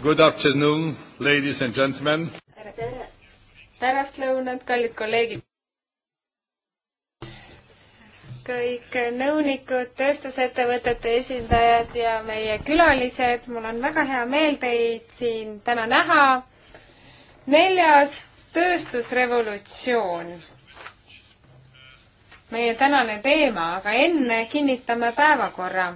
Good afternoon, ladies and gentlemen. tere, tere! pärastlõunat, kallid kolleegid! kõik nõunikud, tööstusettevõtete esindajad ja meie külalised, mul on väga hea meel teid siin täna näha. neljas tööstusrevolutsioon. meie tänane teema, aga enne kinnitame päevakorra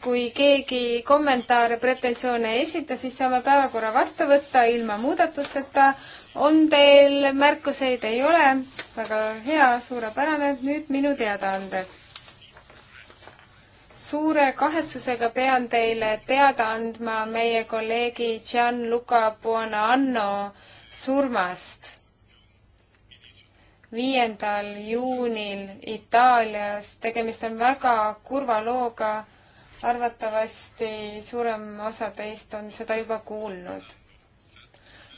kui keegi kommentaare, pretensioone ei esita, siis saame päevakorra vastu võtta ilma muudatusteta. on teil märkuseid, ei ole? väga hea, suurepärane, nüüd minu teadaanded. suure kahetsusega pean teile teada andma meie kolleegi Gianluca Buonanno surmast viiendal juunil Itaalias. tegemist on väga kurva looga arvatavasti suurem osa teist on seda juba kuulnud.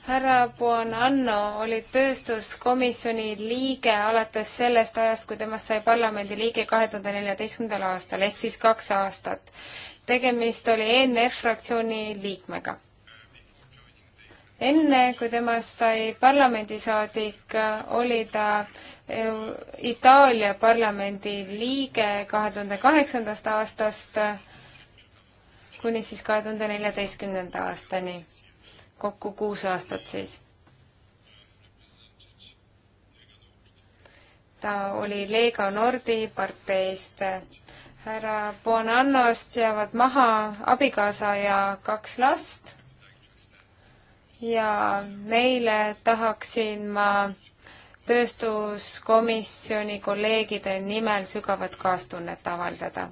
härra Buonanno oli tööstuskomisjoni liige alates sellest ajast, kui temast sai parlamendi liige kahe tuhande neljateistkümnendal aastal, ehk siis kaks aastat. tegemist oli ENF fraktsiooni liikmega. enne, kui temast sai parlamendisaadik, oli ta Itaalia parlamendi liige kahe tuhande kaheksandast aastast kuni siis kahe tuhande neljateistkümnenda aastani, kokku kuus aastat siis. ta oli Lega Nordi parteist, härra Bonannost jäävad maha abikaasa ja kaks last ja neile tahaksin ma tööstuskomisjoni kolleegide nimel sügavat kaastunnet avaldada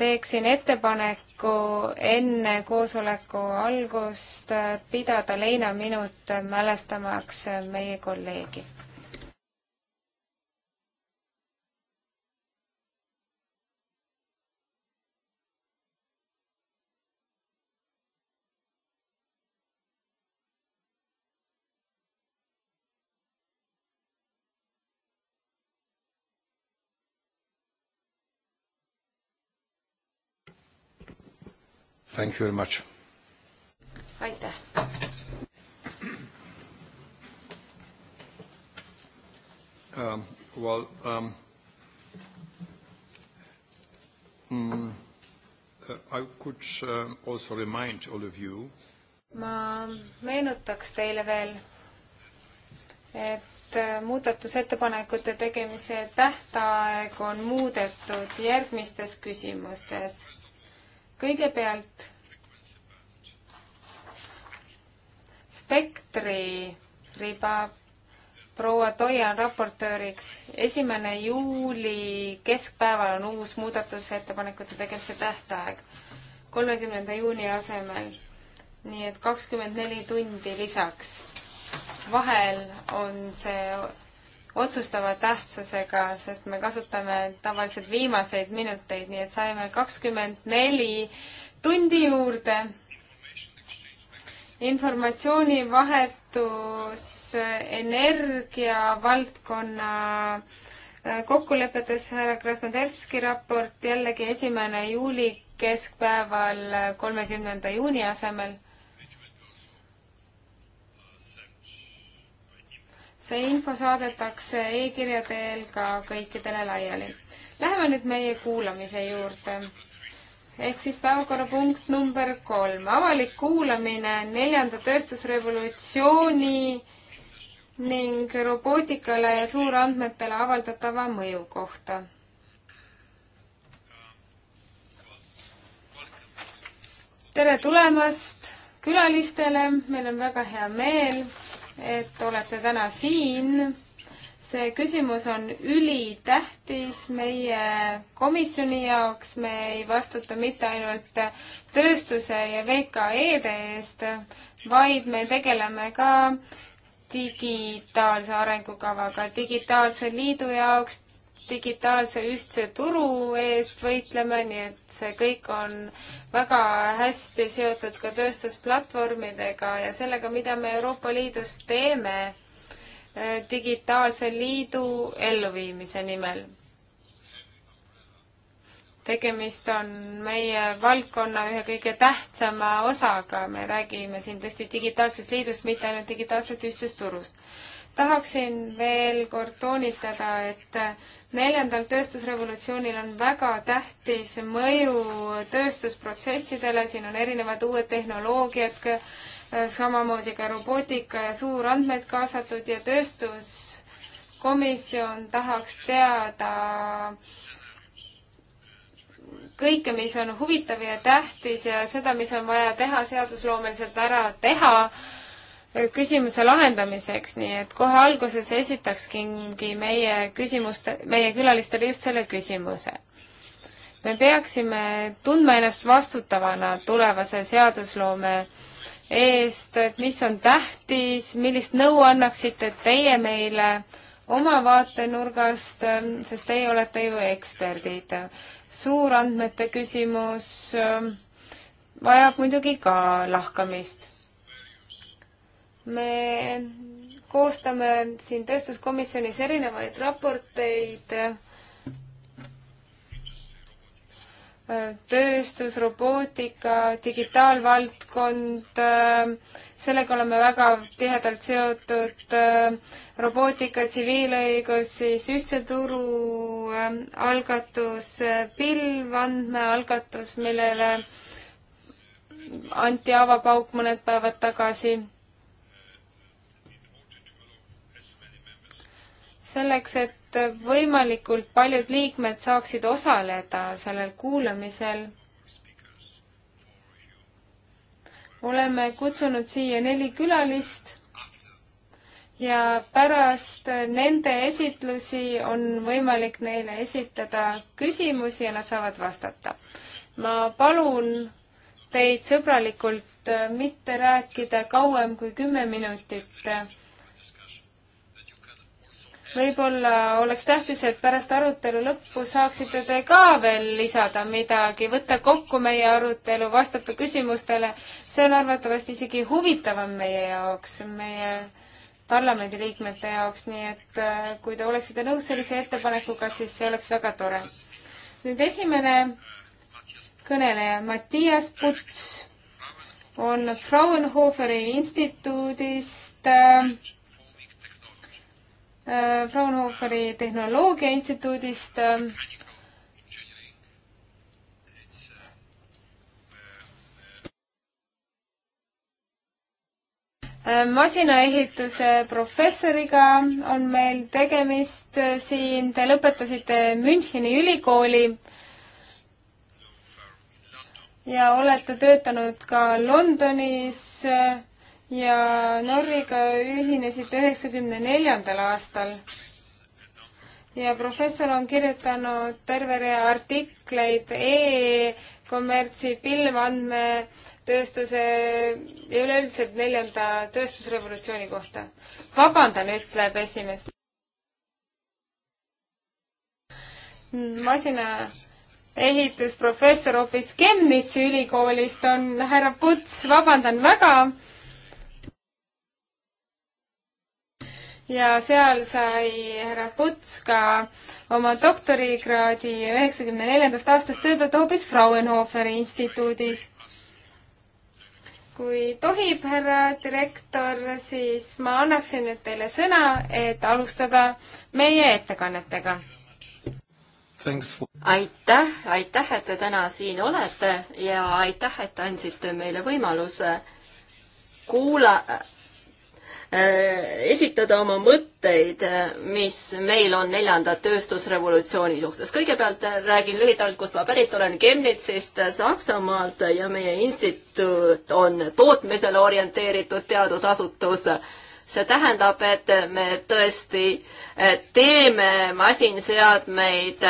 teeksin ettepaneku enne koosoleku algust pidada leinaminut mälestamaks meie kolleegi Thank you very much. aitäh. Um, well, um, mm, uh, I could um, also remind all of you. ma meenutaks teile veel, et äh, muudatusettepanekute tegemise tähtaeg on muudetud järgmistes küsimustes kõigepealt spektri riba proua Toia on raportööriks. esimene juuli keskpäeval on uus muudatusettepanekute tegemise tähtaeg kolmekümnenda juuni asemel. nii et kakskümmend neli tundi lisaks. vahel on see otsustava tähtsusega, sest me kasutame tavaliselt viimaseid minuteid, nii et saime kakskümmend neli tundi juurde. informatsioonivahetus energia valdkonna äh, kokkulepetes härra Krasnodevski raport jällegi esimene juuli keskpäeval äh, kolmekümnenda juuni asemel see info saadetakse e-kirja teel ka kõikidele laiali. Läheme nüüd meie kuulamise juurde. ehk siis päevakorrapunkt number kolm, avalik kuulamine neljanda tööstusrevolutsiooni ning robootikale ja suurandmetele avaldatava mõju kohta. tere tulemast külalistele, meil on väga hea meel et olete täna siin. see küsimus on ülitähtis meie komisjoni jaoks, me ei vastuta mitte ainult tööstuse ja VKE-de eest, vaid me tegeleme ka digitaalse arengukavaga, digitaalse liidu jaoks, digitaalse ühtse turu eest võitleme, nii et see kõik on väga hästi seotud ka tööstusplatvormidega ja sellega, mida me Euroopa Liidus teeme äh, digitaalse liidu elluviimise nimel. tegemist on meie valdkonna ühe kõige tähtsama osaga, me räägime siin tõesti digitaalsest liidust, mitte ainult digitaalsest ühtsest turust tahaksin veel kord toonitada, et neljandal tööstusrevolutsioonil on väga tähtis mõju tööstusprotsessidele, siin on erinevad uued tehnoloogiad, äh, samamoodi ka robootika ja suurandmed kaasatud ja tööstuskomisjon tahaks teada kõike, mis on huvitav ja tähtis ja seda, mis on vaja teha, seadusloomeliselt ära teha küsimuse lahendamiseks, nii et kohe alguses esitakski meie küsimuste, meie külalistele just selle küsimuse. me peaksime tundma ennast vastutavana tulevase seadusloome eest, et mis on tähtis, millist nõu annaksite teie meile oma vaatenurgast, sest teie olete ju eksperdid. suurandmete küsimus ähm, vajab muidugi ka lahkamist me koostame siin tööstuskomisjonis erinevaid raporteid tööstus, robootika, digitaalvaldkond, sellega oleme väga tihedalt seotud, robootika, tsiviilõigus, siis ühtse turu äh, algatus, äh, pilvandmealgatus, millele anti avapauk mõned päevad tagasi selleks, et võimalikult paljud liikmed saaksid osaleda sellel kuulamisel. oleme kutsunud siia neli külalist ja pärast nende esitlusi on võimalik neile esitada küsimusi ja nad saavad vastata. ma palun teid sõbralikult mitte rääkida kauem kui kümme minutit võib-olla oleks tähtis, et pärast arutelu lõppu saaksite te ka veel lisada midagi, võtta kokku meie arutelu, vastata küsimustele. see on arvatavasti isegi huvitavam meie jaoks, meie parlamendiliikmete jaoks, nii et äh, kui te oleksite nõus sellise ettepanekuga, siis see oleks väga tore. nüüd esimene kõneleja, Mattias Puts on Fraunhoferi instituudist äh, Äh, Fraunhoferi Tehnoloogia Instituudist. Ähm, äh, masinaehituse professoriga on meil tegemist äh, siin, te lõpetasite Müncheni ülikooli ja olete töötanud ka Londonis ja Norriga ühinesid üheksakümne neljandal aastal. ja professor on kirjutanud terve rea artikleid e-kommertsi, pilvandmetööstuse ja üleüldiselt neljanda tööstusrevolutsiooni kohta. vabandan, ütleb esimees. masina ehitusprofessor hoopis Chemnitzi ülikoolist on härra Puts, vabandan väga ja seal sai härra Puts ka oma doktorikraadi üheksakümne neljandast aastast töötada hoopis Fraunhoferi instituudis. kui tohib, härra direktor, siis ma annaksin nüüd teile sõna, et alustada meie ettekannetega. For... aitäh, aitäh, et te täna siin olete ja aitäh, et andsite meile võimaluse kuula-, Äh, esitada oma mõtteid, äh, mis meil on neljanda tööstusrevolutsiooni suhtes. kõigepealt äh, räägin lühidalt, kust ma pärit olen, Chemnitzist Saksamaalt ja meie instituut on tootmisele orienteeritud teadusasutus. see tähendab, et me tõesti teeme masinseadmeid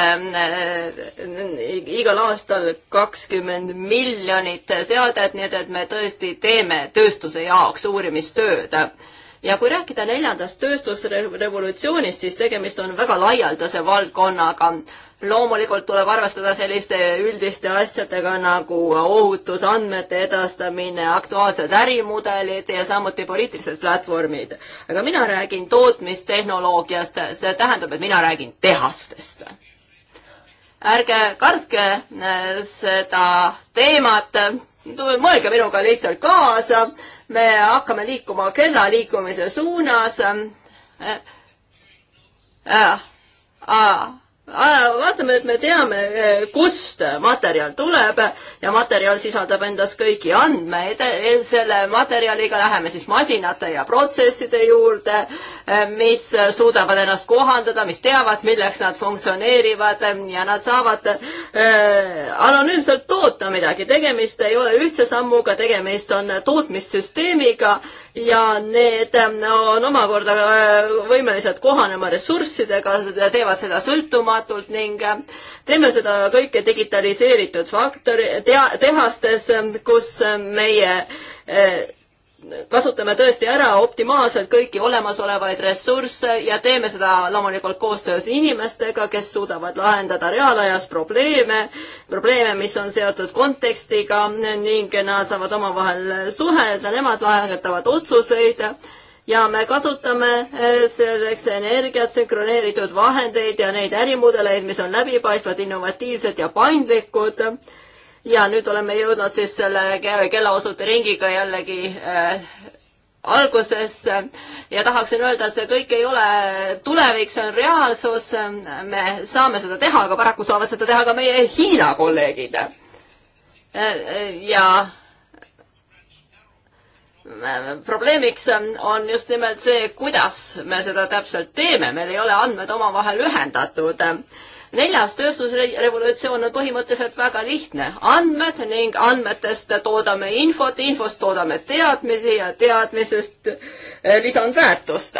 igal aastal kakskümmend miljonit seadet, nii et, et me tõesti teeme tööstuse jaoks uurimistööd ja kui rääkida neljandast tööstusrevolutsioonist, siis tegemist on väga laialdase valdkonnaga. loomulikult tuleb arvestada selliste üldiste asjadega nagu ohutusandmete edastamine, aktuaalsed ärimudelid ja samuti poliitilised platvormid. aga mina räägin tootmistehnoloogiast, see tähendab, et mina räägin tehastest ärge kartke äh, seda teemat, mõelge minuga lihtsalt kaasa, me hakkame liikuma kella liikumise suunas äh,. Äh, äh vaatame, et me teame, eh, kust materjal tuleb ja materjal sisaldab endas kõiki andmeid. Eh, selle materjaliga läheme siis masinate ja protsesside juurde, eh, mis suudavad ennast kohandada, mis teavad, milleks nad funktsioneerivad ja nad saavad anonüümselt toota midagi. tegemist ei ole ühtse sammuga, tegemist on tootmissüsteemiga ja need ähm, on omakorda äh, võimelised kohanema ressurssidega, teevad seda sõltumatult ning äh, teeme seda kõike digitaliseeritud faktori, tea-, tehastes, ähm, kus äh, meie kasutame tõesti ära optimaalselt kõiki olemasolevaid ressursse ja teeme seda loomulikult koostöös inimestega, kes suudavad lahendada reaalajas probleeme, probleeme, mis on seotud kontekstiga ning nad saavad omavahel suhelda, nemad langetavad otsuseid ja me kasutame eh, selleks energiat, sünkroneeritud vahendeid ja neid ärimudeleid, mis on läbipaistvad, innovatiivsed ja paindlikud ja nüüd oleme jõudnud siis selle kellaosute ringiga jällegi äh, algusesse ja tahaksin öelda, et see kõik ei ole tulevik, see on reaalsus, me saame seda teha, aga paraku saavad seda teha ka meie Hiina kolleegid. Äh, ja probleemiks on just nimelt see, kuidas me seda täpselt teeme, meil ei ole andmed omavahel ühendatud neljas tööstusrevolutsioon on põhimõtteliselt väga lihtne. andmed ning andmetest toodame infot, infost toodame teadmisi ja teadmisest eh, lisandväärtust.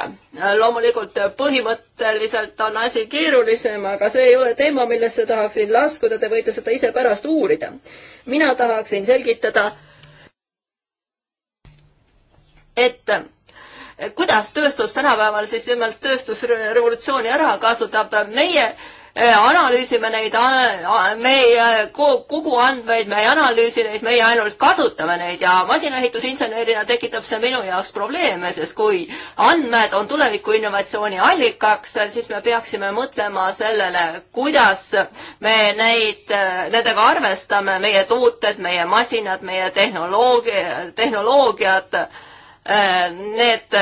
loomulikult põhimõtteliselt on asi keerulisem, aga see ei ole teema, millesse tahaksin laskuda, te võite seda ise pärast uurida. mina tahaksin selgitada, et eh, kuidas tööstus tänapäeval siis nimelt tööstusrevolutsiooni ära kasutab. meie äh, analüüsime neid, me ei äh, kogu andmeid, me ei analüüsi neid, meie ainult kasutame neid ja masinaehitusinsenerina tekitab see minu jaoks probleeme, sest kui andmed on tuleviku innovatsiooni allikaks, siis me peaksime mõtlema sellele, kuidas me neid, äh, nendega arvestame, meie tooted, meie masinad, meie tehnoloogia, tehnoloogiad, äh, need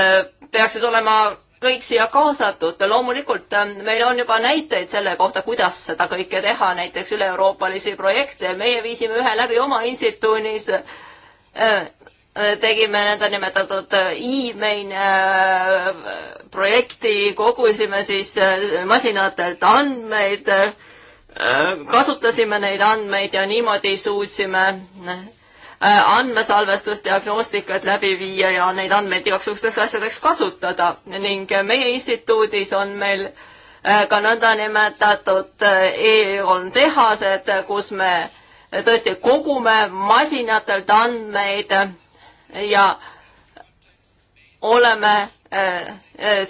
peaksid olema kõik siia kaasatud. loomulikult ähm, meil on juba näiteid selle kohta, kuidas seda kõike teha, näiteks üle-euroopalisi projekte. meie viisime ühe läbi oma instituudis äh, äh, tegime nõndanimetatud äh, e-main projekti, kogusime siis masinatelt andmeid, kasutasime neid andmeid ja niimoodi suutsime Äh, andmesalvestusdiagnostikat läbi viia ja neid andmeid igasugusteks asjadeks kasutada ning äh, meie instituudis on meil äh, ka nõndanimetatud E-on tehased, kus me tõesti kogume masinatelt andmeid ja oleme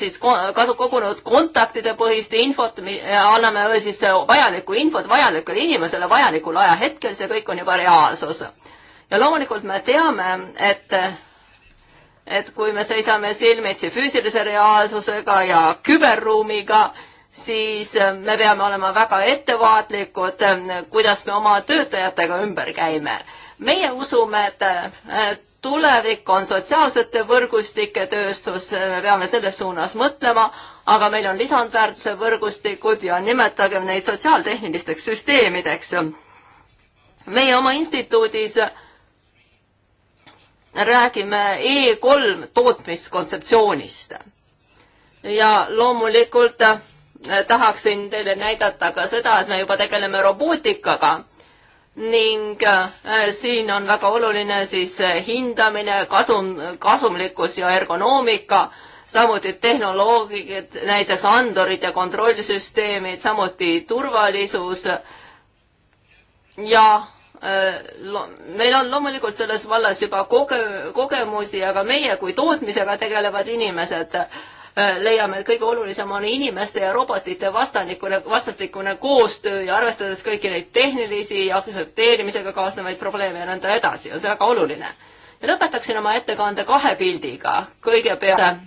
siis kasu kogunud kontaktide põhist infot, anname siis vajalikku infot vajalikule inimesele vajalikul ajahetkel, see kõik on juba reaalsus ja loomulikult me teame, et et kui me seisame silmitsi füüsilise reaalsusega ja küberruumiga, siis me peame olema väga ettevaatlikud, kuidas me oma töötajatega ümber käime. meie usume, et tulevik on sotsiaalsete võrgustike tööstus, me peame selles suunas mõtlema, aga meil on lisandväärtuse võrgustikud ja nimetagem neid sotsiaaltehnilisteks süsteemideks. meie oma instituudis äh, räägime E3 tootmiskontseptsioonist. ja loomulikult äh, tahaksin teile näidata ka seda, et me juba tegeleme robootikaga ning äh, siin on väga oluline siis äh, hindamine, kasum, kasumlikkus ja ergonoomika, samuti tehnoloogiad, näiteks andurid ja kontrollsüsteemid, samuti turvalisus ja Äh, meil on loomulikult selles vallas juba koge-, kogemusi, aga meie kui tootmisega tegelevad inimesed äh, leiame, et kõige olulisem on inimeste ja robotite vastanikune, vastastikune koostöö ja arvestades kõiki neid tehnilisi ja aktsepteerimisega kaasnevaid probleeme ja nõnda edasi, on see väga oluline. ja lõpetaksin oma ettekande kahe pildiga. kõigepealt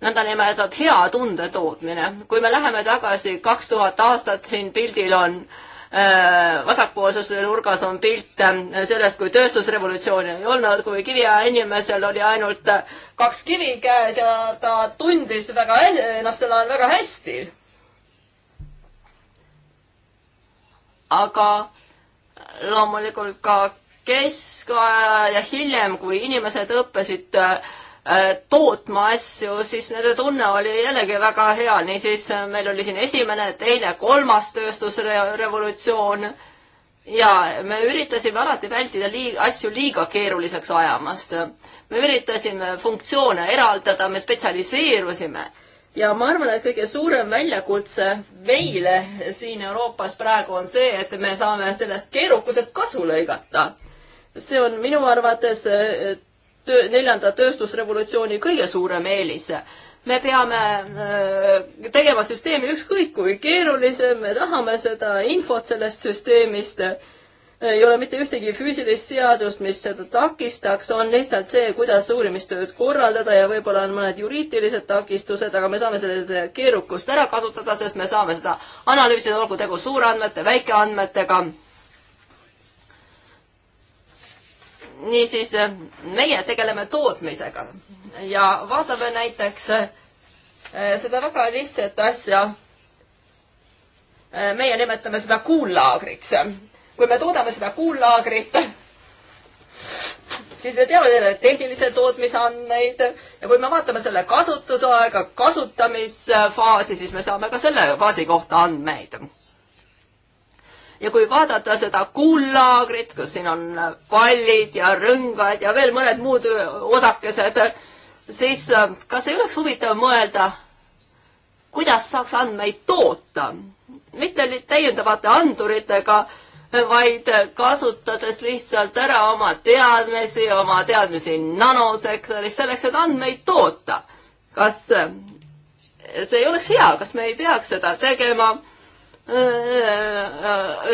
nõndanimetatud hea tunde tootmine. kui me läheme tagasi kaks tuhat aastat, siin pildil on äh, Äh, vasakpoolsuse nurgas on pilt äh, sellest, kui tööstusrevolutsiooni ei olnud, kui kiviaja inimesel oli ainult äh, kaks kivi käes ja ta tundis väga, ennast sel ajal väga hästi. aga loomulikult ka keskaja ja hiljem, kui inimesed õppisid äh, Äh, tootma asju, siis nende tunne oli jällegi väga hea, niisiis äh, meil oli siin esimene, teine, kolmas tööstusrevolutsioon ja me üritasime alati vältida liig-, asju liiga keeruliseks ajamast. me üritasime funktsioone eraldada, me spetsialiseerusime ja ma arvan, et kõige suurem väljakutse meile siin Euroopas praegu on see, et me saame sellest keerukusest kasu lõigata. see on minu arvates äh, töö, neljanda tööstusrevolutsiooni kõige suurem eelis. me peame äh, tegema süsteemi ükskõik kui keerulise, me tahame seda infot sellest süsteemist, ei ole mitte ühtegi füüsilist seadust, mis seda takistaks, on lihtsalt see, kuidas uurimistööd korraldada ja võib-olla on mõned juriidilised takistused, aga me saame selle keerukust ära kasutada, sest me saame seda analüüsida, olgu tegu suurandmete, väikeandmetega niisiis eh, meie tegeleme tootmisega ja vaatame näiteks eh, seda väga lihtsat asja. Eh, meie nimetame seda kuullaagriks. kui me toodame seda kuullaagrit, siis me teame tehnilise tootmise andmeid ja kui me vaatame selle kasutusaega, kasutamisfaasi, siis me saame ka selle faasi kohta andmeid ja kui vaadata seda kullaagrit, kus siin on pallid ja rõngad ja veel mõned muud osakesed, siis äh, kas ei oleks huvitav mõelda, kuidas saaks andmeid toota, mitte täiendavate anduritega, vaid kasutades lihtsalt ära oma teadmisi, oma teadmisi nanosektoris, selleks, et andmeid toota. kas äh, see ei oleks hea, kas me ei peaks seda tegema? Äh,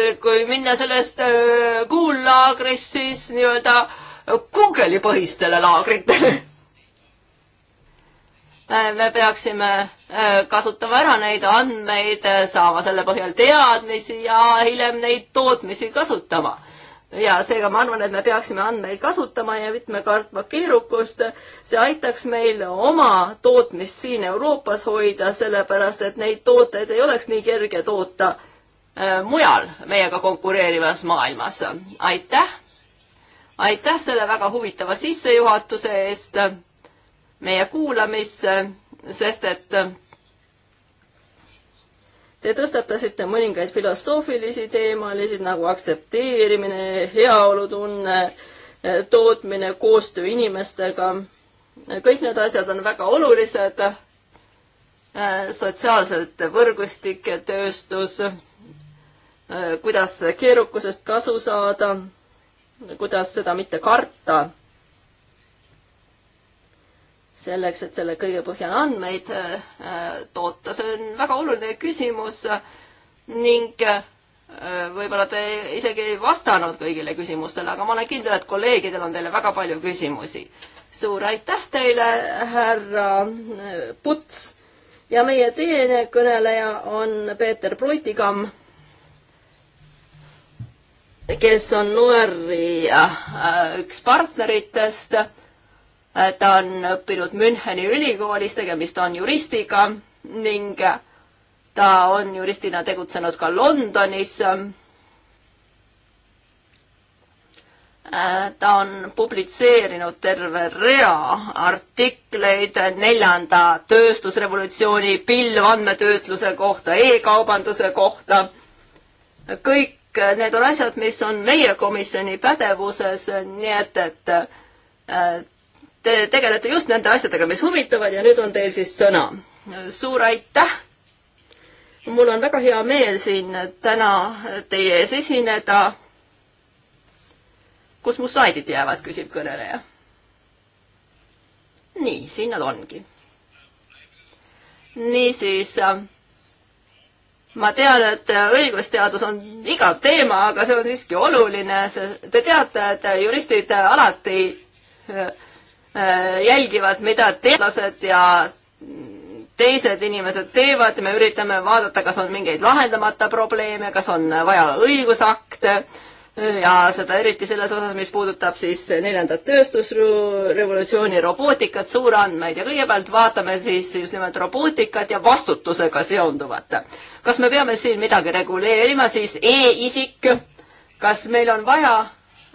äh, kui minna sellest äh, kuullaagrist siis nii-öelda Google'i põhistele laagritele. me peaksime kasutama ära neid andmeid, saama selle põhjal teadmisi ja hiljem neid tootmisi kasutama ja seega ma arvan, et me peaksime andmeid kasutama ja mitte kartma keerukust. see aitaks meil oma tootmist siin Euroopas hoida, sellepärast et neid tooteid ei oleks nii kerge toota äh, mujal meiega konkureerivas maailmas. aitäh! aitäh selle väga huvitava sissejuhatuse eest meie kuulamisse, sest et Te tõstatasite mõningaid filosoofilisi teemalisid nagu aktsepteerimine, heaolutunne, tootmine, koostöö inimestega. kõik need asjad on väga olulised. sotsiaalsete võrgustike tööstus, kuidas keerukusest kasu saada, kuidas seda mitte karta selleks, et selle kõige põhjal andmeid äh, äh, toota, see on väga oluline küsimus ning äh, võib-olla te isegi ei vastanud kõigile küsimustele, aga ma olen kindel, et kolleegidel on teile väga palju küsimusi. suur aitäh teile, härra Puts ja meie teine kõneleja on Peeter Pruitikamm, kes on Noeri üks partneritest ta on õppinud Müncheni ülikoolis, tegemist on juristiga ning ta on juristina tegutsenud ka Londonis. ta on publitseerinud terve rea artikleid neljanda tööstusrevolutsiooni pilvandmetöötluse kohta e, e-kaubanduse kohta. kõik need on asjad, mis on meie komisjoni pädevuses, nii et, et äh, Te tegelete just nende asjadega, mis huvitavad ja nüüd on teil siis sõna. suur aitäh! mul on väga hea meel siin täna teie ees esineda. kus mu slaidid jäävad, küsib kõneleja. nii, siin nad ongi. niisiis ma tean, et õigusteadus on igav teema, aga see on siiski oluline, see, te teate, et juristid alati Äh, jälgivad, mida teadlased ja teised inimesed teevad ja me üritame vaadata, kas on mingeid lahendamata probleeme, kas on vaja õigusakte ja seda eriti selles osas, mis puudutab siis neljandat tööstusrevolutsiooni, robootikat, suurandmeid ja kõigepealt vaatame siis just nimelt robootikat ja vastutusega seonduvat. kas me peame siin midagi reguleerima, siis e-isik, kas meil on vaja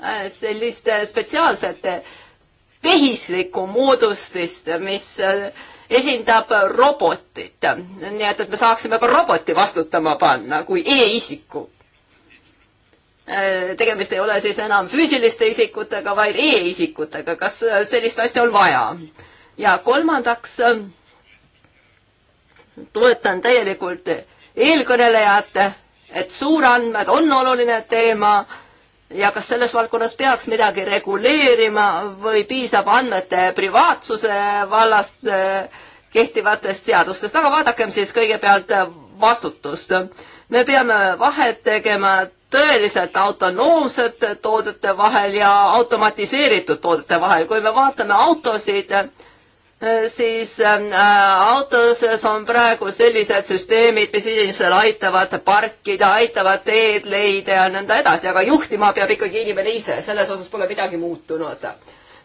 äh, sellist spetsiaalset tehislikku moodustist, mis äh, esindab robotit. nii et, et me saaksime ka roboti vastutama panna kui e-isiku. Äh, tegemist ei ole siis enam füüsiliste isikutega, vaid e-isikutega. kas äh, sellist asja on vaja? ja kolmandaks toetan täielikult eelkõnelejat, et suurandmed on oluline teema ja kas selles valdkonnas peaks midagi reguleerima või piisab andmete privaatsuse vallast äh, kehtivatest seadustest, aga vaadakem siis kõigepealt äh, vastutust. me peame vahet tegema tõeliselt autonoomsete toodete vahel ja automatiseeritud toodete vahel. kui me vaatame autosid, Äh, siis ähm, äh, autodes on praegu sellised süsteemid, mis inimesel aitavad parkida, aitavad teed leida ja nõnda edasi, aga juhtima peab ikkagi inimene ise, selles osas pole midagi muutunud.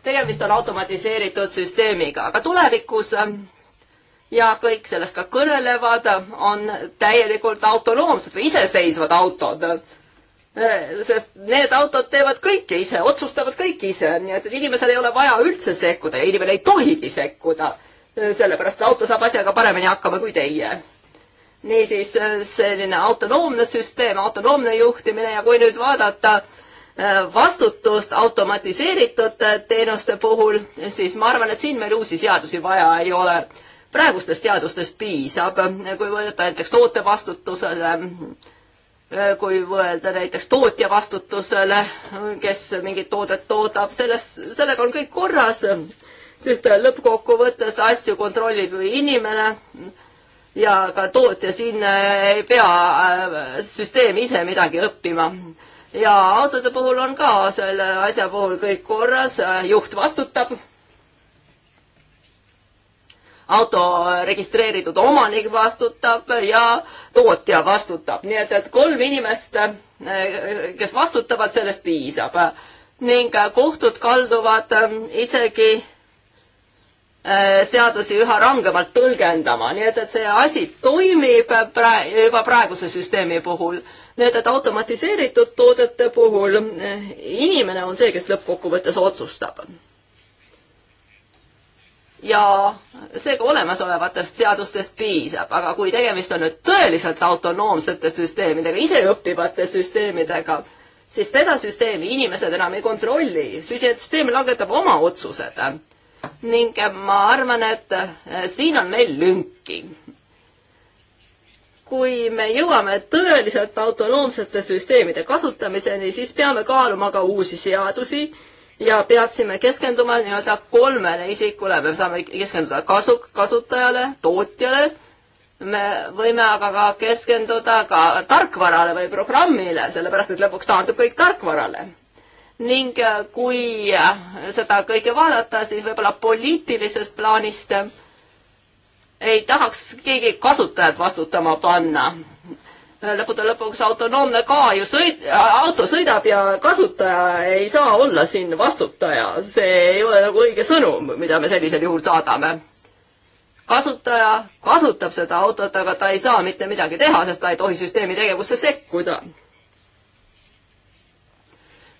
tegemist on automatiseeritud süsteemiga, aga tulevikus ähm, ja kõik sellest ka kõnelevad, on täielikult autonoomsed või iseseisvad autod. Äh, sest need autod teevad kõike ise, otsustavad kõik ise, nii et, et inimesel ei ole vaja üldse sekkuda ja inimene ei tohigi sekkuda, äh, sellepärast et auto saab asjaga paremini hakkama kui teie. niisiis äh, selline autonoomne süsteem, autonoomne juhtimine ja kui nüüd vaadata vastutust automatiseeritud teenuste puhul, siis ma arvan, et siin meil uusi seadusi vaja ei ole. praegustest seadustest piisab, kui võtta näiteks toote vastutusele äh, Äh, kui mõelda näiteks tootja vastutusele, kes mingit toodet toodab, selles, sellega on kõik korras, sest lõppkokkuvõttes asju kontrollib ju inimene ja ka tootja siin äh, ei pea äh, süsteem ise midagi õppima. ja autode puhul on ka selle asja puhul kõik korras, juht vastutab auto registreeritud omanik vastutab ja tootja vastutab, nii et, et kolm inimest, äh, kes vastutavad, sellest piisab. ning äh, kohtud kalduvad äh, isegi seadusi üha rangemalt tõlgendama, nii et, et see asi toimib pra-, juba praeguse süsteemi puhul. nii et, et automatiseeritud toodete puhul inimene on see, kes lõppkokkuvõttes otsustab ja seega olemasolevatest seadustest piisab, aga kui tegemist on nüüd tõeliselt autonoomsete süsteemidega, iseõppivate süsteemidega, siis seda süsteemi inimesed enam ei kontrolli, süsteem langetab oma otsused. ning ma arvan, et eh, siin on meil lünki. kui me jõuame tõeliselt autonoomsete süsteemide kasutamiseni, siis peame kaaluma ka uusi seadusi ja peaksime keskenduma nii-öelda kolmele isikule, me saame keskenduda kasu, kasutajale, tootjale, me võime aga ka keskenduda ka tarkvarale või programmile, sellepärast et lõpuks taandub kõik tarkvarale. ning äh, kui äh, seda kõike vaadata, siis võib-olla poliitilisest plaanist ei tahaks keegi kasutajat vastutama panna lõppude lõpuks autonoomne ka ju sõid-, auto sõidab ja kasutaja ei saa olla siin vastutaja, see ei ole nagu õige sõnum, mida me sellisel juhul saadame. kasutaja kasutab seda autot, aga ta ei saa mitte midagi teha, sest ta ei tohi süsteemi tegevusse sekkuda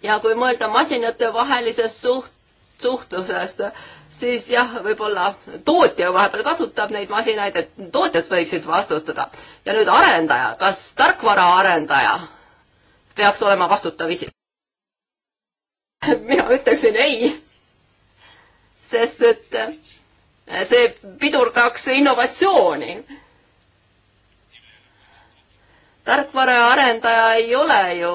ja kui mõelda masinate vahelisest suht-, suhtlusest, siis jah, võib-olla tootja vahepeal kasutab neid masinaid, et tootjad võiksid vastutada. ja nüüd arendaja, kas tarkvaraarendaja peaks olema vastutav isik? mina ütleksin ei, sest et eh, see pidurdaks innovatsiooni. tarkvaraarendaja ei ole ju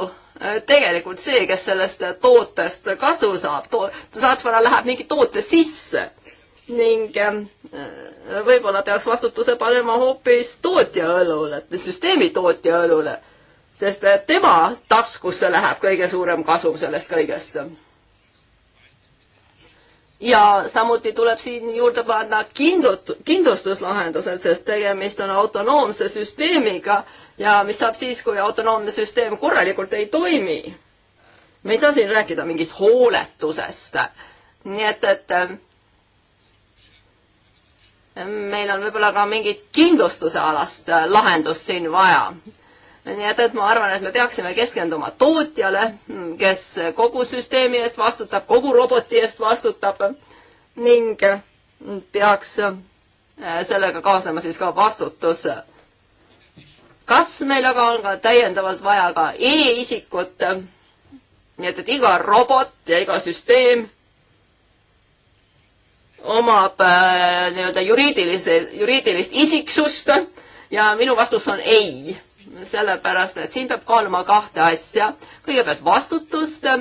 tegelikult see, kes sellest tootest kasu saab to, saatvara läheb mingi toote sisse ning äh, võib-olla peaks vastutuse panema hoopis tootja õlule, süsteemi tootja õlule, sest äh, tema taskusse läheb kõige suurem kasum sellest kõigest ja samuti tuleb siin juurde panna kindlut-, kindlustuslahendused, sest tegemist on autonoomse süsteemiga ja mis saab siis, kui autonoomne süsteem korralikult ei toimi? me ei saa siin rääkida mingist hooletusest. nii et, et ähm, meil on võib-olla ka mingit kindlustuse alast äh, lahendust siin vaja nii et, et ma arvan, et me peaksime keskenduma tootjale, kes kogu süsteemi eest vastutab, kogu roboti eest vastutab ning peaks äh, sellega kaasnema siis ka vastutus. kas meil aga on ka täiendavalt vaja ka e-isikut? nii et, et iga robot ja iga süsteem omab äh, nii-öelda juriidilise, juriidilist isiksust ja minu vastus on ei sellepärast et siin peab kaaluma kahte asja. kõigepealt vastutust äh,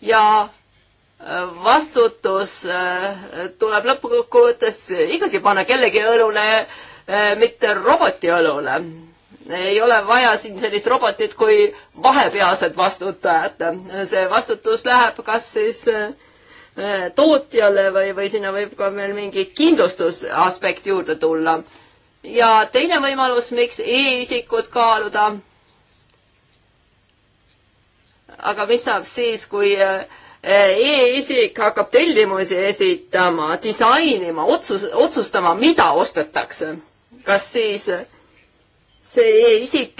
ja äh, vastutus äh, tuleb lõppkokkuvõttes ikkagi panna kellegi õlule, mitte roboti õlule. ei ole vaja siin sellist robotit kui vahepealset vastutajat. see vastutus läheb kas siis tootjale või, või sinna võib ka veel mingi kindlustusaspekt juurde tulla ja teine võimalus, miks e-isikut kaaluda. aga mis saab siis, kui eh, e-isik hakkab tellimusi esitama, disainima, otsus, otsustama, mida ostetakse. kas siis see e-isik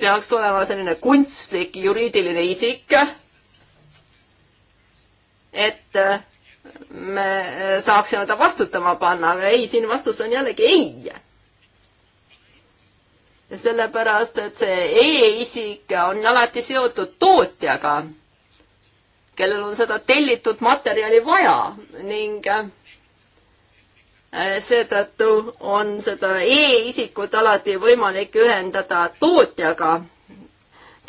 peaks olema selline kunstlik juriidiline isik, et me eh, saaksime ta vastutama panna, aga ei, siin vastus on jällegi ei. sellepärast, et see e-isik on alati seotud tootjaga, kellel on seda tellitud materjali vaja ning eh, seetõttu on seda e-isikut alati võimalik ühendada tootjaga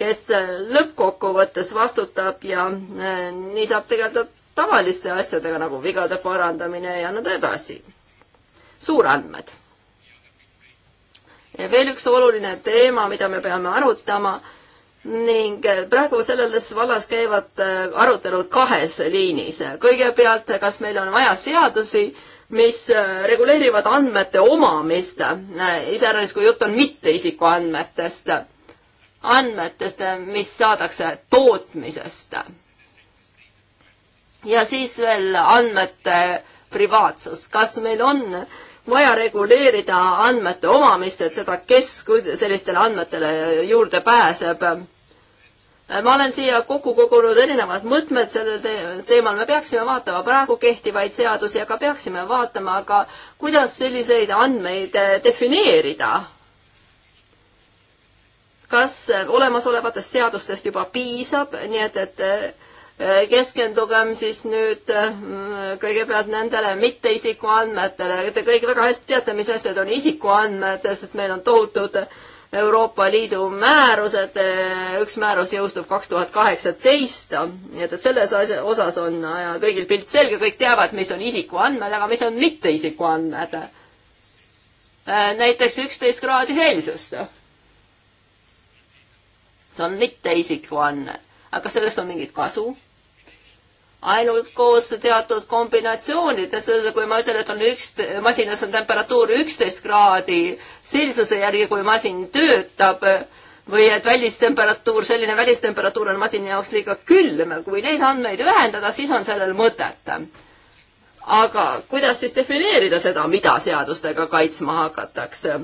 kes eh, lõppkokkuvõttes vastutab ja nii saab tegeleda tavaliste asjadega nagu vigade parandamine ja nõnda edasi. suurandmed. ja veel üks oluline teema, mida me peame arutama ning praegu selles vallas käivad äh, arutelud kahes liinis. kõigepealt, kas meil on vaja seadusi, mis äh, reguleerivad andmete omamist, äh, iseäranis kui jutt on mitteisiku andmetest, andmetest, mis saadakse tootmisest ja siis veel andmete privaatsus, kas meil on vaja reguleerida andmete omamist, et seda, kes sellistele andmetele juurde pääseb. ma olen siia kokku kogunud erinevad mõtmed sellel te teemal, me peaksime vaatama praegu kehtivaid seadusi, aga peaksime vaatama ka, kuidas selliseid andmeid defineerida. kas olemasolevatest seadustest juba piisab, nii et, et keskendugem siis nüüd mm, kõigepealt nendele mitteisikuandmetele. Te kõik väga hästi teate, mis asjad on isikuandmed, sest meil on tohutud Euroopa Liidu määrused, üks määrus jõustub kaks tuhat kaheksateist, nii et, et selles asja, osas on äh, kõigil pilt selge, kõik teavad, mis on isikuandmed, aga mis on mitteisikuandmed. Äh, näiteks üksteist kraadi seelsust. see on mitteisikuandmed aga kas sellest on mingit kasu? ainult koos teatud kombinatsioonides, kui ma ütlen, et on üks, masinas on temperatuur üksteist kraadi seltsuse järgi, kui masin töötab, või et välistemperatuur, selline välistemperatuur on masina jaoks liiga külm, kui neid andmeid ühendada, siis on sellel mõtet. aga kuidas siis defineerida seda, mida seadustega kaitsma hakatakse?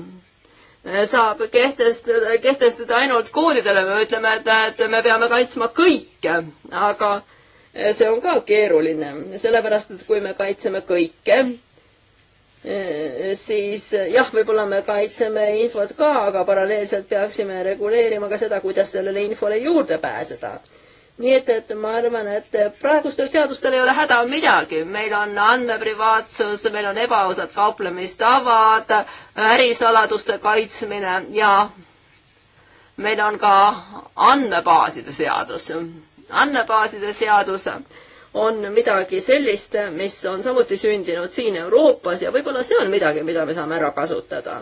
saab kehtestada, kehtestada ainult koodidele, me ütleme, et, et me peame kaitsma kõike, aga see on ka keeruline, sellepärast et kui me kaitseme kõike, siis jah, võib-olla me kaitseme infot ka, aga paralleelselt peaksime reguleerima ka seda, kuidas sellele infole juurde pääseda nii et, et ma arvan, et praegustel seadustel ei ole häda midagi, meil on andmeprivaatsus, meil on ebaausad kauplemistavad, ärisaladuste kaitsmine ja meil on ka andmebaaside seadus. andmebaaside seadus on midagi sellist, mis on samuti sündinud siin Euroopas ja võib-olla see on midagi, mida me saame ära kasutada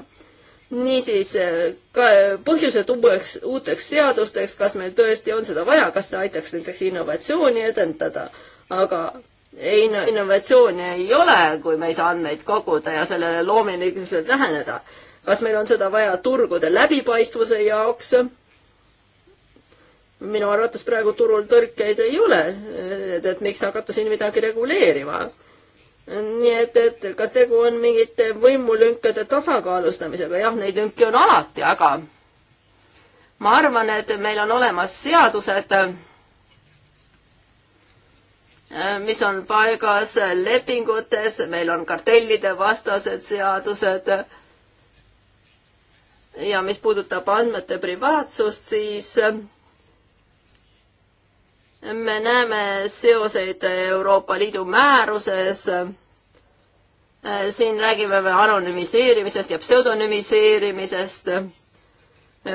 niisiis, äh, äh, põhjused uueks, uuteks seadusteks, kas meil tõesti on seda vaja, kas see aitaks näiteks innovatsiooni edendada, aga ei, innovatsiooni ei ole, kui me ei saa andmeid koguda ja sellele loominguliselt läheneda. kas meil on seda vaja turgude läbipaistvuse jaoks? minu arvates praegu turul tõrkeid ei ole, et, et miks hakata siin midagi reguleerima nii et, et kas tegu on mingite võimulünkade tasakaalustamisega, jah, neid lünki on alati, aga ma arvan, et meil on olemas seadused, äh, mis on paigas lepingutes, meil on kartellide vastased seadused ja mis puudutab andmete privaatsust, siis me näeme seoseid Euroopa Liidu määruses. siin räägime me anonüümiseerimisest ja pseudonüümiseerimisest.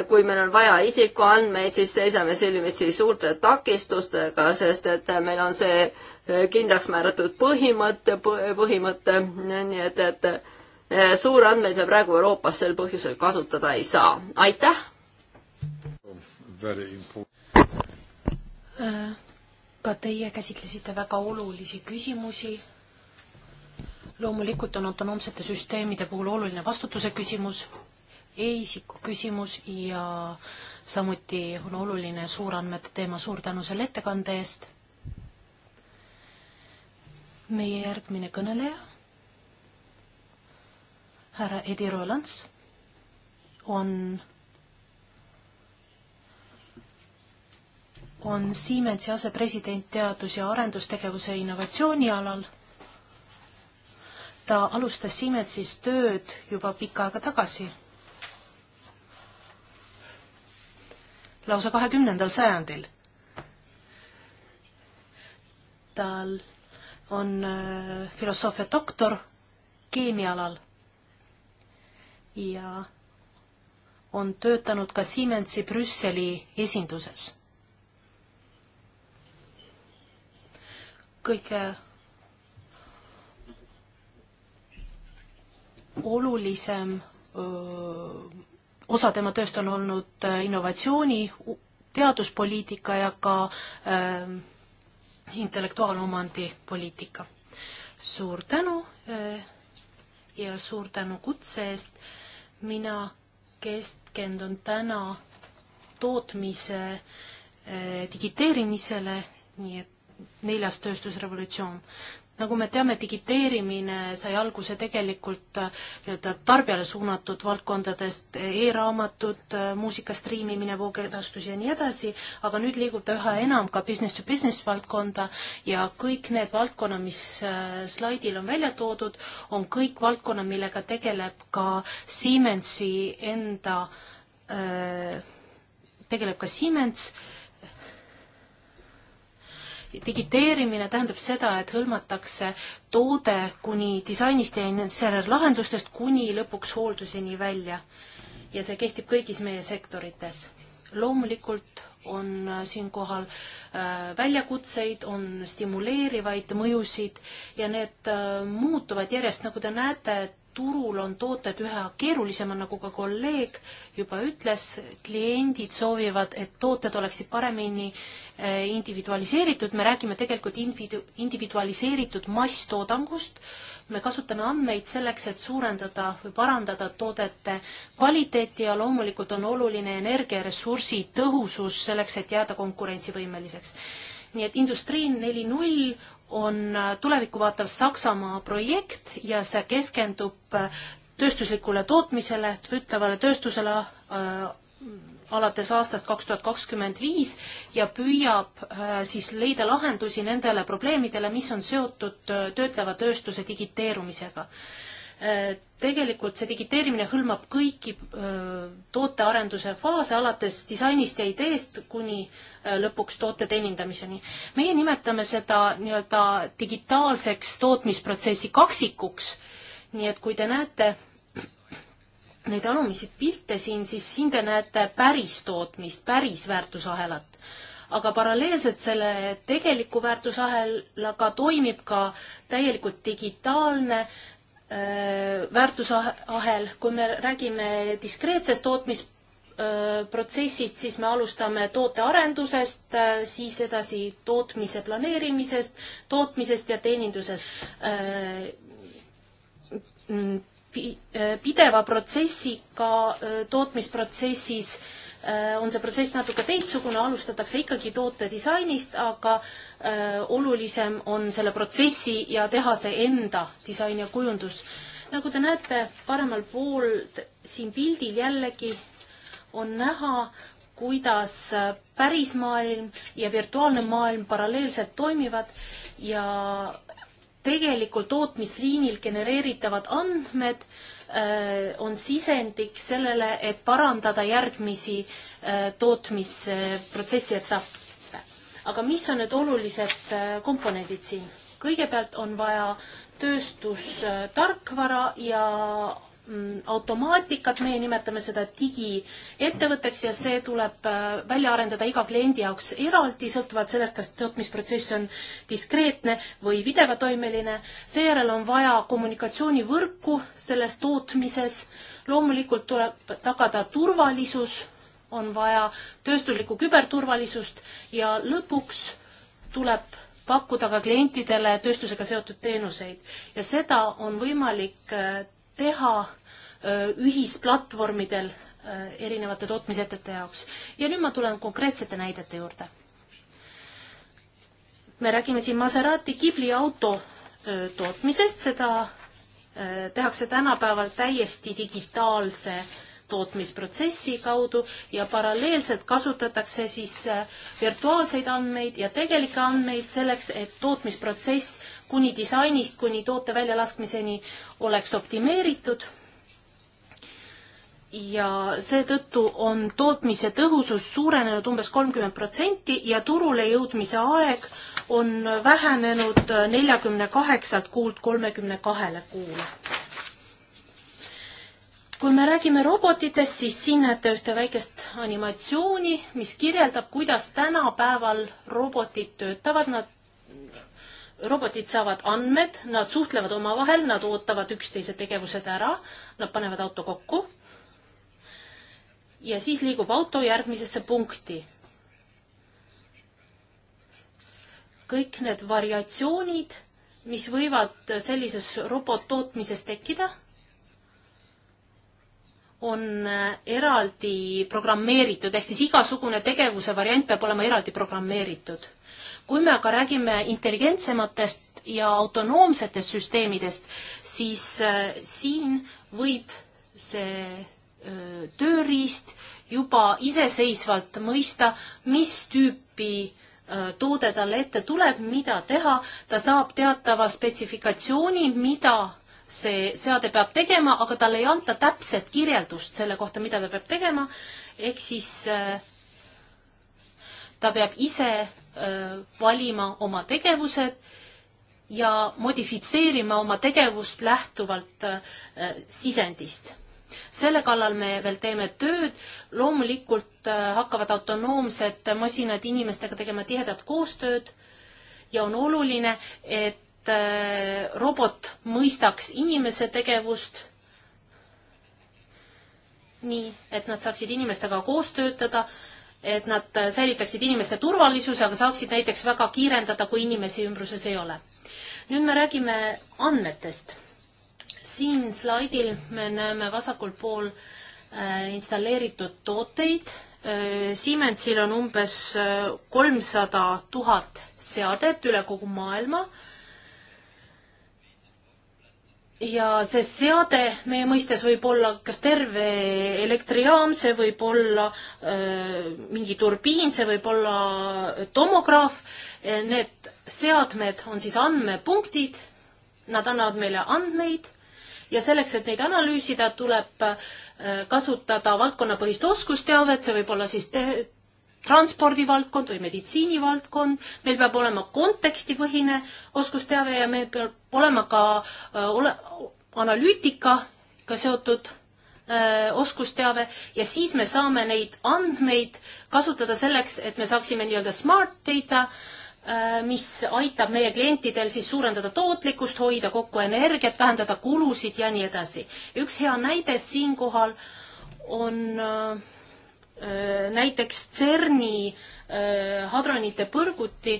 kui meil on vaja isikuandmeid, siis seisame silmitsi suurte takistustega, sest et meil on see kindlaks määratud põhimõte, põhimõte, nii et, et suurandmeid me praegu Euroopas sel põhjusel kasutada ei saa. aitäh! Very important ka teie käsitlesite väga olulisi küsimusi. loomulikult on autonoomsete süsteemide puhul oluline vastutuse küsimus e, isiku küsimus ja samuti on oluline suurandmete teema. suur tänu selle ettekande eest. meie järgmine kõneleja, härra Edi Rolans, on on Siemensi asepresident teadus- ja arendustegevuse innovatsiooni alal. ta alustas Siemensis tööd juba pikka aega tagasi, lausa kahekümnendal sajandil. tal on äh, filosoofia doktor keemiaalal ja on töötanud ka Siemensi Brüsseli esinduses kõige olulisem öö, osa tema tööst on olnud äh, innovatsiooni, teaduspoliitika ja ka öö, äh, intellektuaalomandi poliitika. suur tänu öö, äh, ja suur tänu kutse eest. mina keskendun täna tootmise digiteerimisele, nii et neljas tööstusrevolutsioon. nagu me teame, digiteerimine sai alguse tegelikult äh, nii-öelda tarbijale suunatud valdkondadest e, e-raamatud, äh, muusika striimimine, voogedastus ja nii edasi, aga nüüd liigub ta üha enam ka business to business valdkonda ja kõik need valdkonnad, mis slaidil on välja toodud, on kõik valdkonnad, millega tegeleb ka Siemensi enda, tegeleb ka Siemens äh, digiteerimine tähendab seda, et hõlmatakse toode kuni disainist ja seejärel lahendustest kuni lõpuks hoolduseni välja. ja see kehtib kõigis meie sektorites. loomulikult on äh, siinkohal äh, väljakutseid, on stimuleerivaid mõjusid ja need äh, muutuvad järjest, nagu te näete, turul on tooted üha keerulisemad, nagu ka kolleeg juba ütles, kliendid soovivad, et tooted oleksid paremini eh, individualiseeritud, me räägime tegelikult individu-, individualiseeritud masstoodangust, me kasutame andmeid selleks, et suurendada või parandada toodete kvaliteeti ja loomulikult on oluline energiaressursi tõhusus selleks, et jääda konkurentsivõimeliseks nii et industrii neli null on tulevikku vaatav Saksamaa projekt ja see keskendub äh, tööstuslikule tootmisele, ütlevale tööstusele äh, alates aastast kaks tuhat kakskümmend viis ja püüab äh, siis leida lahendusi nendele probleemidele, mis on seotud äh, töötleva tööstuse digiteerumisega äh, Äh, tegelikult see digiteerimine hõlmab kõiki äh, tootearenduse faase, alates disainist ja ideest kuni äh, lõpuks toote teenindamiseni. meie nimetame seda nii-öelda digitaalseks tootmisprotsessi kaksikuks, nii et kui te näete neid alumisi pilte siin, siis siin te näete päris tootmist, päris väärtusahelat. aga paralleelselt selle tegeliku väärtusahelaga toimib ka täielikult digitaalne äh, Äh, väärtusahel, kui me räägime diskreetsest tootmisprotsessist, siis me alustame tootearendusest, äh, siis edasi tootmise planeerimisest, tootmisest ja teenindusest. Äh, pideva protsessiga tootmisprotsessis Äh, on see protsess natuke teistsugune, alustatakse ikkagi toote disainist, aga äh, olulisem on selle protsessi ja tehase enda disain ja kujundus. nagu te näete, paremal pool siin pildil jällegi on näha, kuidas äh, päris maailm ja virtuaalne maailm paralleelselt toimivad ja tegelikult tootmisliinil genereeritavad andmed äh, Äh, on sisendiks sellele, et parandada järgmisi äh, tootmisprotsessi etappe. aga mis on need olulised äh, komponendid siin? kõigepealt on vaja tööstustarkvara ja Mm, automaatikat, meie nimetame seda digiettevõtteks ja see tuleb äh, välja arendada iga kliendi jaoks eraldi, sõltuvalt sellest, kas tootmisprotsess on diskreetne või pidevatoimeline. seejärel on vaja kommunikatsioonivõrku selles tootmises. loomulikult tuleb tagada turvalisus, on vaja tööstuslikku küberturvalisust ja lõpuks tuleb pakkuda ka klientidele tööstusega seotud teenuseid ja seda on võimalik äh, teha ühisplatvormidel erinevate tootmisettevõtete jaoks. ja nüüd ma tulen konkreetsete näidete juurde. me räägime siin Maserati Ghibli auto tootmisest, seda tehakse tänapäeval täiesti digitaalse äh, tootmisprotsessi kaudu ja paralleelselt kasutatakse siis äh, virtuaalseid andmeid ja tegelikke andmeid selleks, et tootmisprotsess kuni disainist kuni toote väljalaskmiseni oleks optimeeritud. ja seetõttu on tootmise tõhusus suurenenud umbes kolmkümmend protsenti ja turule jõudmise aeg on vähenenud neljakümne kaheksalt kuult kolmekümne kahele kuule kui me räägime robotitest, siis siin näete ühte väikest animatsiooni, mis kirjeldab, kuidas tänapäeval robotid töötavad, nad, robotid saavad andmed, nad suhtlevad omavahel, nad ootavad üksteise tegevused ära, nad panevad auto kokku ja siis liigub auto järgmisesse punkti. kõik need variatsioonid, mis võivad sellises robottootmises tekkida on äh, eraldi programmeeritud, ehk siis igasugune tegevuse variant peab olema eraldi programmeeritud. kui me aga räägime intelligentsematest ja autonoomsetest süsteemidest, siis äh, siin võib see äh, tööriist juba iseseisvalt mõista, mis tüüpi toode talle ette tuleb, mida teha, ta saab teatava spetsifikatsiooni, mida see seade peab tegema, aga talle ei anta täpset kirjeldust selle kohta, mida ta peab tegema, ehk siis äh, ta peab ise äh, valima oma tegevused ja modifitseerima oma tegevust lähtuvalt äh, sisendist. selle kallal me veel teeme tööd, loomulikult hakkavad autonoomsed masinad inimestega tegema tihedat koostööd ja on oluline, et Äh, robot mõistaks inimese tegevust nii, et nad saaksid inimestega koos töötada, et nad äh, säilitaksid inimeste turvalisuse, aga saaksid näiteks väga kiirendada, kui inimesi ümbruses ei ole. nüüd me räägime andmetest. siin slaidil me näeme vasakul pool äh, installeeritud tooteid äh,. Siemensil on umbes äh, kolmsada tuhat seadet üle kogu maailma äh, ja see seade meie mõistes võib olla kas terve elektrijaam, see võib olla öö, äh, mingi turbiin, see võib olla äh, tomograaf. Äh, need seadmed on siis andmepunktid, nad annavad meile andmeid ja selleks, et neid analüüsida, tuleb kasutada valdkonnapõhist oskusteavet, see võib olla siis te transpordivaldkond või meditsiinivaldkond, meil peab olema kontekstipõhine oskusteave ja meil peab olema ka öö, äh, ole, analüütikaga seotud öö, äh, oskusteave ja siis me saame neid andmeid kasutada selleks, et me saaksime nii-öelda smart data, äh, mis aitab meie klientidel siis suurendada tootlikkust, hoida kokku energiat, vähendada kulusid ja nii edasi. üks hea näide siinkohal on äh, Äh, näiteks CERN-i äh, hadronite põrguti,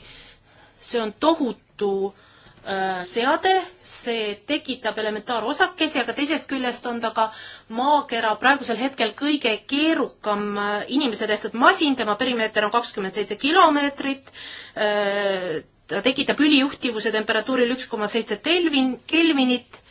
see on tohutu äh, seade, see tekitab elementaarosakesi, aga teisest küljest on ta ka maakera praegusel hetkel kõige keerukam inimese tehtud masin, tema perimeeter on kakskümmend seitse kilomeetrit, ta tekitab ülijuhtivuse temperatuuril üks koma seitse telvin, kelvinit,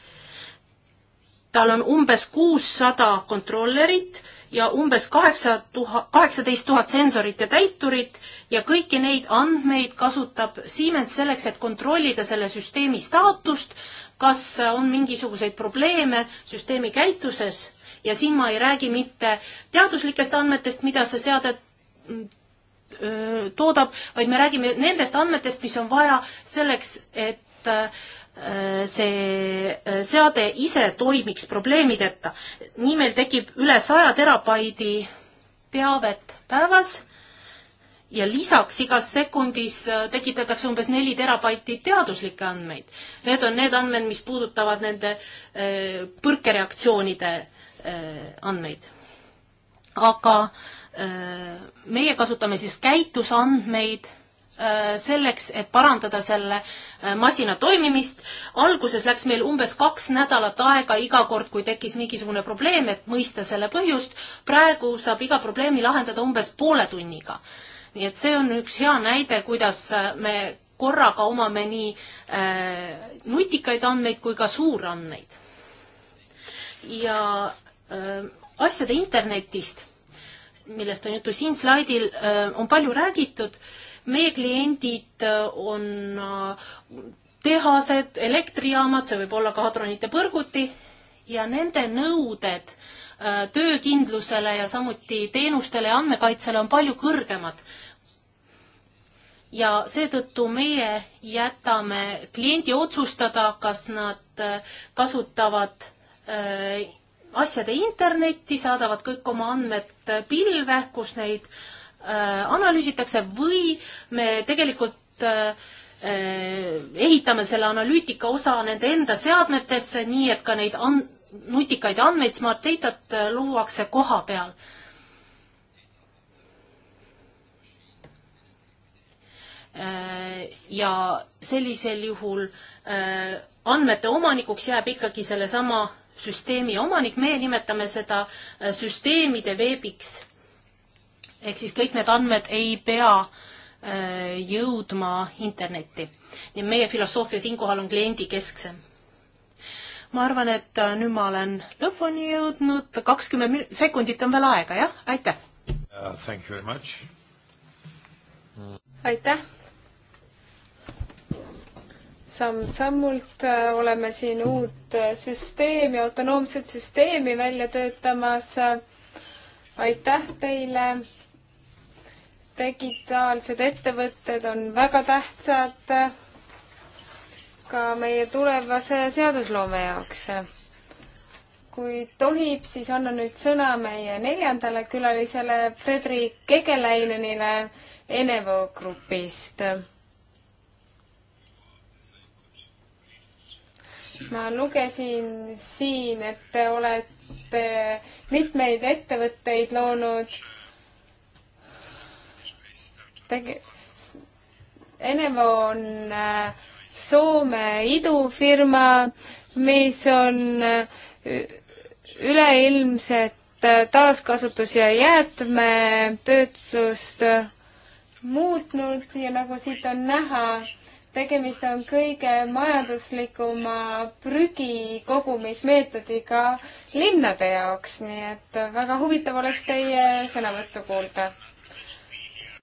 tal on umbes kuussada kontrollerit ja umbes kaheksa tuhat, kaheksateist tuhat sensorit ja täiturit ja kõiki neid andmeid kasutab Siemens selleks, et kontrollida selle süsteemi staatust, kas on mingisuguseid probleeme süsteemi käituses ja siin ma ei räägi mitte teaduslikest andmetest, mida see seade mm, toodab, vaid me räägime nendest andmetest, mis on vaja selleks, et Äh, see äh, seade ise toimiks probleemideta. nii meil tekib üle saja terabaidi teavet päevas ja lisaks igas sekundis äh, tekitatakse umbes neli terabaiti teaduslikke andmeid. Need on need andmed, mis puudutavad nende põrkereaktsioonide andmeid. aga meie kasutame siis käitusandmeid Äh, selleks, et parandada selle äh, masina toimimist. alguses läks meil umbes kaks nädalat aega iga kord, kui tekkis mingisugune probleem, et mõista selle põhjust. praegu saab iga probleemi lahendada umbes poole tunniga. nii et see on üks hea näide, kuidas äh, me korraga omame nii äh, nutikaid andmeid kui ka suurandmeid. ja äh, asjade internetist millest on juttu siin slaidil, on palju räägitud meie kliendid äh, on äh, tehased, elektrijaamad, see võib olla ka hadronite põrguti ja nende nõuded äh, töökindlusele ja samuti teenustele ja andmekaitsele on palju kõrgemad ja seetõttu meie jätame kliendi otsustada, kas nad kasutavad asjade internetti, saadavad kõik oma andmed pilve, kus neid Äh, analüüsitakse või me tegelikult äh, ehitame selle analüütika osa nende enda seadmetesse, nii et ka neid and-, nutikaid andmeid, smart data't äh, luuakse koha peal. ja sellisel juhul andmete omanikuks jääb ikkagi sellesama süsteemi omanik, me nimetame seda süsteemide veebiks ehk siis kõik need andmed ei pea äh, jõudma internetti. nii meie filosoofia siinkohal on kliendikesksem. ma arvan, et äh, nüüd ma olen lõpuni jõudnud, kakskümmend sekundit on veel aega, jah, aitäh uh,! Thank you very much mm.! aitäh! samm-sammult äh, oleme siin uut süsteemi, autonoomset süsteemi välja töötamas. aitäh teile digitaalsed ettevõtted on väga tähtsad ka meie tulevase seadusloome jaoks. kui tohib, siis annan nüüd sõna meie neljandale külalisele, Fredrik Kegelainenile Enevo Grupist. ma lugesin siin, et te olete mitmeid ettevõtteid loonud tege-, Enevo on äh, Soome idufirma, mis on äh, üleilmset äh, taaskasutus- ja jäätmetöötlust muutnud ja nagu siit on näha, tegemist on kõige majanduslikuma prügikogumismeetodiga linnade jaoks, nii et väga huvitav oleks teie sõnavõttu kuulda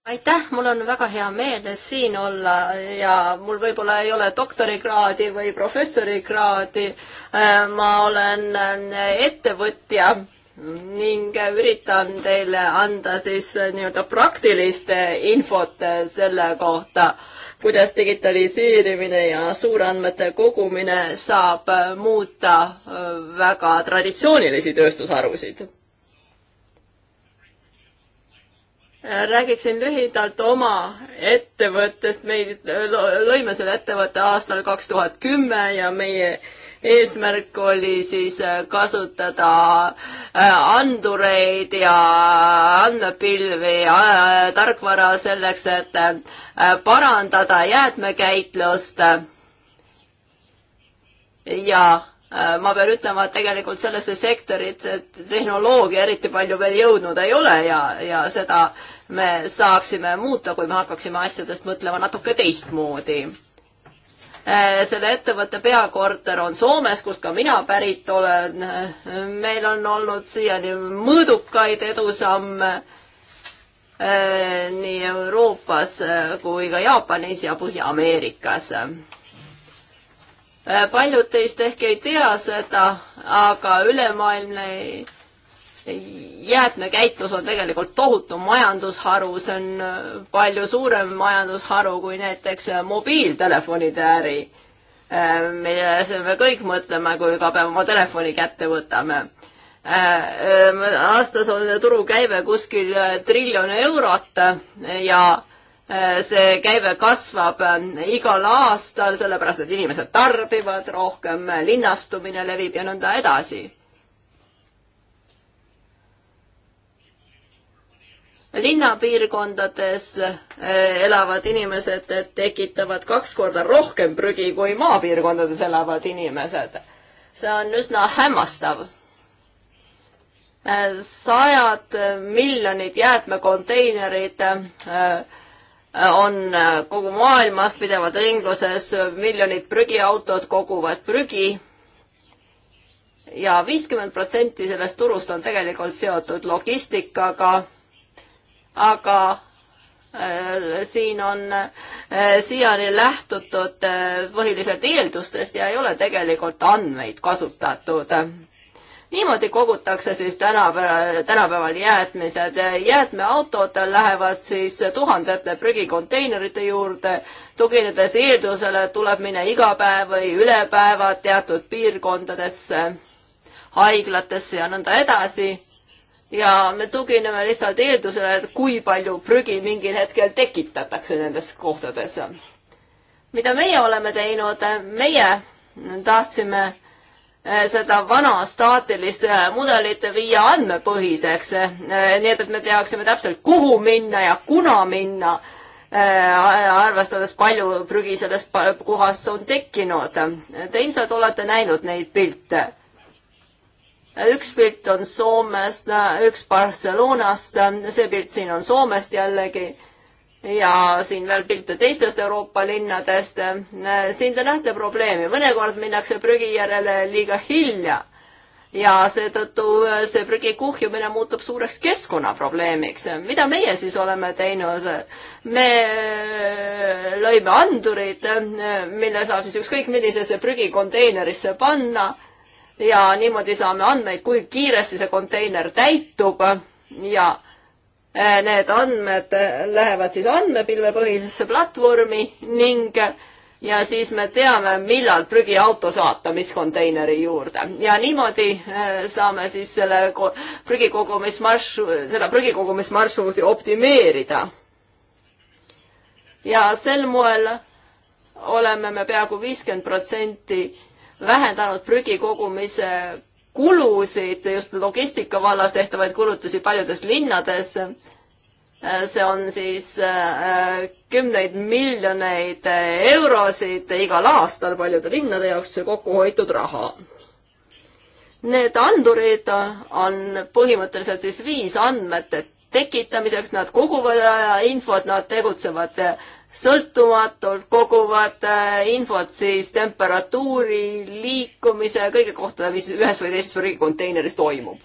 aitäh, mul on väga hea meel siin olla ja mul võib-olla ei ole doktorikraadi või professorikraadi. Äh, ma olen äh, ettevõtja ning üritan teile anda siis äh, nii-öelda praktilist infot selle kohta, kuidas digitaliseerimine ja suurandmete kogumine saab muuta väga traditsioonilisi tööstusharusid Äh, räägiksin lühidalt oma ettevõttest, meid lõime selle ettevõtte aastal kaks tuhat kümme ja meie eesmärk oli siis äh, kasutada äh, andureid ja andmepilvi ja tarkvara selleks, et parandada jäätmekäitlust. ja ma pean ütlema, et tegelikult sellesse sektorit tehnoloogia eriti palju veel jõudnud ei ole ja, ja seda me saaksime muuta, kui me hakkaksime asjadest mõtlema natuke teistmoodi. Äh, selle ettevõtte peakorter on Soomes, kust ka mina pärit olen. meil on olnud siiani mõõdukaid edusamme äh, nii Euroopas äh, kui ka Jaapanis ja Põhja-Ameerikas paljud teist ehk ei tea seda, aga ülemaailmne jäätmekäitlus on tegelikult tohutu majandusharu, see on äh, palju suurem majandusharu kui näiteks äh, mobiiltelefonide äri, äh, milles me kõik mõtleme, kui iga päev oma telefoni kätte võtame. aastas on turukäive kuskil triljon eurot ja see käive kasvab igal aastal, sellepärast et inimesed tarbivad rohkem, linnastumine levib ja nõnda edasi linnapiirkondades eh, elavad inimesed tekitavad kaks korda rohkem prügi kui maapiirkondades elavad inimesed. see on üsna hämmastav. Eh, sajad miljonid jäätmekonteinerid eh, on kogu maailmas pidevalt ringluses, miljonid prügiautod koguvad prügi ja viiskümmend protsenti sellest turust on tegelikult seotud logistikaga aga äh, siin on äh, siiani lähtutud äh, põhiliselt eeldustest ja ei ole tegelikult andmeid kasutatud. niimoodi kogutakse siis tänapäeval, tänapäeval jäätmised. jäätmeautod lähevad siis tuhandete prügikonteinerite juurde, tuginedes eeldusele, et tuleb minna iga päev või üle päeva teatud piirkondadesse, haiglatesse ja nõnda edasi ja me tugineme lihtsalt eeldusele, et kui palju prügi mingil hetkel tekitatakse nendes kohtades. mida meie oleme teinud, meie tahtsime eh, seda vana staatilist eh, mudelit viia andmepõhiseks, eh, nii et, et me teaksime täpselt, kuhu minna ja kuna minna, arvestades palju prügi selles kohas on tekkinud. Te ilmselt olete näinud neid pilte üks pilt on Soomest, üks Barcelonast, see pilt siin on Soomest jällegi ja siin veel pilte teistest Euroopa linnadest. siin te näete probleemi, mõnikord minnakse prügi järele liiga hilja ja seetõttu äh, see prügi kuhjumine muutub suureks keskkonnaprobleemiks. mida meie siis oleme teinud? me äh, lõime andurid, äh, mille saab siis ükskõik millisesse prügikonteinerisse panna ja niimoodi saame andmeid, kui kiiresti see konteiner täitub ja eh, need andmed lähevad siis andmepilvepõhisesse platvormi ning ja siis me teame, millal prügiauto saata, mis konteineri juurde ja niimoodi eh, saame siis selle prügikogumismarssu, seda prügikogumismarsruuti optimeerida. ja sel moel oleme me peaaegu viiskümmend protsenti vähendanud prügikogumise kulusid, just logistika vallas tehtavaid kulutusi paljudes linnades. see on siis äh, kümneid miljoneid eurosid igal aastal paljude linnade jaoks kokku hoitud raha. Need andurid on põhimõtteliselt siis viis andmete tekitamiseks, nad koguvad infot, nad tegutsevad sõltumatult koguvad äh, infot siis temperatuuri, liikumise, kõige kohta, mis ühes või teises riigi konteineris toimub.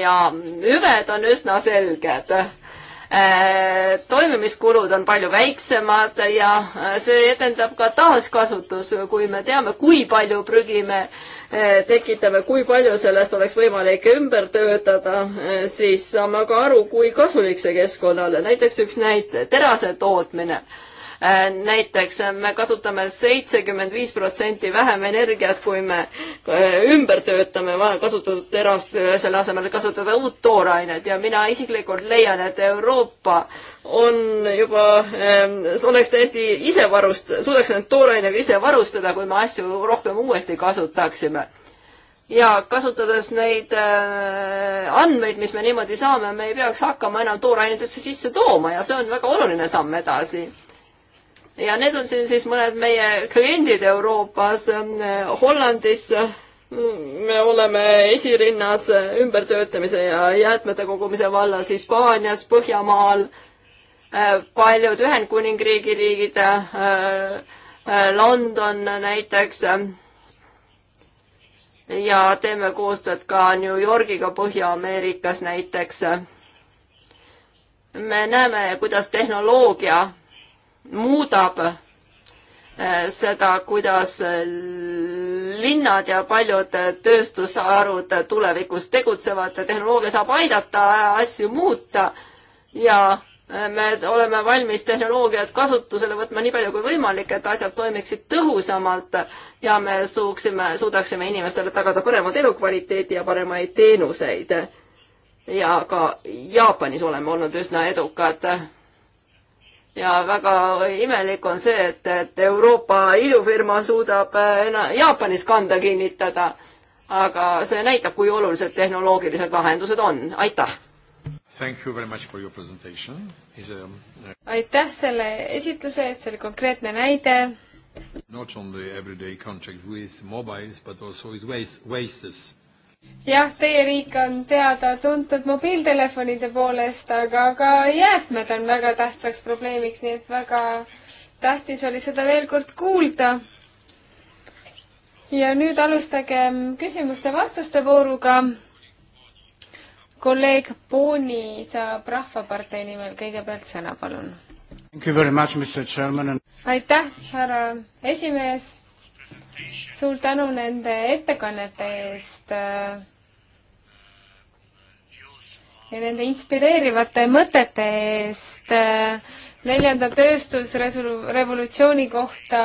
ja hüved on üsna selged. Äh, toimimiskulud on palju väiksemad ja äh, see edendab ka taaskasutus, kui me teame, kui palju prügi me Eh, tekitame, kui palju sellest oleks võimalik ümber töötada, eh, siis saame ka aru, kui kasulik see keskkonnale. näiteks üks näide, terase tootmine Äh, näiteks äh, me kasutame seitsekümmend viis protsenti vähem energiat, kui me äh, ümber töötame kasutatud terast, selle asemel kasutada uut toorainet ja mina isiklikult leian, et Euroopa on juba, ähm, oleks täiesti ise varust-, suudaks end toorainega ise varustada, kui me asju rohkem uuesti kasutaksime ja kasutades neid äh, andmeid, mis me niimoodi saame, me ei peaks hakkama enam toorainet üldse sisse tooma ja see on väga oluline samm edasi ja need on siin siis mõned meie kliendid Euroopas, Hollandis me oleme esirinnas ümbertöötamise ja jäätmete kogumise vallas Hispaanias, Põhjamaal, paljud Ühendkuningriigi riigid, London näiteks ja teeme koostööd ka New Yorgiga Põhja-Ameerikas näiteks. me näeme, kuidas tehnoloogia muudab äh, seda, kuidas linnad ja paljud tööstusharud tulevikus tegutsevad, tehnoloogia saab aidata asju muuta ja äh, me oleme valmis tehnoloogiat kasutusele võtma nii palju kui võimalik, et asjad toimiksid tõhusamalt ja me suuksime, suudaksime inimestele tagada paremat elukvaliteeti ja paremaid teenuseid. ja ka Jaapanis oleme olnud üsna edukad ja väga imelik on see, et, et Euroopa idufirma suudab äh, Jaapanis kanda kinnitada. aga see näitab, kui olulised tehnoloogilised lahendused on. aitäh! Um, uh, aitäh selle esitluse eest, see oli konkreetne näide. Not only everyday contact with mobiles, but also with waste, wastes jah, teie riik on teada-tuntud mobiiltelefonide poolest, aga ka jäätmed on väga tähtsaks probleemiks, nii et väga tähtis oli seda veel kord kuulda. ja nüüd alustagem küsimuste-vastuste vooruga. kolleeg Booni saab Rahvapartei nimel kõigepealt sõna, palun. aitäh, härra esimees suur tänu nende ettekannete eest äh, ja nende inspireerivate mõtete eest äh, neljanda tööstusrevolutsiooni kohta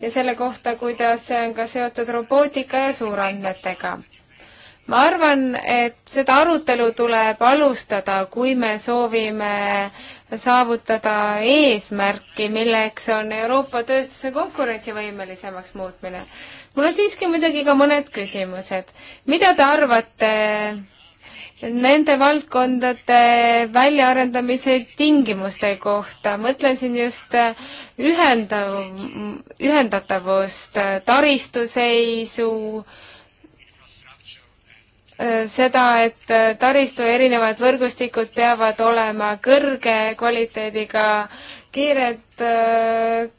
ja selle kohta, kuidas see on ka seotud robootika ja suurandmetega. ma arvan, et seda arutelu tuleb alustada, kui me soovime saavutada eesmärki, milleks on Euroopa tööstuse konkurentsivõimelisemaks muutmine. mul on siiski muidugi ka mõned küsimused. mida te arvate nende valdkondade väljaarendamise tingimuste kohta, mõtlen siin just ühendav, ühendatavust, taristu seisu äh,, seda, et äh, taristu erinevad võrgustikud peavad olema kõrge kvaliteediga, kiired, äh,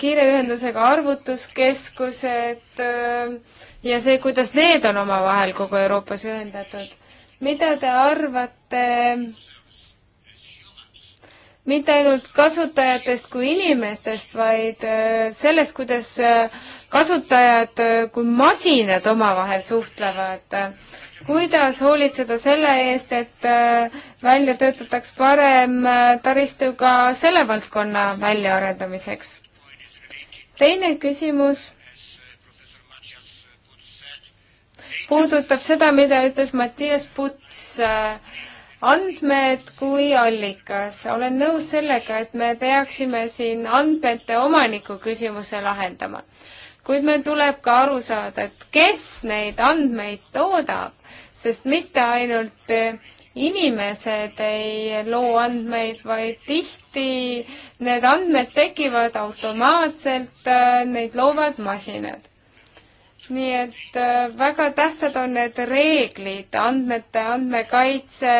kiire ühendusega arvutuskeskused äh, ja see, kuidas need on omavahel kogu Euroopas ühendatud. mida te arvate mitte ainult kasutajatest kui inimestest, vaid sellest, kuidas kasutajad kui masinad omavahel suhtlevad. kuidas hoolitseda selle eest, et äh, välja töötataks parem äh, taristu ka selle valdkonna väljaarendamiseks? teine küsimus puudutab seda, mida ütles Mattias Puts äh, andmed kui allikas. olen nõus sellega, et me peaksime siin andmete omaniku küsimuse lahendama kuid meil tuleb ka aru saada, et kes neid andmeid toodab, sest mitte ainult eh, inimesed ei loo andmeid, vaid tihti need andmed tekivad automaatselt, eh, neid loovad masinad. nii et eh, väga tähtsad on need reeglid andmete, andmekaitse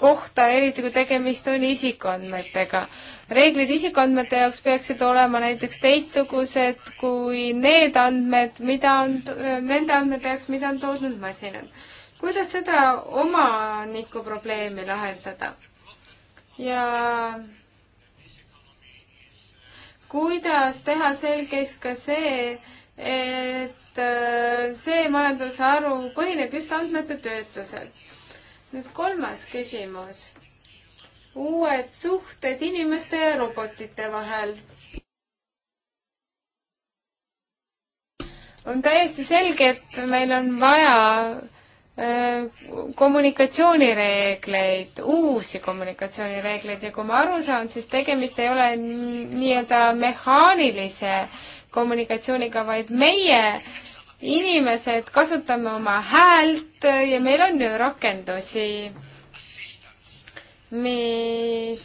kohta, eriti kui tegemist on isikuandmetega reeglid isikuandmete jaoks peaksid olema näiteks teistsugused kui need andmed, mida on, nende andmete jaoks, mida on toodud masinad. kuidas seda omaniku probleemi lahendada? ja kuidas teha selgeks ka see, et äh, see majandusharu põhineb just andmete töötlusel. nüüd kolmas küsimus uued suhted inimeste ja robotite vahel. on täiesti selge, et meil on vaja äh, kommunikatsioonireegleid, uusi kommunikatsioonireegleid ja kui ma aru saan, siis tegemist ei ole nii-öelda mehaanilise kommunikatsiooniga, vaid meie inimesed kasutame oma häält ja meil on ju rakendusi mis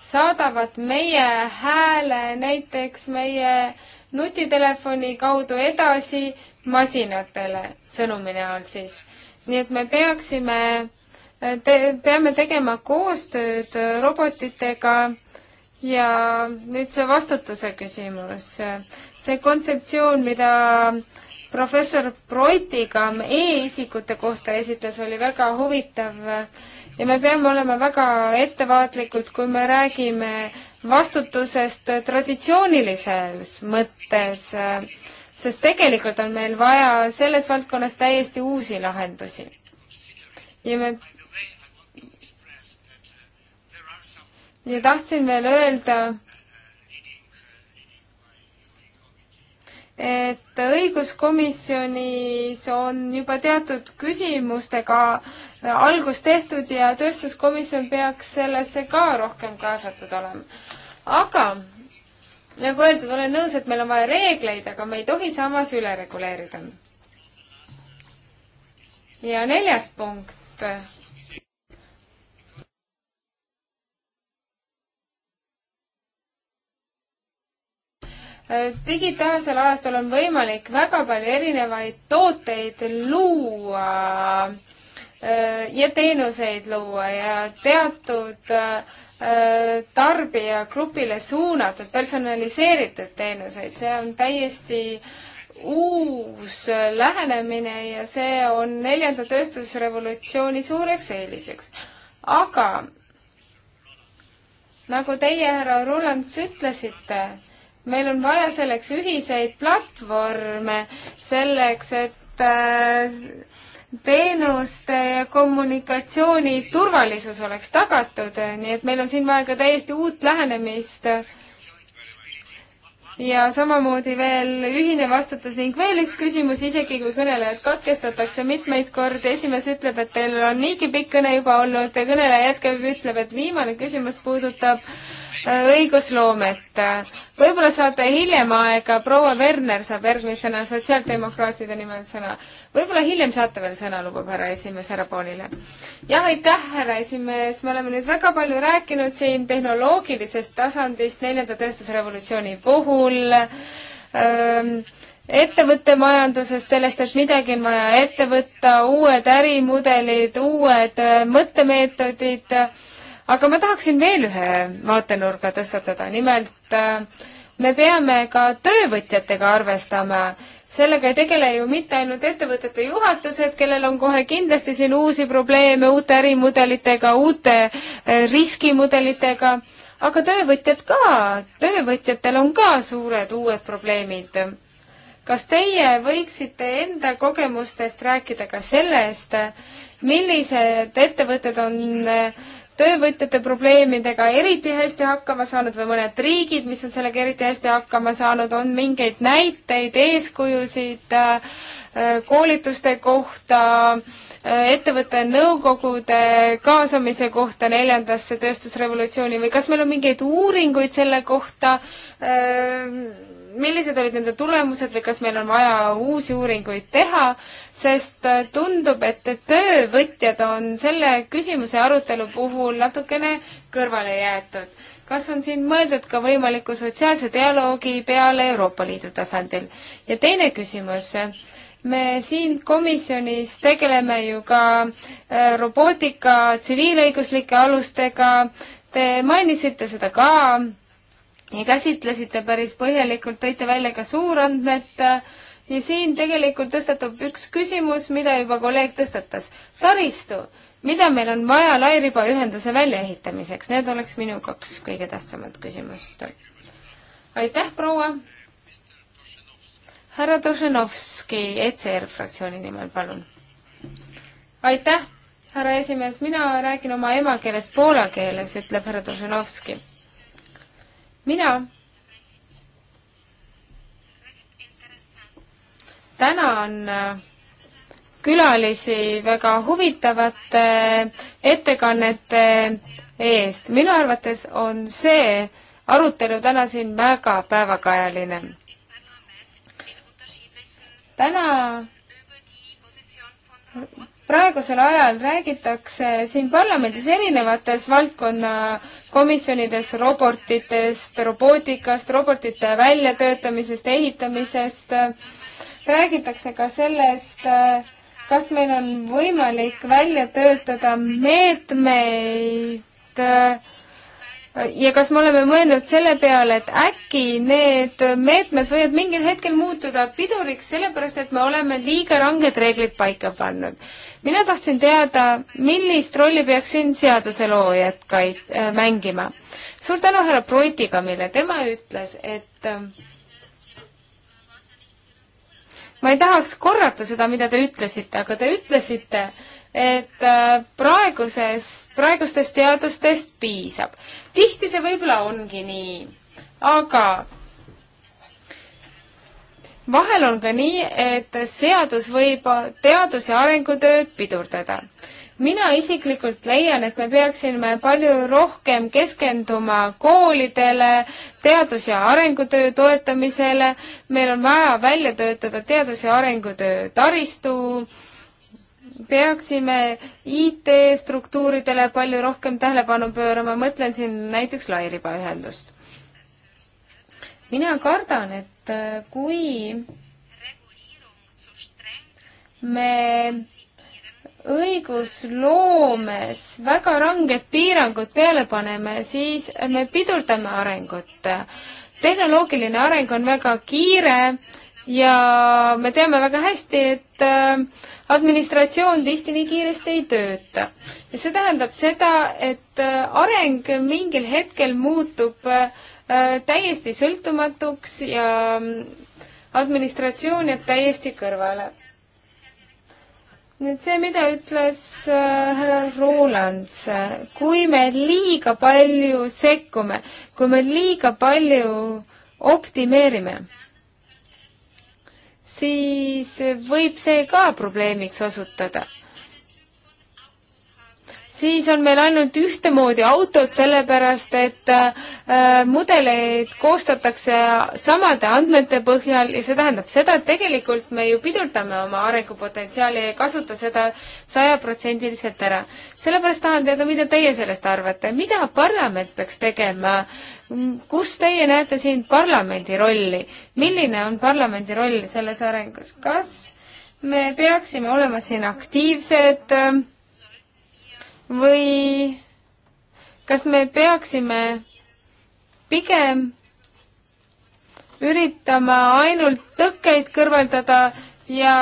saadavad meie hääle näiteks meie nutitelefoni kaudu edasi masinatele sõnumi näol siis. nii et me peaksime, te, peame tegema koostööd robotitega ja nüüd see vastutuse küsimus. see kontseptsioon, mida äh, professor Broitiga e-isikute kohta esitles, oli väga huvitav ja me peame olema väga ettevaatlikud, kui me räägime vastutusest traditsioonilises mõttes, sest tegelikult on meil vaja selles valdkonnas täiesti uusi lahendusi. ja me ja tahtsin veel öelda, et õiguskomisjonis on juba teatud küsimustega algus tehtud ja tööstuskomisjon peaks sellesse ka rohkem kaasatud olema. aga nagu öeldud, olen nõus, et meil on vaja reegleid, aga me ei tohi samas üle reguleerida. ja neljas punkt digitaalsel ajastul on võimalik väga palju erinevaid tooteid luua äh, ja teenuseid luua ja teatud äh, tarbijagrupile suunatud personaliseeritud teenuseid, see on täiesti uus äh, lähenemine ja see on neljanda tööstusrevolutsiooni suureks eeliseks. aga nagu teie, härra Rulands, ütlesite, meil on vaja selleks ühiseid platvorme, selleks, et äh, teenuste ja kommunikatsiooni turvalisus oleks tagatud, nii et meil on siin vaja ka täiesti uut lähenemist ja samamoodi veel ühine vastutus ning veel üks küsimus, isegi kui kõnelejad katkestatakse mitmeid kordi, esimees ütleb, et teil on niigi pikk kõne juba olnud ja kõneleja jätkab ja ütleb, et viimane küsimus puudutab äh, Äh, õigusloomet. võib-olla saate hiljem aega, proua Werner saab järgmisena sotsiaaldemokraatide nimel sõna. võib-olla hiljem saate veel sõna, lubab härra esimees härra Poolile. jah, aitäh, härra esimees, me oleme nüüd väga palju rääkinud siin tehnoloogilisest tasandist neljanda tööstusrevolutsiooni puhul ähm, ettevõtte majandusest, sellest, et midagi on vaja ette võtta, uued ärimudelid, uued äh, mõttemeetodid äh,, aga ma tahaksin veel ühe vaatenurga tõstatada, nimelt äh, me peame ka töövõtjatega arvestama, sellega ei tegele ju mitte ainult ettevõtete juhatused, kellel on kohe kindlasti siin uusi probleeme uute ärimudelitega, uute äh, riskimudelitega, aga töövõtjad ka, töövõtjatel on ka suured uued probleemid. kas teie võiksite enda kogemustest rääkida ka sellest, millised ettevõtted on äh, töövõtjate probleemidega eriti hästi hakkama saanud või mõned riigid, mis on sellega eriti hästi hakkama saanud, on mingeid näiteid, eeskujusid äh, koolituste kohta, äh, ettevõtte nõukogude kaasamise kohta neljandasse tööstusrevolutsiooni või kas meil on mingeid uuringuid selle kohta, äh, millised olid nende tulemused või kas meil on vaja uusi uuringuid teha sest äh, tundub, et töövõtjad on selle küsimuse arutelu puhul natukene kõrvale jäetud. kas on siin mõeldud ka võimaliku sotsiaalse dialoogi peale Euroopa Liidu tasandil? ja teine küsimus me siin komisjonis tegeleme ju ka äh, robootika tsiviilõiguslike alustega, te mainisite seda ka ja käsitlesite päris põhjalikult, tõite välja ka suurandmed, ja siin tegelikult tõstatub üks küsimus, mida juba kolleeg tõstatas. taristu, mida meil on vaja lairibaühenduse väljaehitamiseks, need oleks minu kaks kõige tähtsamat küsimust. aitäh, proua! härra Tošenovski ECR fraktsiooni nimel, palun! aitäh, härra esimees, mina räägin oma emakeeles poola keeles, ütleb härra Tošenovski. mina tänan äh, külalisi väga huvitavate ettekannete eest. minu arvates on see arutelu täna siin väga päevakajaline. täna praegusel ajal räägitakse siin parlamendis erinevates valdkonnakomisjonides robotitest, robootikast, robotite väljatöötamisest, ehitamisest äh, räägitakse ka sellest, kas meil on võimalik välja töötada meetmeid ja kas me oleme mõelnud selle peale, et äkki need meetmed võivad mingil hetkel muutuda piduriks, sellepärast et me oleme liiga ranged reeglid paika pannud. mina tahtsin teada, millist rolli peaks siin seaduseloojad ka äh, mängima. suur tänu härra Proitiga, mille tema ütles, et äh, ma ei tahaks korrata seda, mida te ütlesite, aga te ütlesite, et äh, praeguses, praegustest teadustest piisab. tihti see võib-olla ongi nii, aga vahel on ka nii, et seadus võib teadus- ja arengutööd pidurdada mina isiklikult leian, et me peaksime palju rohkem keskenduma koolidele, teadus- ja arengutöö toetamisele, meil on vaja välja töötada teadus- ja arengutöö taristu, peaksime IT-struktuuridele palju rohkem tähelepanu pöörama, mõtlen siin näiteks lairibaühendust. mina kardan, et äh, kui me õigusloomes väga ranged piirangud peale paneme, siis me pidurdame arengut. tehnoloogiline areng on väga kiire ja me teame väga hästi, et äh, administratsioon tihti nii kiiresti ei tööta. ja see tähendab seda, et äh, areng mingil hetkel muutub äh, täiesti sõltumatuks ja mm, administratsioon jääb täiesti kõrvale nüüd see, mida ütles äh, härra Roland, kui me liiga palju sekkume, kui me liiga palju optimeerime, siis võib see ka probleemiks osutada siis on meil ainult ühtemoodi autod, sellepärast et äh, mudeleid koostatakse samade andmete põhjal ja see tähendab seda, et tegelikult me ju pidurdame oma arengupotentsiaali ja ei kasuta seda sajaprotsendiliselt ära. sellepärast tahan teada, mida teie sellest arvate, mida parlament peaks tegema, kus teie näete siin parlamendi rolli, milline on parlamendi roll selles arengus, kas me peaksime olema siin aktiivsed äh,, või kas me peaksime pigem üritama ainult tõkkeid kõrvaldada ja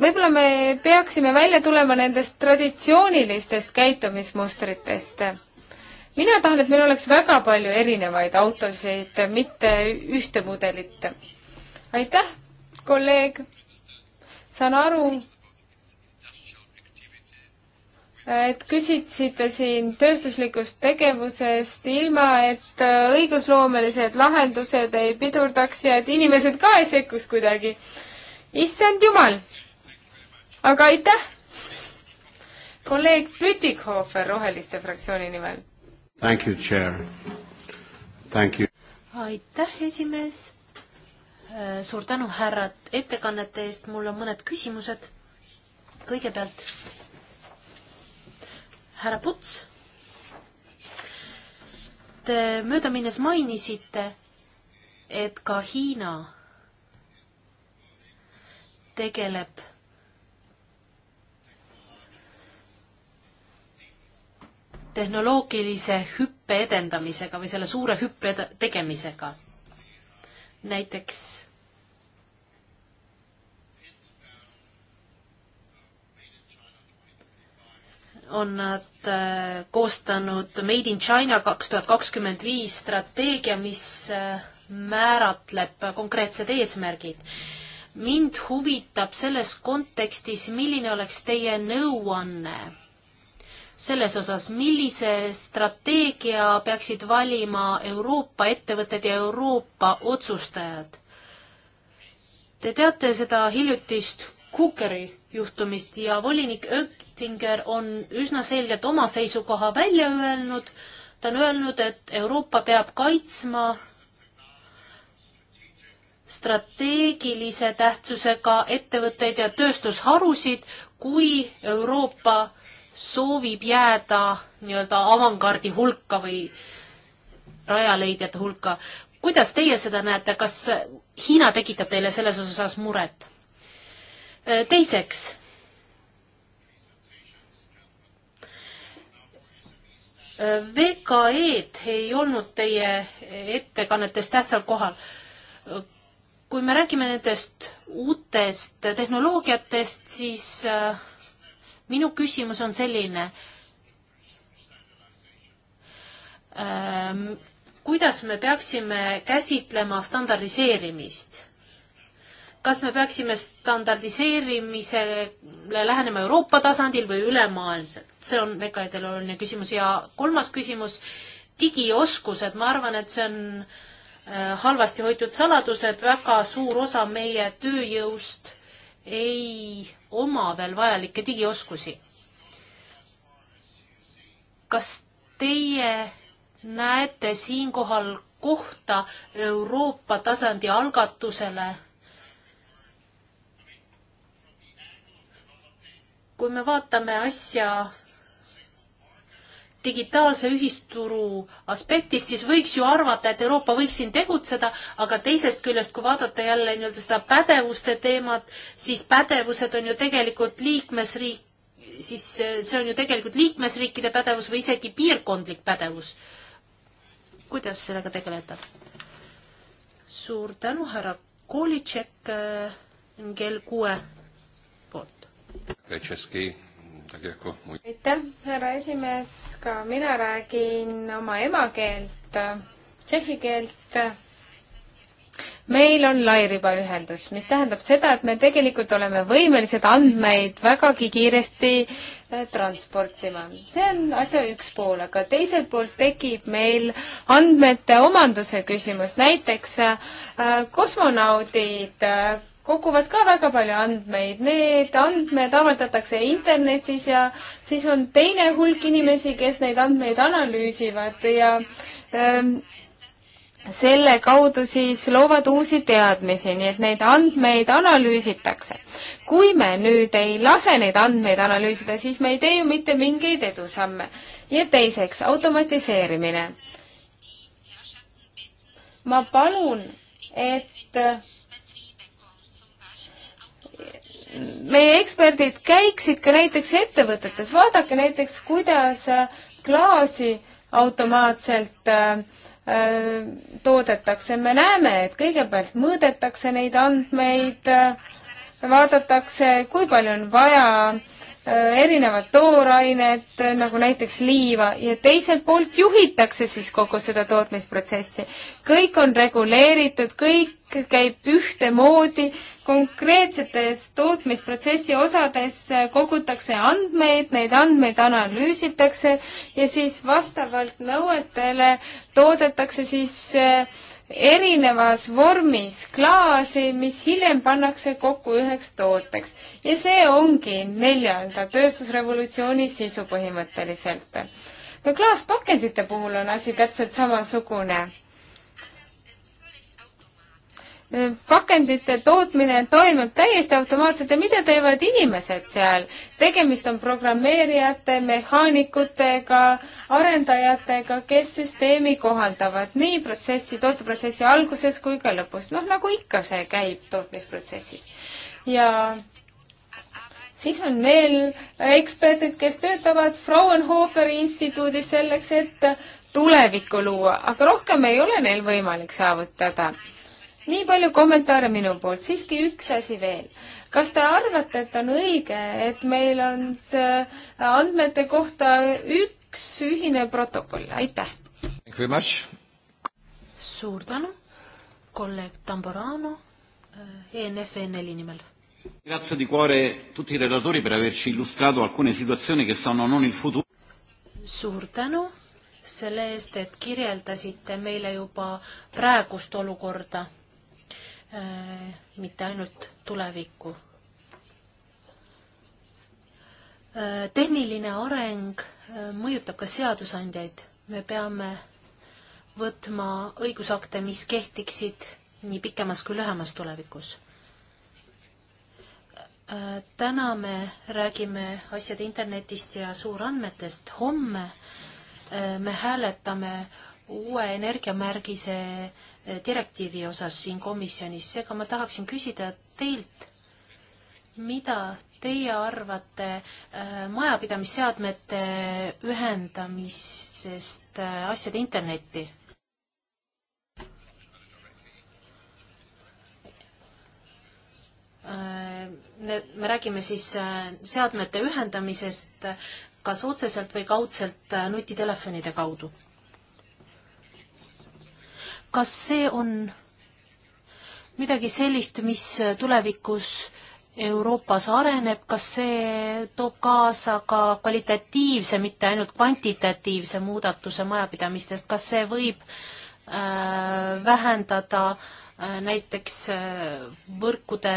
võib-olla me peaksime välja tulema nendest traditsioonilistest käitumismustritest. mina tahan, et meil oleks väga palju erinevaid autosid, mitte ühte mudelit. aitäh, kolleeg. saan aru, et küsitsite siin tööstuslikust tegevusest, ilma et äh, õigusloomelised lahendused ei pidurdaks ja et inimesed ka ei sekkuks kuidagi. issand jumal! aga aitäh! kolleeg Pütikhofer Roheliste fraktsiooni nimel. aitäh, esimees! Äh, suur tänu, härrad, ettekannete eest, mul on mõned küsimused. kõigepealt härra Puts, te möödaminnes mainisite, et ka Hiina tegeleb tehnoloogilise hüppe edendamisega või selle suure hüppe tegemisega. näiteks on nad äh, koostanud Made in China kaks tuhat kakskümmend viis strateegia, mis äh, määratleb konkreetsed eesmärgid. mind huvitab selles kontekstis, milline oleks teie nõuanne selles osas, millise strateegia peaksid valima Euroopa ettevõtted ja Euroopa otsustajad? Te teate seda hiljutist Cookeri juhtumist ja volinik Ök Oettinger on üsna selgelt oma seisukoha välja öelnud. ta on öelnud, et Euroopa peab kaitsma strateegilise tähtsusega ettevõtteid ja tööstusharusid, kui Euroopa soovib jääda nii-öelda avangardi hulka või rajaleidjate hulka. kuidas teie seda näete, kas Hiina tekitab teile selles osas muret? teiseks, VKE-d ei olnud teie ettekannetes tähtsal kohal. kui me räägime nendest uutest tehnoloogiatest, siis äh, minu küsimus on selline. Äh, kuidas me peaksime käsitlema standardiseerimist? kas me peaksime standardiseerimisele lähenema Euroopa tasandil või ülemaailmselt? see on VKD-l oluline küsimus ja kolmas küsimus, digioskused, ma arvan, et see on äh, halvasti hoitud saladus, et väga suur osa meie tööjõust ei oma veel vajalikke digioskusi. kas teie näete siinkohal kohta Euroopa tasandi algatusele kui me vaatame asja digitaalse ühisturu aspektist, siis võiks ju arvata, et Euroopa võiks siin tegutseda, aga teisest küljest, kui vaadata jälle nii-öelda seda pädevuste teemat, siis pädevused on ju tegelikult liikmesriik, siis see on ju tegelikult liikmesriikide pädevus või isegi piirkondlik pädevus. kuidas sellega tegeleda? suur tänu, härra Kolitšek äh, kell kuue aitäh, härra esimees, ka mina räägin oma emakeelt, tšehhi keelt. meil on lairibaühendus, mis tähendab seda, et me tegelikult oleme võimelised andmeid vägagi kiiresti eh, transportima. see on asja üks pool, aga teiselt poolt tekib meil andmete omanduse küsimus, näiteks äh, kosmonaudid äh, koguvad ka väga palju andmeid, need andmed avaldatakse internetis ja siis on teine hulk inimesi, kes neid andmeid analüüsivad ja ähm, selle kaudu siis loovad uusi teadmisi, nii et neid andmeid analüüsitakse. kui me nüüd ei lase neid andmeid analüüsida, siis me ei tee ju mitte mingeid edusamme. ja teiseks, automatiseerimine. ma palun, et meie eksperdid käiksid ka näiteks ettevõtetes, vaadake näiteks, kuidas äh, klaasi automaatselt äh, äh, toodetakse, me näeme, et kõigepealt mõõdetakse neid andmeid, äh, vaadatakse, kui palju on vaja äh, Äh, erinevad toorained, äh, nagu näiteks liiva, ja teiselt poolt juhitakse siis kogu seda tootmisprotsessi. kõik on reguleeritud, kõik käib ühtemoodi, konkreetsetes tootmisprotsessi osades äh, kogutakse andmeid, neid andmeid analüüsitakse ja siis vastavalt nõuetele toodetakse siis äh, erinevas vormis klaasi, mis hiljem pannakse kokku üheks tooteks. ja see ongi neljanda tööstusrevolutsiooni sisu põhimõtteliselt. ka klaaspakendite puhul on asi täpselt samasugune pakendite tootmine toimub täiesti automaatselt ja mida teevad inimesed seal? tegemist on programmeerijate, mehaanikutega, arendajatega, kes süsteemi kohandavad nii protsessi, tooteprotsessi alguses kui ka lõpus. noh, nagu ikka see käib tootmisprotsessis. ja siis on veel eksperdid, kes töötavad Fraunhoferi instituudis selleks, et tulevikku luua, aga rohkem ei ole neil võimalik saavutada nii palju kommentaare minu poolt, siiski üks asi veel. kas te arvate, et on õige, et meil on see andmete kohta üks ühine protokoll, aitäh! suur tänu, kolleeg Tamburano ENF eh, e NL-i nimel. Grazie di cuore tutti i relatori per averci illustrato alcune situazioni che sanno non il futuro. suur tänu selle eest, et kirjeldasite meile juba praegust olukorda Äh, mitte ainult tulevikku. Äh, tehniline areng äh, mõjutab ka seadusandjaid. me peame võtma õigusakte, mis kehtiksid nii pikemas kui lühemas tulevikus. täna me räägime asjade internetist ja suurandmetest. homme me hääletame uue energiamärgise äh, direktiivi osas siin komisjonis, seega ma tahaksin küsida teilt, mida teie arvate äh, majapidamisseadmete ühendamisest äh, asjade internetti? Äh, me räägime siis seadmete ühendamisest kas otseselt või kaudselt nutitelefonide kaudu kas see on midagi sellist, mis tulevikus Euroopas areneb, kas see toob kaasa ka kvalitatiivse, mitte ainult kvantitatiivse muudatuse majapidamistest, kas see võib äh, vähendada äh, Äh, näiteks äh, võrkude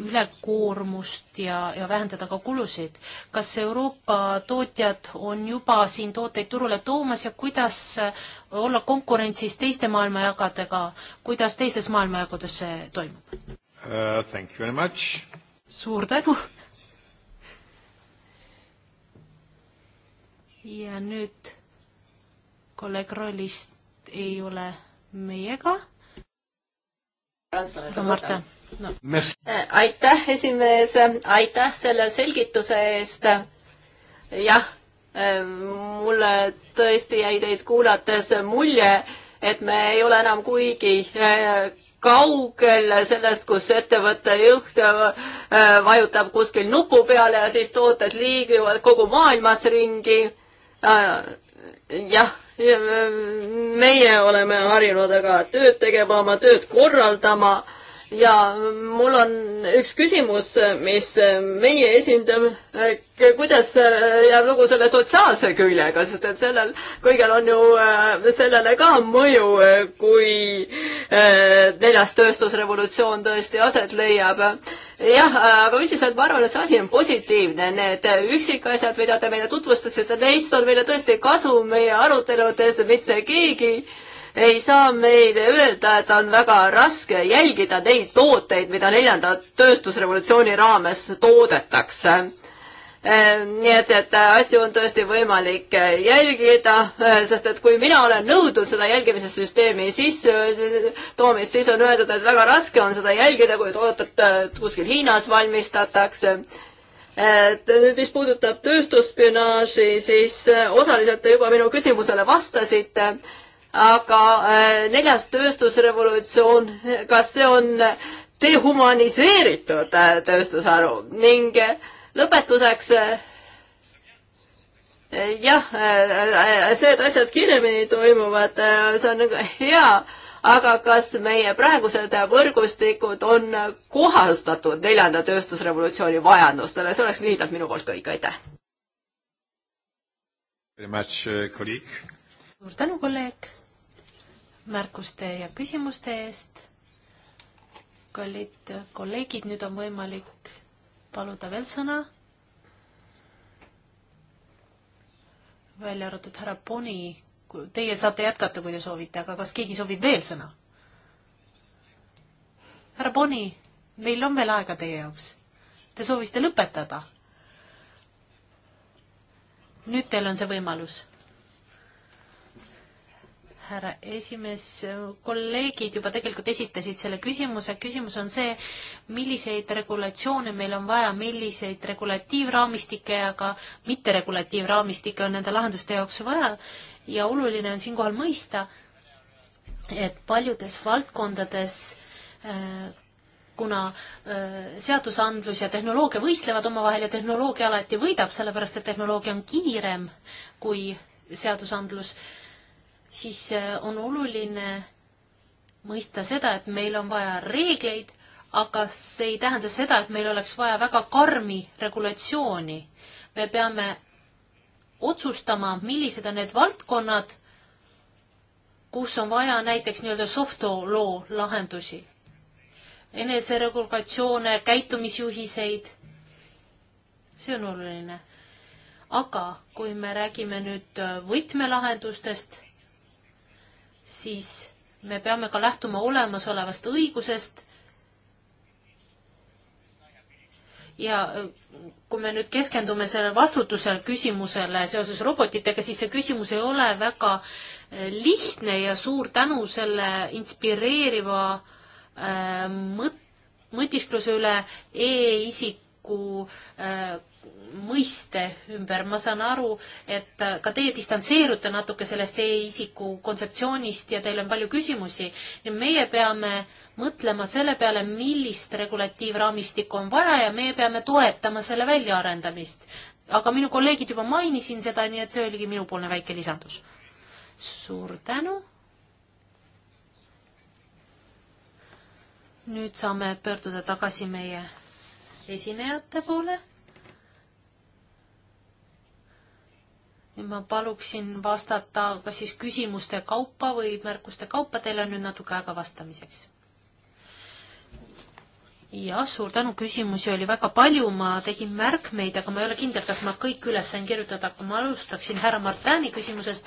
ülekoormust ja, ja vähendada ka kulusid. kas Euroopa tootjad on juba siin tooteid turule toomas ja kuidas äh, olla konkurentsis teiste maailmajagadega, kuidas teistes maailmajagudes see toimub uh,? Thank you very much! suur tänu! ja nüüd kolleeg rollist ei ole meiega Marta no.. Äh, aitäh, esimees, aitäh selle selgituse eest. jah, äh, mulle tõesti jäi teid kuulates mulje, et me ei ole enam kuigi äh, kaugel sellest, kus ettevõtte juht vajutab kuskil nupu peale ja siis tooted liiguvad kogu maailmas ringi. jah, Äh, meie oleme harjunud aga tööd tegema, oma tööd korraldama ja mul on üks küsimus, mis meie esindab, kuidas jääb lugu selle sotsiaalse küljega, sest et sellel kõigel on ju äh, sellele ka mõju, kui äh, neljas tööstusrevolutsioon tõesti aset leiab. jah, aga üldiselt ma arvan, et see asi on positiivne, need üksikasjad, mida te meile tutvustasite, neist on meile tõesti kasu meie aruteludes, mitte keegi ei saa meile öelda, et on väga raske jälgida neid tooteid, mida neljanda tööstusrevolutsiooni raames toodetakse ehm, nii et, et asju on tõesti võimalik jälgida, ehm, sest et kui mina olen nõudnud seda jälgimise süsteemi sisse toomist, siis on öeldud, et väga raske on seda jälgida, kui toodet ehm, kuskil Hiinas valmistatakse. et nüüd, mis puudutab tööstusspionaaži, siis osaliselt te juba minu küsimusele vastasite aga äh, neljas tööstusrevolutsioon, kas see on dehumaniseeritud äh, tööstusharu ning äh, lõpetuseks jah, see, et asjad kiiremini toimuvad, see on nagu hea, aga kas meie praegused võrgustikud on kohastatud neljanda tööstusrevolutsiooni vajadustele, see oleks lühidalt minu poolt kõik, aitäh! Uh, suur tänu, kolleeg! märkuste ja küsimuste eest. kallid kolleegid, nüüd on võimalik paluda veel sõna. välja arvatud härra Poni, teie saate jätkata, kui te soovite, aga kas keegi soovib veel sõna? härra Poni, meil on veel aega teie jaoks. Te soovisite lõpetada. nüüd teil on see võimalus härra esimees, kolleegid juba tegelikult esitasid selle küsimuse, küsimus on see, milliseid regulatsioone meil on vaja, milliseid regulatiivraamistikke ja ka mitteregulatiivraamistikke on nende lahenduste jaoks vaja ja oluline on siinkohal mõista, et paljudes valdkondades äh, kuna äh, seadusandlus ja tehnoloogia võistlevad omavahel ja tehnoloogia alati võidab, sellepärast et tehnoloogia on kiirem kui seadusandlus äh, siis äh, on oluline mõista seda, et meil on vaja reegleid, aga see ei tähenda seda, et meil oleks vaja väga karmi regulatsiooni. me peame otsustama, millised on need valdkonnad, kus on vaja näiteks nii-öelda soft law lahendusi, eneseregulatsioone, käitumisjuhiseid. see on oluline. aga kui me räägime nüüd võtmelahendustest siis me peame ka lähtuma olemasolevast õigusest. ja äh, kui me nüüd keskendume sellele vastutuse küsimusele seoses robotitega, siis see küsimus ei ole väga äh, lihtne ja suur tänu selle inspireeriva äh, mõt-, mõtiskluse üle e-isiku äh, mõiste ümber, ma saan aru, et ka teie distantseerute natuke sellest e-isiku kontseptsioonist ja teil on palju küsimusi. meie peame mõtlema selle peale, millist regulatiivraamistikku on vaja ja meie peame toetama selle väljaarendamist. aga minu kolleegid juba mainisin seda, nii et see oligi minupoolne väike lisandus. suur tänu. nüüd saame pöörduda tagasi meie esinejate poole nüüd ma paluksin vastata kas siis küsimuste kaupa või märkuste kaupa, teil on nüüd natuke aega vastamiseks. jah, suur tänu, küsimusi oli väga palju, ma tegin märkmeid, aga ma ei ole kindel, kas ma kõik üles sain kirjutada, aga ma alustaksin härra Martani küsimusest.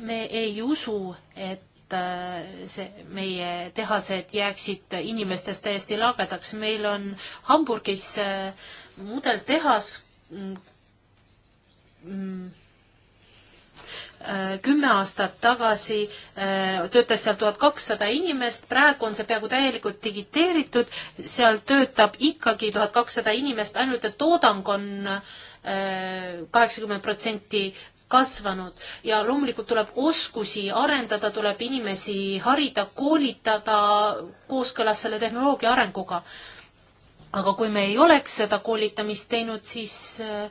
me ei usu, et äh, see, meie tehased jääksid inimestest täiesti lagedaks, meil on Hamburgis äh, mudeltehas, Mm. Äh, kümme aastat tagasi äh, töötas seal tuhat kakssada inimest, praegu on see peaaegu täielikult digiteeritud, seal töötab ikkagi tuhat kakssada inimest, ainult et toodang on äh, kaheksakümmend protsenti kasvanud ja loomulikult tuleb oskusi arendada, tuleb inimesi harida, koolitada kooskõlas selle tehnoloogia arenguga. aga kui me ei oleks seda koolitamist teinud, siis äh,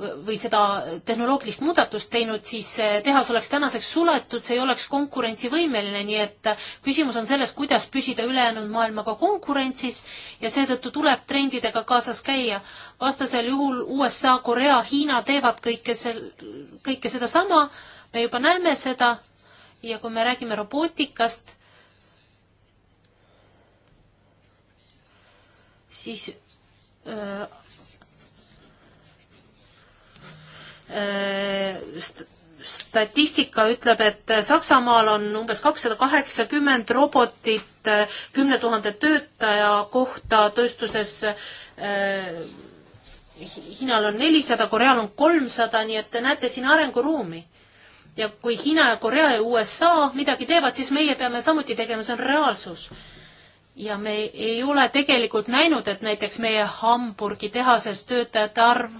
või seda tehnoloogilist muudatust teinud, siis see tehas oleks tänaseks suletud, see ei oleks konkurentsivõimeline, nii et küsimus on selles, kuidas püsida ülejäänud maailmaga konkurentsis ja seetõttu tuleb trendidega kaasas käia. vastasel juhul USA, Korea, Hiina teevad kõike sel, kõike sedasama, me juba näeme seda ja kui me räägime robootikast, siis öö, äh, Äh, statistika ütleb, et Saksamaal on umbes kakssada kaheksakümmend robotit äh, kümne tuhande töötaja kohta tööstuses. Äh, Hiinal on nelisada, Koreal on kolmsada, nii et te näete siin arenguruumi. ja kui Hiina ja Korea ja USA midagi teevad, siis meie peame samuti tegema, see on reaalsus. ja me ei ole tegelikult näinud, et näiteks meie Hamburgi tehases töötajate arv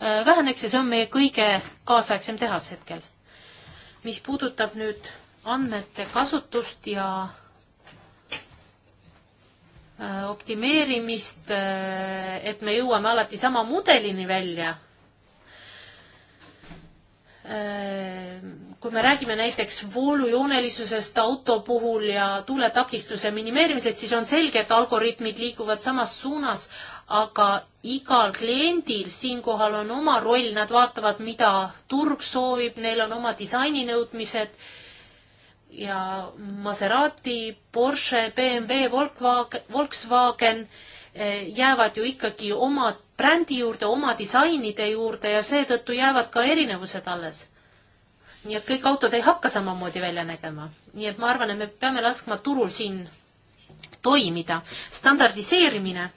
Äh, väheneks ja see on meie kõige kaasaegsem tehas hetkel. mis puudutab nüüd andmete kasutust ja äh, optimeerimist, äh, et me jõuame alati sama mudelini välja. kui me räägime näiteks voolujoonelisusest auto puhul ja tuuletakistuse minimeerimisest, siis on selge, et algoritmid liiguvad samas suunas, aga igal kliendil siinkohal on oma roll, nad vaatavad, mida turg soovib, neil on oma disaininõudmised ja Maserati, Porsche, BMW, Volkswagen eh, jäävad ju ikkagi oma brändi juurde, oma disainide juurde ja seetõttu jäävad ka erinevused alles nii et kõik autod ei hakka samamoodi välja nägema. nii et ma arvan, et me peame laskma turul siin toimida. standardiseerimine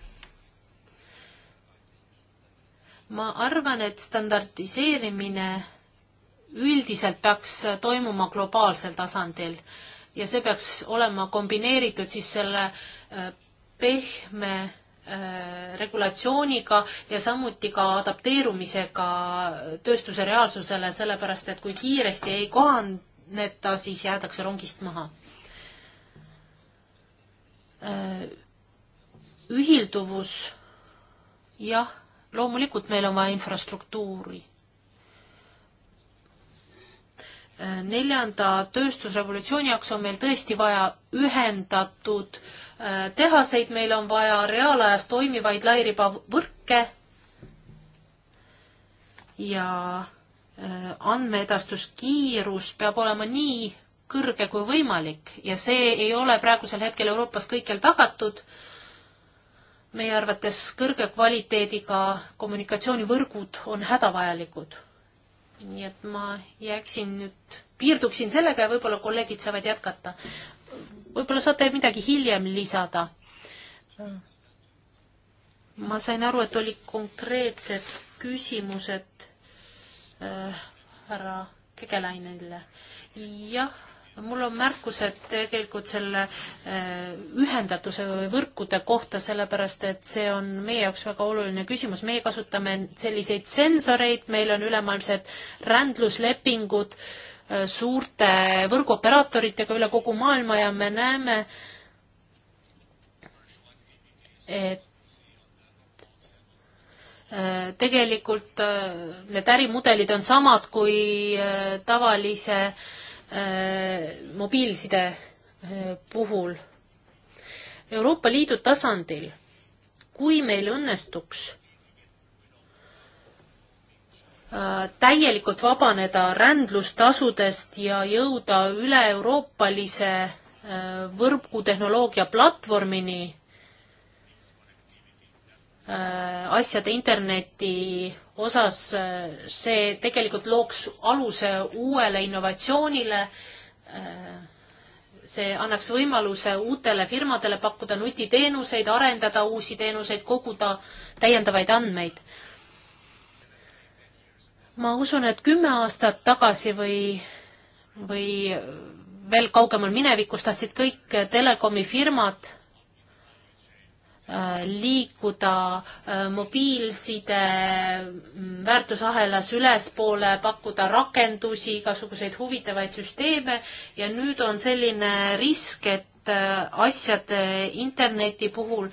ma arvan, et standardiseerimine üldiselt peaks toimuma globaalsel tasandil ja see peaks olema kombineeritud siis selle äh, pehme äh, regulatsiooniga ja samuti ka adapteerumisega tööstuse reaalsusele, sellepärast et kui kiiresti ei kohaneta, siis jäädakse rongist maha. Äh, ühilduvus, jah loomulikult meil on vaja infrastruktuuri. neljanda tööstusrevolutsiooni jaoks on meil tõesti vaja ühendatud äh, tehaseid, meil on vaja reaalajas toimivaid lairibavõrke ja äh, andmeedastuskiirus peab olema nii kõrge kui võimalik ja see ei ole praegusel hetkel Euroopas kõikjal tagatud meie arvates kõrge kvaliteediga kommunikatsioonivõrgud on hädavajalikud. nii et ma jääksin nüüd, piirduksin sellega ja võib-olla kolleegid saavad jätkata. võib-olla saate midagi hiljem lisada. ma sain aru, et olid konkreetsed küsimused äh, härra Kegelainenile. jah mul on märkused tegelikult selle eh, ühendatuse või võrkude kohta, sellepärast et see on meie jaoks väga oluline küsimus. meie kasutame selliseid sensoreid, meil on ülemaailmsed rändluslepingud eh, suurte võrguoperaatoritega üle kogu maailma ja me näeme, et eh, tegelikult need ärimudelid on samad kui tavalise äh, Äh, mobiilside äh, puhul Euroopa Liidu tasandil, kui meil õnnestuks äh, täielikult vabaneda rändlustasudest ja jõuda üle-euroopalise võrgutehnoloogia platvormini, asjade interneti osas äh, see tegelikult looks aluse uuele innovatsioonile. Äh, see annaks võimaluse uutele firmadele pakkuda nutiteenuseid, arendada uusi teenuseid, koguda täiendavaid andmeid. ma usun, et kümme aastat tagasi või, või veel kaugemal minevikus tahtsid kõik telekomifirmad Äh, liikuda äh, mobiilside mm, väärtusahelas ülespoole, pakkuda rakendusi, igasuguseid huvitavaid süsteeme ja nüüd on selline risk, et äh, asjade interneti puhul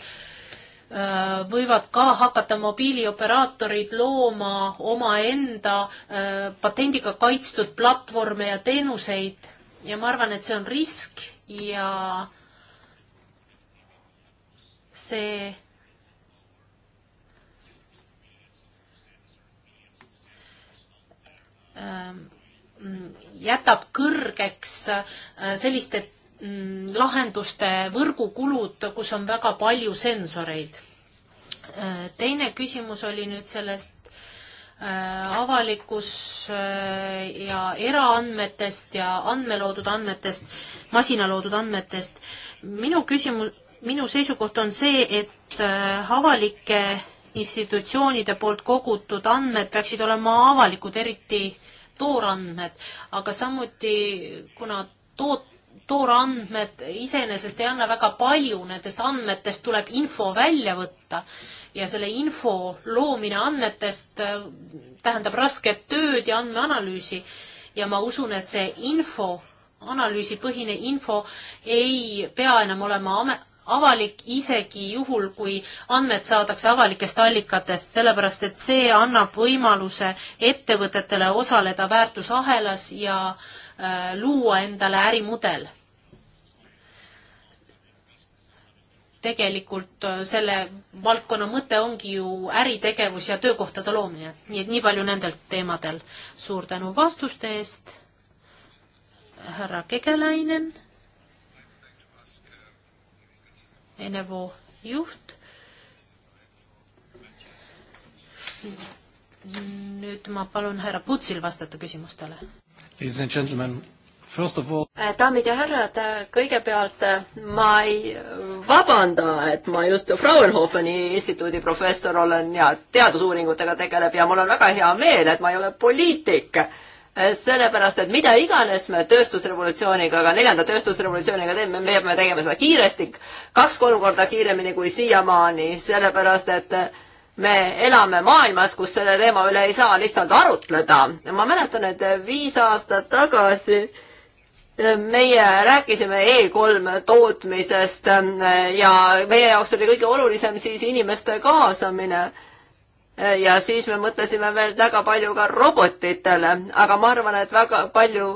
võivad ka hakata mobiilioperaatorid looma omaenda patendiga kaitstud platvorme ja teenuseid ja ma arvan, et see on risk ja äh, see ähm, jätab kõrgeks äh, selliste mm, lahenduste võrgukulud, kus on väga palju sensoreid. Äh, teine küsimus oli nüüd sellest äh, avalikus ja eraandmetest ja andmeloodud andmetest, masina loodud andmetest. minu küsimus minu seisukoht on see, et äh, avalike institutsioonide poolt kogutud andmed peaksid olema avalikud, eriti toorandmed, aga samuti kuna toot-, toorandmed iseenesest ei anna väga palju, nendest andmetest tuleb info välja võtta ja selle info loomine andmetest äh, tähendab rasket tööd ja andmeanalüüsi. ja ma usun, et see info, analüüsipõhine info ei pea enam olema avalik isegi juhul, kui andmed saadakse avalikest allikatest, sellepärast et see annab võimaluse ettevõtetele osaleda väärtusahelas ja äh, luua endale ärimudel. tegelikult äh, selle valdkonna mõte ongi ju äritegevus ja töökohtade loomine, nii et nii palju nendelt teemadel. suur tänu vastuste eest, härra Kegelainen Enevoo juht. nüüd ma palun härra Putsil vastata küsimustele. Äh, daamid ja härrad, äh, kõigepealt äh, ma ei vabanda, et ma just Fraunhofeni instituudi professor olen ja teadusuuringutega tegeleb ja mul on väga hea meel, et ma ei ole poliitik sellepärast, et mida iganes me tööstusrevolutsiooniga, ka neljanda tööstusrevolutsiooniga teeme, me peame tegema seda kiiresti, kaks-kolm korda kiiremini kui siiamaani, sellepärast et me elame maailmas, kus selle teema üle ei saa lihtsalt arutleda. ma mäletan, et viis aastat tagasi meie rääkisime E3 tootmisest ja meie jaoks oli kõige olulisem siis inimeste kaasamine ja siis me mõtlesime veel väga palju ka robotitele, aga ma arvan, et väga palju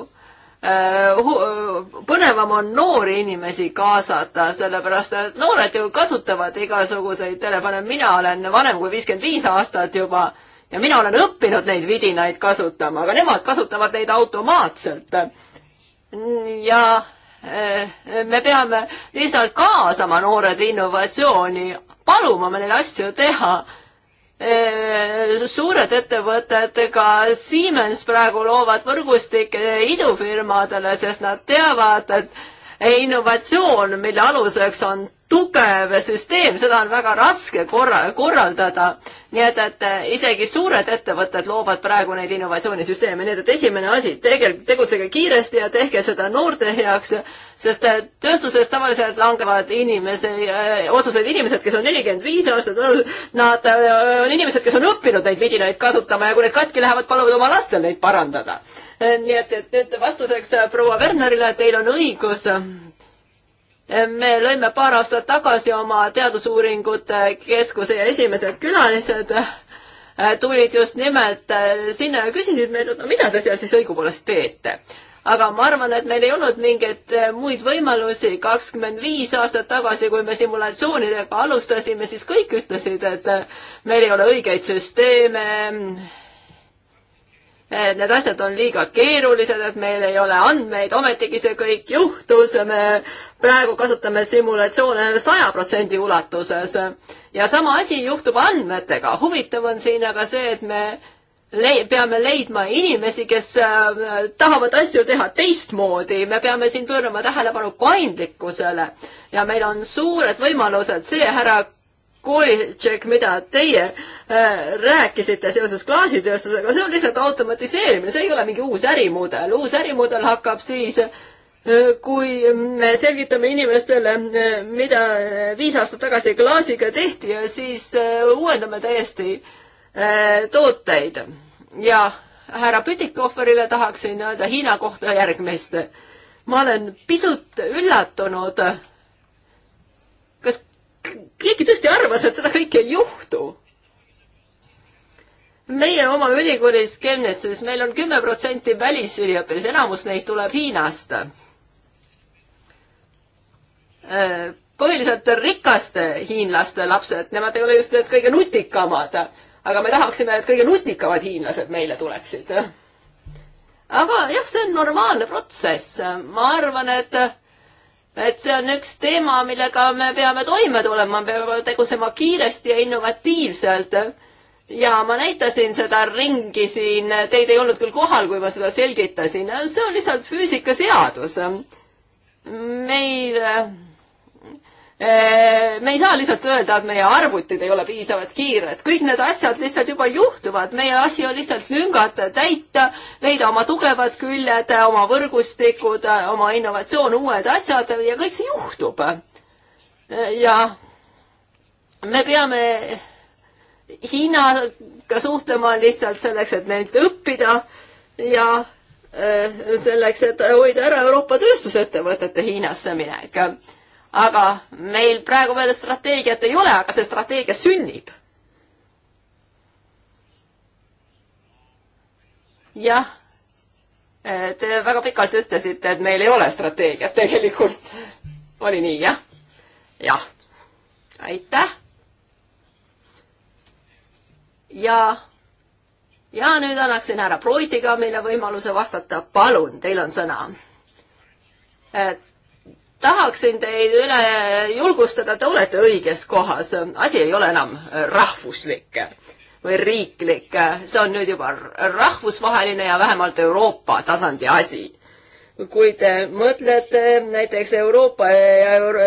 äh, põnevam on noori inimesi kaasata, sellepärast et noored ju kasutavad igasuguseid telefone, mina olen vanem kui viiskümmend viis aastat juba ja mina olen õppinud neid vidinaid kasutama, aga nemad kasutavad neid automaatselt. ja äh, me peame lihtsalt kaasama noored innovatsiooni, paluma me neil asju teha Äh, suured ettevõtted, ka Siemens praegu loovad võrgustikke idufirmadele, sest nad teavad, et innovatsioon, mille aluseks on tugev süsteem, seda on väga raske korra, korraldada. nii et, et isegi suured ettevõtted loovad praegu neid innovatsioonisüsteeme, nii et, et esimene asi, tegelikult tegutsege kiiresti ja tehke seda noorte heaks, sest tööstuses tavaliselt langevad inimese, äh, otsused inimesed, kes on nelikümmend viis aastat olnud, nad äh, on inimesed, kes on õppinud neid vidinaid kasutama ja kui need katki lähevad, paluvad oma lastel neid parandada nii et, et nüüd vastuseks äh, proua Wernerile, teil on õigus. me lõime paar aastat tagasi oma teadusuuringute keskuse ja esimesed külalised äh, tulid just nimelt äh, sinna ja küsisid meilt, et no mida te seal siis õigupoolest teete aga ma arvan, et meil ei olnud mingeid muid võimalusi. kakskümmend viis aastat tagasi, kui me simulatsioonidega alustasime, siis kõik ütlesid, et meil ei ole õigeid süsteeme, Eh, need asjad on liiga keerulised, et meil ei ole andmeid, ometigi see kõik juhtus, me praegu kasutame simulatsioone saja protsendi ulatuses. ja sama asi juhtub andmetega, huvitav on siin aga see, et me le-, peame leidma inimesi, kes äh, tahavad asju teha teistmoodi, me peame siin pöörama tähelepanu paindlikkusele ja meil on suured võimalused, see härra Kolitšek, mida teie äh, rääkisite seoses klaasitööstusega, see on lihtsalt automatiseerimine, see ei ole mingi uus ärimudel, uus ärimudel hakkab siis äh, kui me selgitame inimestele, äh, mida äh, viis aastat tagasi klaasiga tehti ja siis äh, uuendame täiesti tooteid. ja härra Pütikoferile tahaksin öelda Hiina kohta järgmist. ma olen pisut üllatunud keegi tõesti arvas, et seda kõike ei juhtu. meie oma ülikoolis Chemnitzis, meil on kümme protsenti välisüliõpilasi, enamus neid tuleb Hiinast. Äh, põhiliselt rikaste hiinlaste lapsed, nemad ei ole just need kõige nutikamad, aga me tahaksime, et kõige nutikamad hiinlased meile tuleksid. aga jah, see on normaalne protsess, ma arvan, et et see on üks teema, millega me peame toime tulema, me peame tegutsema kiiresti ja innovatiivselt. ja ma näitasin seda ringi siin, teid ei olnud küll kohal, kui ma seda selgitasin, see on lihtsalt füüsikaseadus. meil Äh, me ei saa lihtsalt öelda, et meie arvutid ei ole piisavalt kiired, kõik need asjad lihtsalt juba juhtuvad, meie asi on lihtsalt lüngad täita, leida oma tugevad küljed, oma võrgustikud, oma innovatsioon, uued asjad ja kõik see juhtub. ja me peame Hiinaga suhtlema lihtsalt selleks, et neilt õppida ja äh, selleks, et hoida ära Euroopa tööstusettevõtete Hiinasse minek aga meil praegu veel strateegiat ei ole, aga see strateegia sünnib. jah, eh, te väga pikalt ütlesite, et meil ei ole strateegiat tegelikult. oli nii, jah? jah. aitäh. ja, ja nüüd annaksin härra Broidiga meile võimaluse vastata. palun, teil on sõna et eh, tahaksin teid üle julgustada, te olete õiges kohas, asi ei ole enam rahvuslik või riiklik, see on nüüd juba rahvusvaheline ja vähemalt Euroopa tasandi asi. kui te mõtlete näiteks Euroopa ja Euro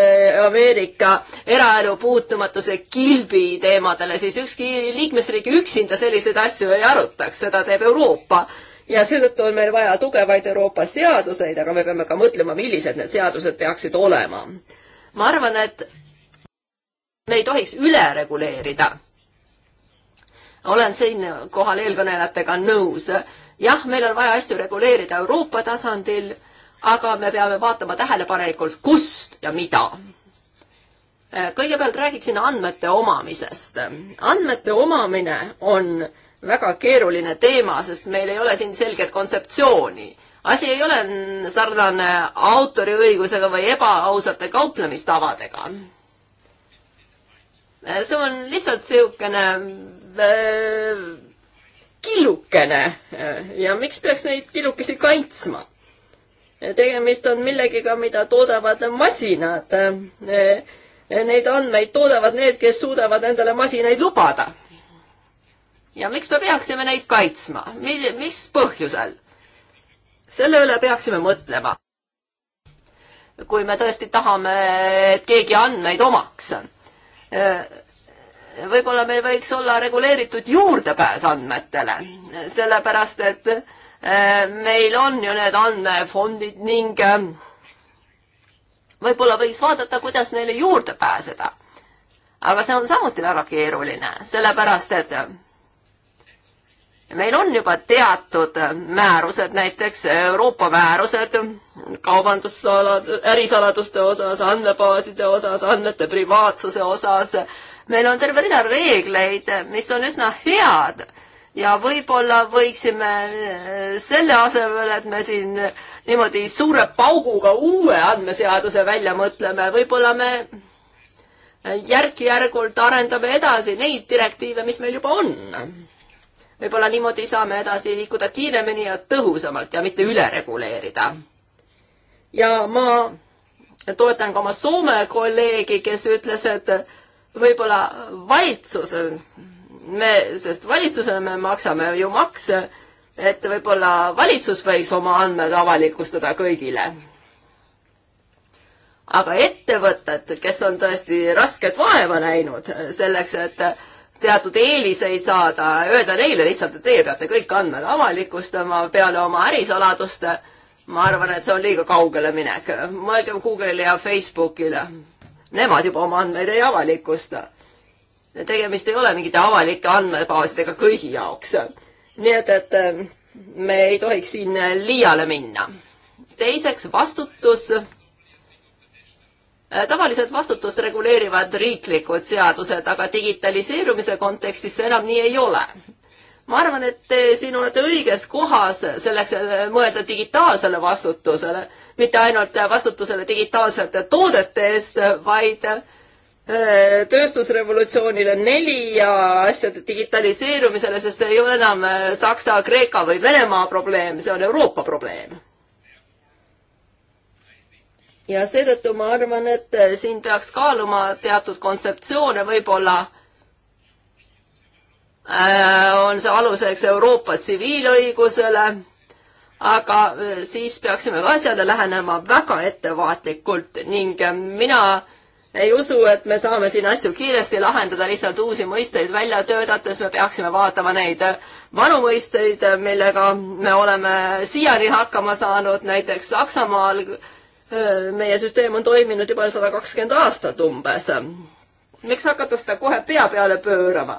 Ameerika eraelu puutumatuse kilbi teemadele, siis ükski liikmesriik üksinda selliseid asju ei arutaks, seda teeb Euroopa ja seetõttu on meil vaja tugevaid Euroopa seaduseid, aga me peame ka mõtlema, millised need seadused peaksid olema. ma arvan, et me ei tohiks üle reguleerida. olen siinkohal eelkõnelejatega nõus. jah, meil on vaja asju reguleerida Euroopa tasandil, aga me peame vaatama tähelepanelikult, kust ja mida kõigepealt räägiksin andmete omamisest. andmete omamine on väga keeruline teema, sest meil ei ole siin selget kontseptsiooni. asi ei ole sarnane autoriõigusega või ebaausate kauplemistavadega. see on lihtsalt niisugune äh, killukene ja miks peaks neid killukesi kaitsma? tegemist on millegiga, mida toodavad masinad. Neid andmeid toodavad need, kes suudavad endale masinaid lubada ja miks me peaksime neid kaitsma, mil-, mis põhjusel? selle üle peaksime mõtlema. kui me tõesti tahame, et keegi andmeid omaks. võib-olla meil võiks olla reguleeritud juurdepääs andmetele, sellepärast et meil on ju need andmefondid ning võib-olla võiks vaadata, kuidas neile juurde pääseda. aga see on samuti väga keeruline, sellepärast et meil on juba teatud määrused, näiteks Euroopa määrused kaubandussalad, ärisaladuste osas, andmebaaside osas, andmete privaatsuse osas. meil on terve rida reegleid, mis on üsna head ja võib-olla võiksime selle asemel, et me siin niimoodi suure pauguga uue andmeseaduse välja mõtleme, võib-olla me järk-järgult arendame edasi neid direktiive, mis meil juba on võib-olla niimoodi saame edasi liikuda kiiremini ja tõhusamalt ja mitte üle reguleerida. ja ma toetan ka oma Soome kolleegi, kes ütles, et võib-olla valitsus, me, sest valitsusele me maksame ju makse, et võib-olla valitsus võiks oma andmed avalikustada kõigile. aga ettevõtted, kes on tõesti rasket vaeva näinud selleks, et teatud eeliseid saada, öelda neile lihtsalt, et teie peate kõik andmed avalikustama peale oma ärisaladuste. ma arvan, et see on liiga kaugele minek. mõelgem Google'ile ja Facebookile. Nemad juba oma andmeid ei avalikusta. tegemist ei ole mingite avalike andmebaasidega kõigi jaoks. nii et, et eh, me ei tohiks siin liiale minna. teiseks vastutus Äh, tavaliselt vastutust reguleerivad riiklikud seadused, aga digitaliseerumise kontekstis see enam nii ei ole. ma arvan, et te siin olete õiges kohas selleks, et mõelda digitaalsele vastutusele, mitte ainult vastutusele digitaalsete toodete eest, vaid äh, tööstusrevolutsioonile neli ja asjade digitaliseerumisele, sest see ei ole enam Saksa, Kreeka või Venemaa probleem, see on Euroopa probleem ja seetõttu ma arvan, et äh, siin peaks kaaluma teatud kontseptsioone, võib-olla äh, on see aluseks Euroopa tsiviilõigusele, aga äh, siis peaksime ka asjale lähenema väga ettevaatlikult ning mina ei usu, et me saame siin asju kiiresti lahendada, lihtsalt uusi mõisteid välja töötades me peaksime vaatama neid vanu mõisteid, millega me oleme siiani hakkama saanud, näiteks Saksamaal Äh, meie süsteem on toiminud juba sada kakskümmend aastat umbes. miks hakata seda kohe pea peale pöörama?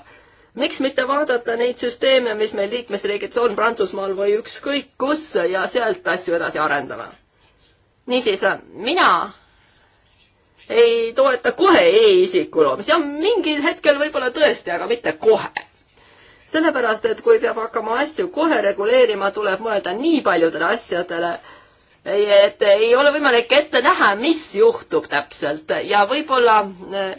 miks mitte vaadata neid süsteeme, mis meil liikmesriigides on, Prantsusmaal või ükskõik kus ja sealt asju edasi arendama? niisiis, mina ei toeta kohe e-isiku loomist ja mingil hetkel võib-olla tõesti, aga mitte kohe sellepärast, et kui peab hakkama asju kohe reguleerima, tuleb mõelda nii paljudele asjadele, et ei ole võimalik ette näha, mis juhtub täpselt ja võib-olla eh,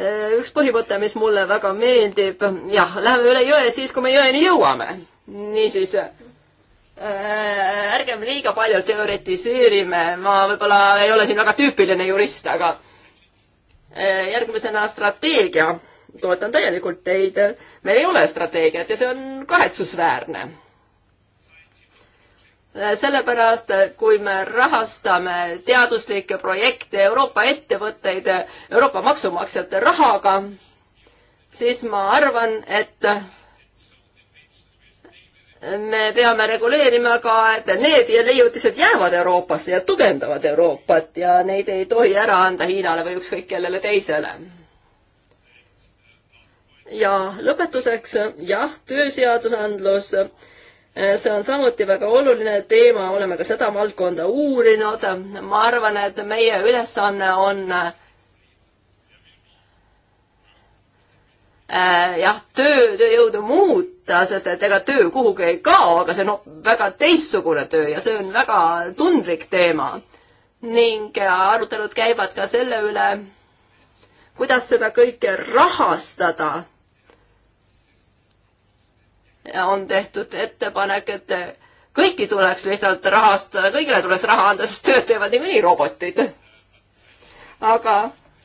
eh, üks põhimõte, mis mulle väga meeldib, jah, läheme üle jõe siis, kui me jõeni jõuame. niisiis eh, ärgem liiga palju teoritiseerime, ma võib-olla ei ole siin väga tüüpiline jurist, aga järgmisena strateegia. toetan täielikult teid. meil ei ole strateegiat ja see on kahetsusväärne Äh, sellepärast, äh, kui me rahastame teaduslikke projekte Euroopa ettevõtteid äh, Euroopa maksumaksjate rahaga, siis ma arvan, et me peame reguleerima ka, et need leiutised jäävad Euroopasse ja tugevdavad Euroopat ja neid ei tohi ära anda Hiinale või ükskõik kellele teisele. ja lõpetuseks, jah, tööseadusandlus Eh, see on samuti väga oluline teema, oleme ka seda valdkonda uurinud. ma arvan, et meie ülesanne on eh, jah, töö, tööjõudu muuta, sest et ega töö kuhugi ei kao, aga see on no, väga teistsugune töö ja see on väga tundlik teema. ning eh, arutelud käivad ka selle üle, kuidas seda kõike rahastada on tehtud ettepanek, et kõiki tuleks lihtsalt rahastada, kõigile tuleks raha anda, sest tööd teevad niikuinii robotid. aga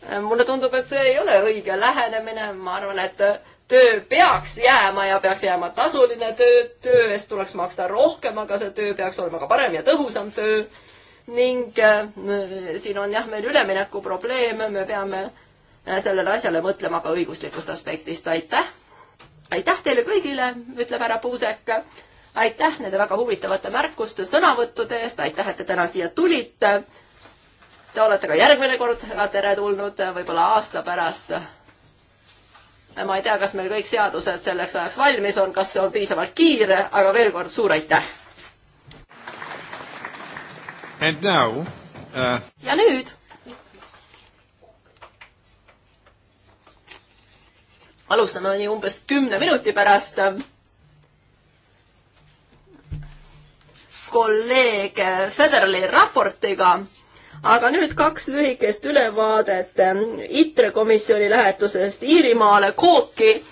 eh, mulle tundub, et see ei ole õige lähenemine, ma arvan, et töö peaks jääma ja peaks jääma tasuline töö, töö eest tuleks maksta rohkem, aga see töö peaks olema ka parem ja tõhusam töö. ning äh, siin on jah, meil ülemineku probleeme, me peame eh, sellele asjale mõtlema ka õiguslikust aspektist, aitäh aitäh teile kõigile, ütleb härra Puusek. aitäh nende väga huvitavate märkuste, sõnavõttude eest, aitäh, et te täna siia tulite. Te olete ka järgmine kord väga teretulnud, võib-olla aasta pärast. ma ei tea, kas meil kõik seadused selleks ajaks valmis on, kas see on piisavalt kiire, aga veel kord suur aitäh. Uh, ja nüüd alustame nii umbes kümne minuti pärast. kolleeg Federali raportiga aga nüüd kaks lühikest ülevaadet ITRE komisjoni lähetusest Iirimaale Kooki.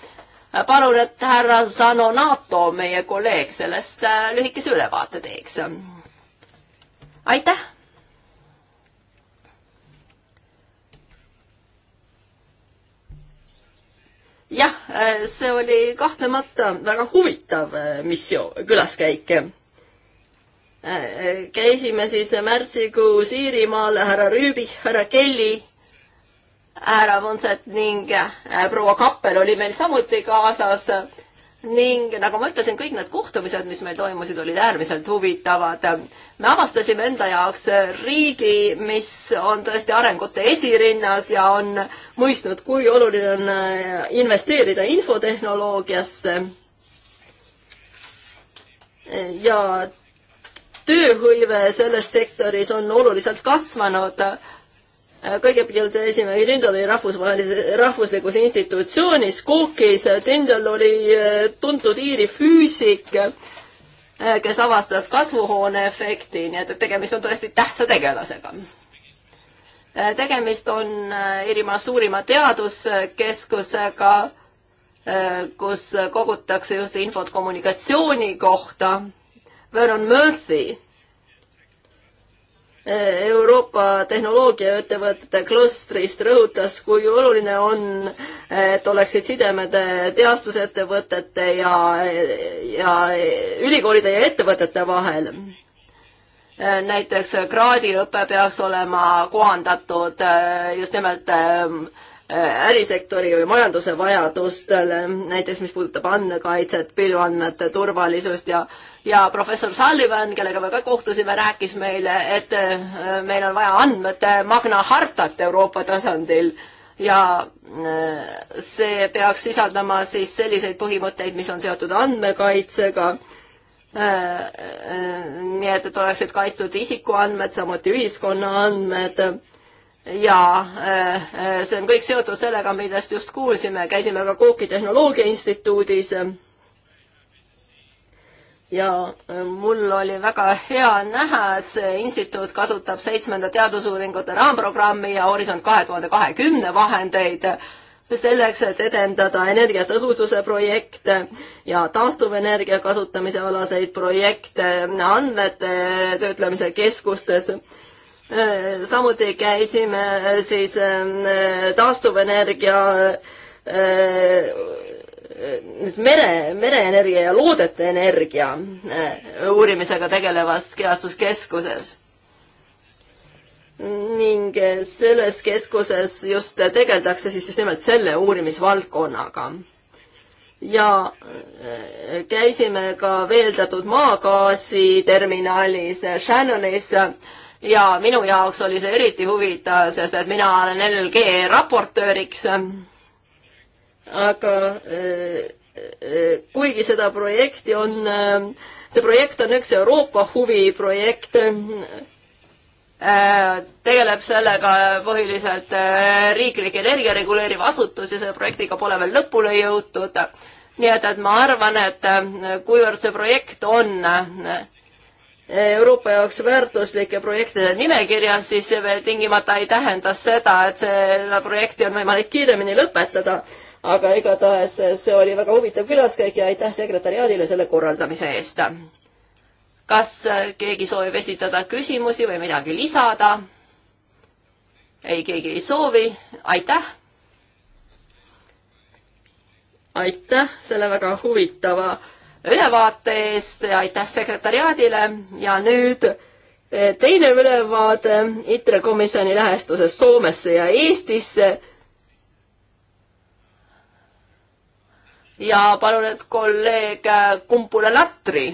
palun, et härra Zanonato, meie kolleeg, sellest lühikese ülevaate teeks. aitäh jah, äh, see oli kahtlemata väga huvitav äh, missioon, külaskäik. Äh, käisime siis märtsikuus Iirimaal härra Rüübi, härra Kelly, härra Vonset ning proua Kappel oli meil samuti kaasas ning nagu ma ütlesin, kõik need kohtumised, mis meil toimusid, olid äärmiselt huvitavad. me avastasime enda jaoks riigi, mis on tõesti arengute esirinnas ja on mõistnud, kui oluline on äh, investeerida infotehnoloogiasse. ja tööhõive selles sektoris on oluliselt kasvanud kõigepealt esimene Tindal oli rahvusvahelises, rahvuslikus institutsioonis Cookis, Tindal oli eh, tuntud Iiri füüsik, eh, kes avastas kasvuhoone efekti, nii et, et tegemist on tõesti tähtsa tegelasega. Eh, tegemist on Iirimaa suurima teaduskeskusega, kus kogutakse just infot kommunikatsiooni kohta. Vernon Murphy Euroopa tehnoloogiaettevõtete klostrist rõhutas, kui oluline on, et oleksid sidemed teadusettevõtete ja, ja ülikoolide ja ettevõtete vahel. näiteks kraadiõpe peaks olema kohandatud eh, just nimelt eh, ärisektori või majanduse vajadustele, näiteks mis puudutab andmekaitset, pilveandmete turvalisust ja ja professor Sullivan, kellega me ka kohtusime, rääkis meile, et äh, meil on vaja andmete magna hartat Euroopa tasandil ja äh, see peaks sisaldama siis selliseid põhimõtteid, mis on seotud andmekaitsega äh, nii et, et oleksid kaitstud isikuandmed, samuti ühiskonnaandmed ja äh, äh, see on kõik seotud sellega, millest just kuulsime, käisime ka Cooki Tehnoloogia Instituudis. ja äh, mul oli väga hea näha, et see instituut kasutab seitsmenda teadusuuringute raamprogrammi ja Horisont kahe tuhande kahekümne vahendeid selleks, et edendada energiatõhususe projekte ja taastuvenergia kasutamise alaseid projekte andmete töötlemise keskustes Äh, samuti käisime äh, siis ähm, äh, taastuvenergia mere, mereenergia ja loodete energia uurimisega tegelevas teaduskeskuses. ning selles keskuses just tegeldakse siis just nimelt selle uurimisvaldkonnaga. ja käisime ka veeldatud maagaasi terminalis Shannonis ja minu jaoks oli see eriti huvitav, sest et mina olen LLG raportööriks. aga eh, eh, kuigi seda projekti on, eh, see projekt on üks Euroopa huvi projekt, tegeleb sellega põhiliselt riiklik energia reguleeriv asutus ja selle projektiga pole veel lõpule jõutud. nii et, et ma arvan, et kuivõrd see projekt on Euroopa jaoks väärtuslike projektide nimekirja, siis see veel tingimata ei tähenda seda, et seda projekti on võimalik kiiremini lõpetada. aga igatahes see oli väga huvitav külaskäik ja aitäh sekretäriaadile selle korraldamise eest. kas keegi soovib esitada küsimusi või midagi lisada? ei, keegi ei soovi, aitäh. aitäh selle väga huvitava ülevaate eest ja aitäh sekretäriaadile ja nüüd eh, teine ülevaade ITRE komisjoni lähestusest Soomesse ja Eestisse. ja palun, et kolleeg eh, Kumpula Natri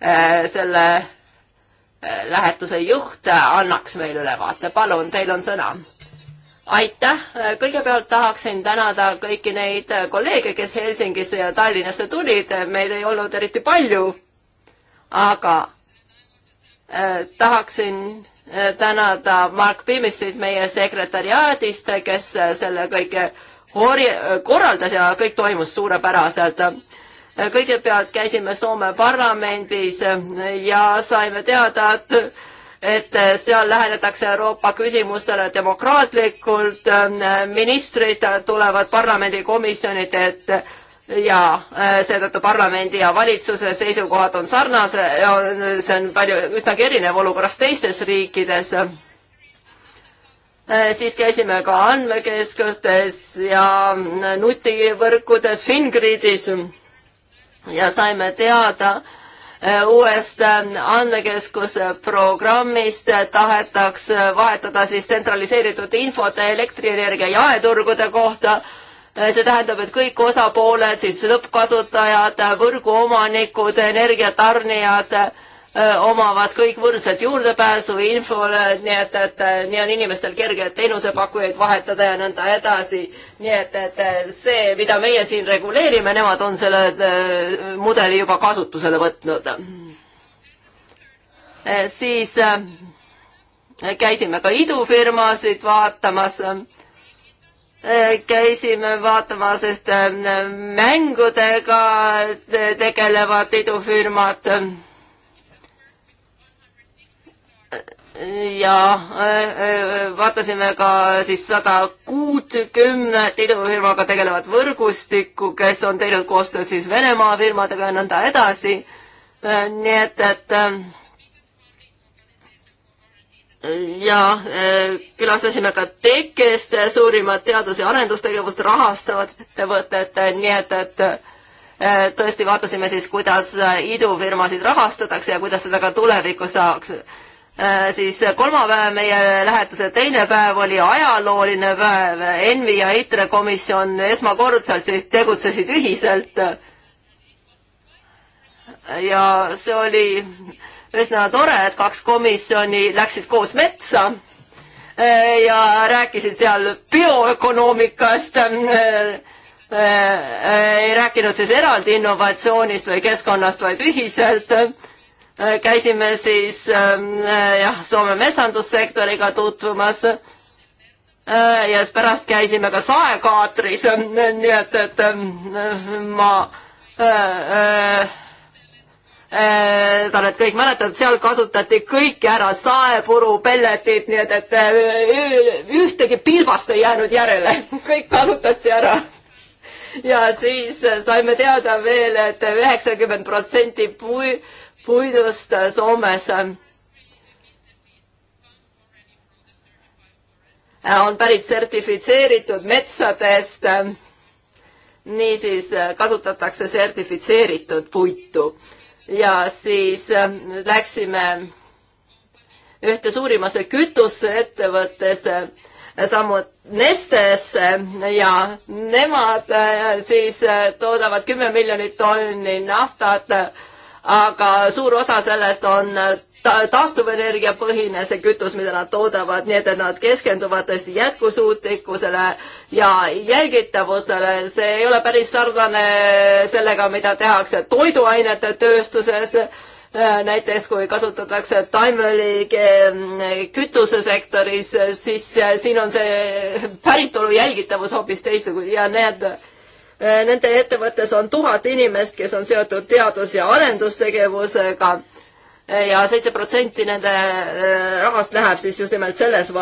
eh, selle lähetuse juht annaks meile ülevaate, palun, teil on sõna aitäh, kõigepealt tahaksin tänada kõiki neid kolleege, kes Helsingisse ja Tallinnasse tulid, meid ei olnud eriti palju, aga eh, tahaksin äh, tänada Mark Pimisit meie sekretariaadist, kes äh, selle kõige hori-, korraldas ja kõik toimus suurepäraselt kõigepealt käisime Soome parlamendis ja saime teada, et et äh, seal lähenetakse Euroopa küsimustele demokraatlikult, äh, ministrid tulevad parlamendikomisjonide ette äh, ja seetõttu parlamendi ja valitsuse seisukohad on sarnase, see on palju, üsnagi erinev olukorrast teistes riikides. siis käisime ka andmekeskustes ja nutivõrkudes, Fingridis ja saime teada, Äh, uuest äh, andmekeskuse programmist äh, tahetakse vahetada siis tsentraliseeritud infot elektrienergia jaeturgude kohta. see tähendab, et kõik osapooled, siis lõppkasutajad, võrguomanikud, energiatarnijad omavad kõik võrdset juurdepääsu infole, nii et, et nii on inimestel kerge teenusepakkujaid vahetada ja nõnda edasi. nii et, et see, mida meie siin reguleerime, nemad on selle äh, mudeli juba kasutusele võtnud. Äh, siis äh, käisime ka idufirmasid vaatamas käisime vaatamas ühte mängudega tegelevat idufirmat ja äh, äh, vaatasime ka siis sada kuutkümnet idufirmaga tegelevat võrgustikku, kes on teinud koostööd siis Venemaa firmadega ja nõnda edasi. Äh, nii et, et ja külastasime ka tekest suurimat teadus- ja arendustegevust rahastavat ettevõtet, nii et, et tõesti vaatasime siis, kuidas idufirmasid rahastatakse ja kuidas seda ka tulevikus saaks Äh, siis kolmapäev, meie lähetuse teine päev oli ajalooline päev, ENVI ja ITRE komisjon esmakordselt tegutsesid ühiselt. ja see oli üsna tore, et kaks komisjoni läksid koos metsa äh, ja rääkisid seal bioökonoomikast äh, ei rääkinud siis eraldi innovatsioonist või keskkonnast, vaid ühiselt Äh, käisime siis ähm, äh, jah, Soome metsandussektoriga tutvumas äh, ja siis pärast käisime ka saekaatris, nii et, et ähm, ma äh, tal, et kõik mäletavad, seal kasutati kõike ära, saepuru, pelletid, nii et, et ühtegi pilbast ei jäänud järele, kõik kasutati ära. ja siis saime teada veel et, et üheksakümmend protsenti pui-, puidust Soomes on pärit sertifitseeritud metsadest. niisiis kasutatakse sertifitseeritud puitu ja siis läksime ühte suurimasse kütuseettevõttesse, samuti Nestesse ja nemad äh, siis äh, toodavad kümme miljonit tonni naftat aga suur osa sellest on ta-, taastuvenergia põhine, see kütus, mida nad toodavad, nii et, et nad keskenduvad tõesti jätkusuutlikkusele ja jälgitavusele, see ei ole päris sarnane sellega, mida tehakse toiduainete tööstuses, näiteks kui kasutatakse taimeli kütusesektoris, siis siin on see päritolu jälgitavus hoopis teistsugune ja need Eh, nende ettevõttes on tuhat inimest, kes on seotud teadus- ja arendustegevusega eh, ja seitse protsenti nende eh, rahast läheb siis just nimelt selles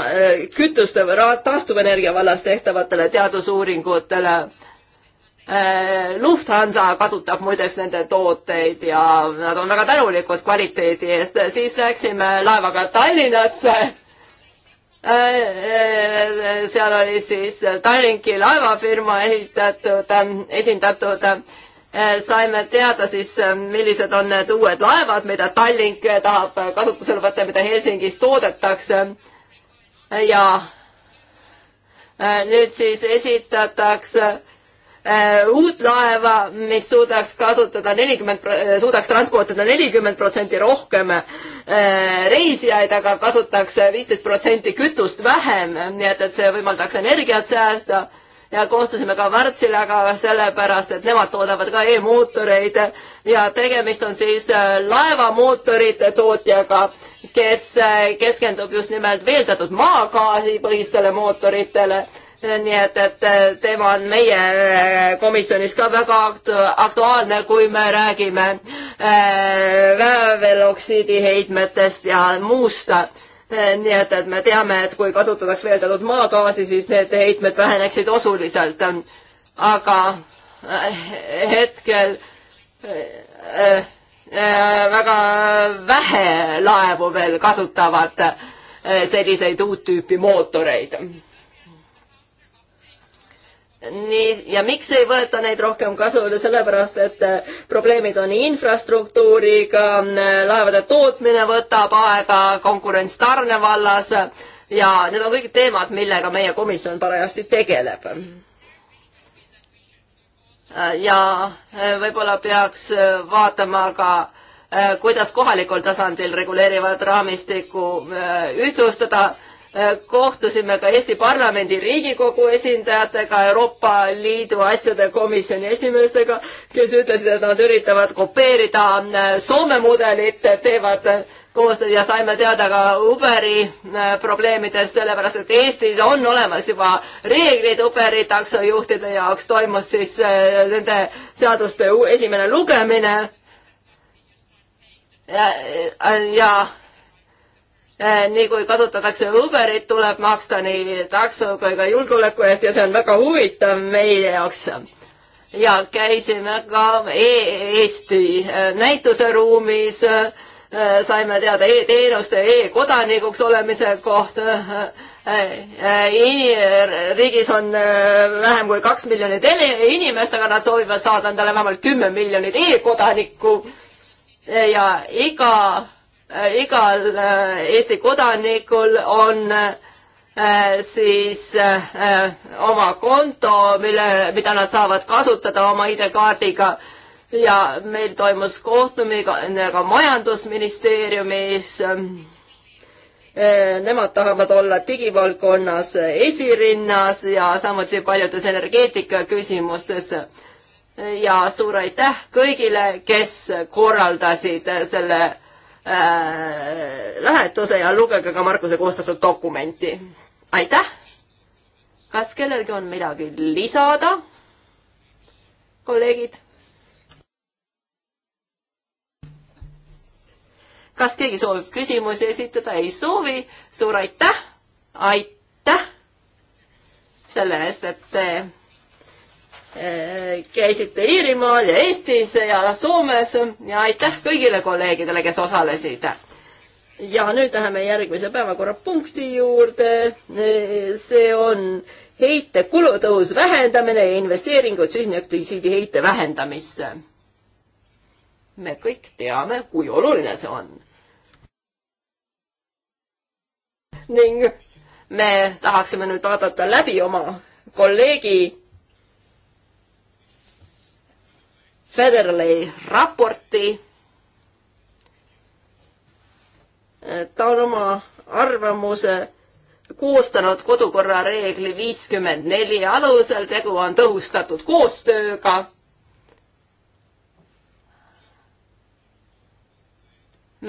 kütuste või taastuvenergia vallas tehtavatele teadusuuringutele. Lufthansa kasutab muideks nende tooteid ja nad on väga tänulikud kvaliteedi eest. siis läksime laevaga Tallinnasse Äh, äh, seal oli siis Tallinki laevafirma ehitatud, äh, esindatud, saime teada siis, millised on need uued laevad, mida Tallink tahab kasutusele võtta, mida Helsingis toodetakse. ja nüüd siis esitatakse Äh, uut laeva, mis suudaks kasutada nelikümmend, äh, suudaks transportida nelikümmend protsenti rohkem äh, reisijaid, aga kasutaks viisteist protsenti kütust vähem, nii et, et see võimaldaks energiat säästa ja kohtusime ka Wärtsilaga sellepärast, et nemad toodavad ka e-mootoreid ja tegemist on siis laevamootorite tootjaga, kes keskendub just nimelt veeldatud maagaasi põhistele mootoritele nii et, et teema on meie äh, komisjonis ka väga aktuaalne, kui me räägime äh, vääveloksiidi heitmetest ja muust. Äh, nii et, et me teame, et kui kasutataks veeldatud maagaasi, siis need heitmed väheneksid osuliselt. aga hetkel väga vähe laevu veel kasutavad selliseid uut tüüpi mootoreid nii, ja miks ei võeta neid rohkem kasule, sellepärast et äh, probleemid on infrastruktuuriga, äh, laevade tootmine võtab aega, konkurents tarne vallas ja need on kõik teemad, millega meie komisjon parajasti tegeleb. Äh, ja võib-olla peaks vaatama ka kuidas kohalikul tasandil reguleerivat raamistikku ühtlustada Äh, kohtusime ka Eesti Parlamendi Riigikogu esindajatega, Euroopa Liidu asjade komisjoni esimeestega, kes ütlesid, et nad üritavad kopeerida äh, Soome mudelit, teevad äh, koostööd ja saime teada ka Uberi probleemidest, sellepärast et Eestis on olemas juba reeglid Uberi taksojuhtide jaoks, toimus siis nende seaduste esimene lugemine. ja, ja Äh, nii kui kasutatakse Uberit, tuleb maksta nii takso kui ka julgeoleku eest ja see on väga huvitav meie jaoks. ja käisime ka e Eesti äh, näituseruumis, äh, saime teada e-teenuste e, e-kodanikuks olemise kohta. riigis on vähem kui kaks miljonit inimest, aga nad soovivad saada endale vähemalt kümme miljonit e-kodanikku ja iga Äh, igal äh, Eesti kodanikul on äh, siis oma konto, mille, mida nad saavad kasutada oma ID-kaardiga ja meil toimus kohtumine ka majandusministeeriumis. Ähm, nemad tahavad olla digivaldkonnas esirinnas ja samuti paljudes energeetika küsimustes. ja suur aitäh kõigile, kes korraldasid selle Äh, lähetuse ja lugege ka Markuse koostatud dokumenti. aitäh! kas kellelgi on midagi lisada? kolleegid? kas keegi soovib küsimusi esitada? ei soovi. suur aitäh! aitäh selle eest, et te Äh, käisite Iirimaal ja Eestis ja Soomes ja aitäh kõigile kolleegidele, kes osalesid. ja nüüd läheme järgmise päevakorrapunkti juurde. Äh, see on heite kulutõhus vähendamine ja investeeringud süsinikdioksiidi heite vähendamisse. me kõik teame, kui oluline see on. ning me tahaksime nüüd vaadata läbi oma kolleegi Federley raporti. ta on oma arvamuse koostanud kodukorra reegli viiskümmend neli alusel, tegu on tõhustatud koostööga.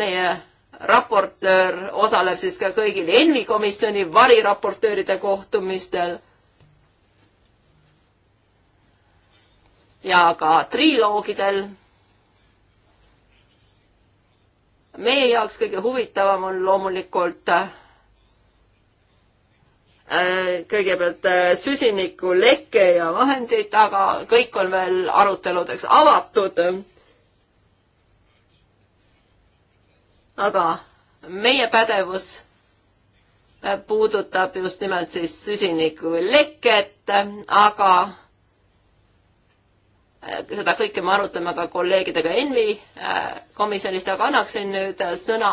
meie raportöör osaleb siis ka kõigil ENVI komisjoni variraportööride kohtumistel ja ka triloogidel. meie jaoks kõige huvitavam on loomulikult äh, kõigepealt äh, süsiniku leke ja vahendid, aga kõik on veel aruteludeks avatud. aga meie pädevus äh, puudutab just nimelt siis süsiniku leket, aga Äh, seda kõike me arutame ka kolleegidega ENMi äh, komisjonist, aga annaksin nüüd sõna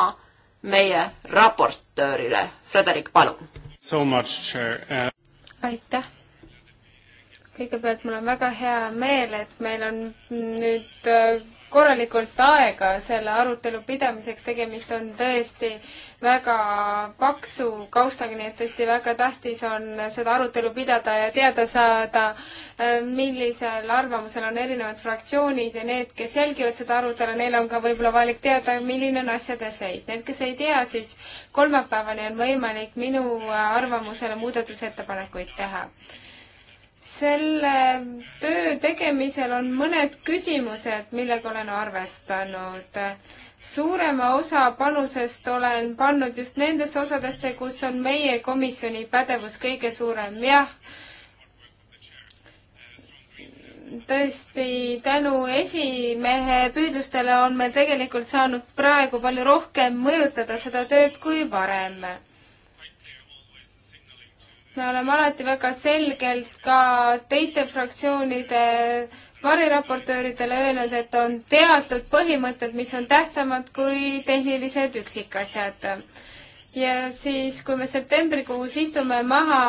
meie raportöörile. Frederik, palun. Uh, aitäh. kõigepealt mul on väga hea meel, et meil on nüüd äh, korralikult aega selle arutelu pidamiseks, tegemist on tõesti väga paksu kaustaga, nii et tõesti väga tähtis on seda arutelu pidada ja teada saada, millisel arvamusel on erinevad fraktsioonid ja need, kes jälgivad seda arutelu, neil on ka võib-olla vajalik teada, milline on asjade seis. Need, kes ei tea, siis kolmapäevani on võimalik minu arvamusele muudatusettepanekuid teha selle töö tegemisel on mõned küsimused, millega olen arvestanud. suurema osa panusest olen pannud just nendesse osadesse, kus on meie komisjoni pädevus kõige suurem, jah. tõesti, tänu esimehe püüdlustele on meil tegelikult saanud praegu palju rohkem mõjutada seda tööd kui varem me oleme alati väga selgelt ka teiste fraktsioonide variraportööridele öelnud, et on teatud põhimõtted, mis on tähtsamad kui tehnilised üksikasjad. ja siis, kui me septembrikuus istume maha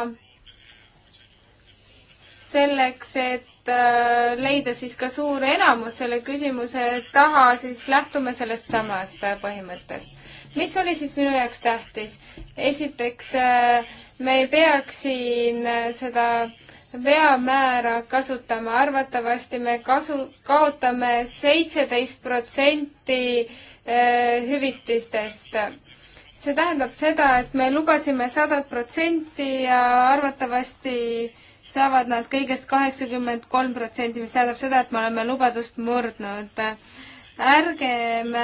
selleks, et äh, leida siis ka suur enamus selle küsimuse taha, siis lähtume sellest samast põhimõttest mis oli siis minu jaoks tähtis? esiteks, äh, me ei peaks siin äh, seda veamäära kasutama, arvatavasti me kasu, kaotame seitseteist protsenti äh, hüvitistest. see tähendab seda, et me lubasime sadat protsenti ja arvatavasti saavad nad kõigest kaheksakümmend kolm protsenti, mis tähendab seda, et me oleme lubadust murdnud. ärgem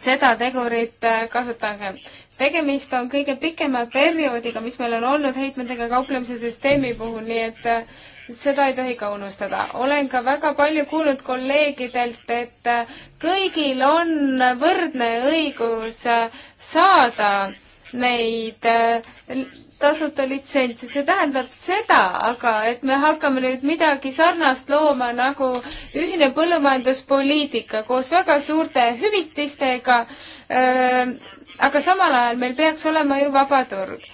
seda tegurit äh, kasutage. tegemist on kõige pikema perioodiga, mis meil on olnud heitmetega kauplemise süsteemi puhul, nii et äh, seda ei tohi ka unustada. olen ka väga palju kuulnud kolleegidelt, et äh, kõigil on võrdne õigus saada neid äh, tasuta litsentse, see tähendab seda aga, et me hakkame nüüd midagi sarnast looma nagu ühine põllumajanduspoliitika koos väga suurte hüvitistega, äh, aga samal ajal meil peaks olema ju vaba turg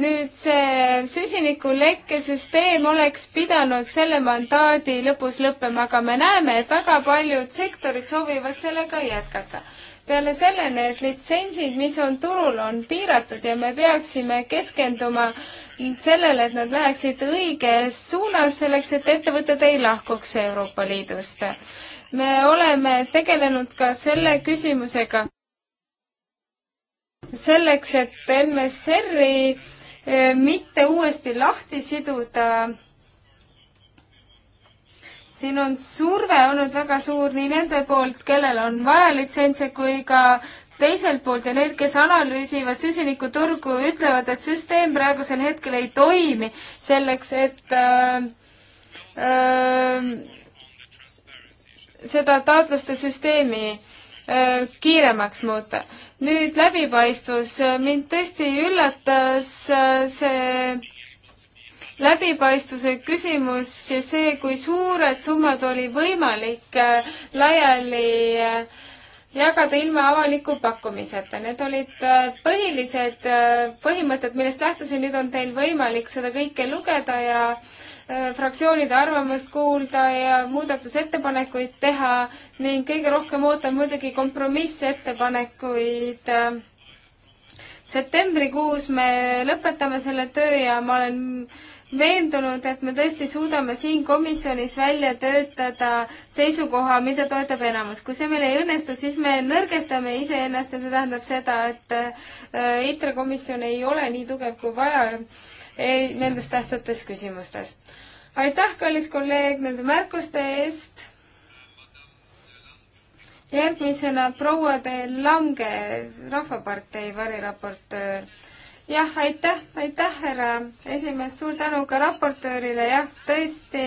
nüüd see süsinikulekke süsteem oleks pidanud selle mandaadi lõpus lõppema, aga me näeme, et väga paljud sektorid soovivad sellega jätkata peale selle need litsentsid, mis on turul, on piiratud ja me peaksime keskenduma sellele, et nad läheksid õiges suunas, selleks et ettevõtted ei lahkuks Euroopa Liidust. me oleme tegelenud ka selle küsimusega selleks, et MSR-i eh, mitte uuesti lahti siduda siin on surve olnud väga suur nii nende poolt, kellel on vaja litsentse, kui ka teiselt poolt ja need, kes analüüsivad süsinikuturgu, ütlevad, et süsteem praegusel hetkel ei toimi selleks, et äh, äh, seda taotluste süsteemi äh, kiiremaks muuta. nüüd läbipaistvus, mind tõesti üllatas äh, see läbipaistvuse küsimus ja see, kui suured summad oli võimalik äh, laiali äh, jagada ilma avaliku pakkumiseta. Need olid äh, põhilised põhimõtted, millest lähtusin, nüüd on teil võimalik seda kõike lugeda ja fraktsioonide arvamust kuulda ja muudatusettepanekuid teha ning kõige rohkem ootan muidugi kompromissettepanekuid. septembrikuus me lõpetame selle töö ja ma olen veendunud, et me tõesti suudame siin komisjonis välja töötada seisukoha, mida toetab enamus. kui see meil ei õnnestu, siis me nõrgestame iseennast ja see tähendab seda, et äh, ITRE komisjon ei ole nii tugev kui vaja ei, nendes tähtsates küsimustes. aitäh, kallis kolleeg, nende märkuste eest. järgmisena proua De Lange, Rahvapartei variraportöör jah, aitäh, aitäh, härra esimees, suur tänu ka raportöörile, jah, tõesti,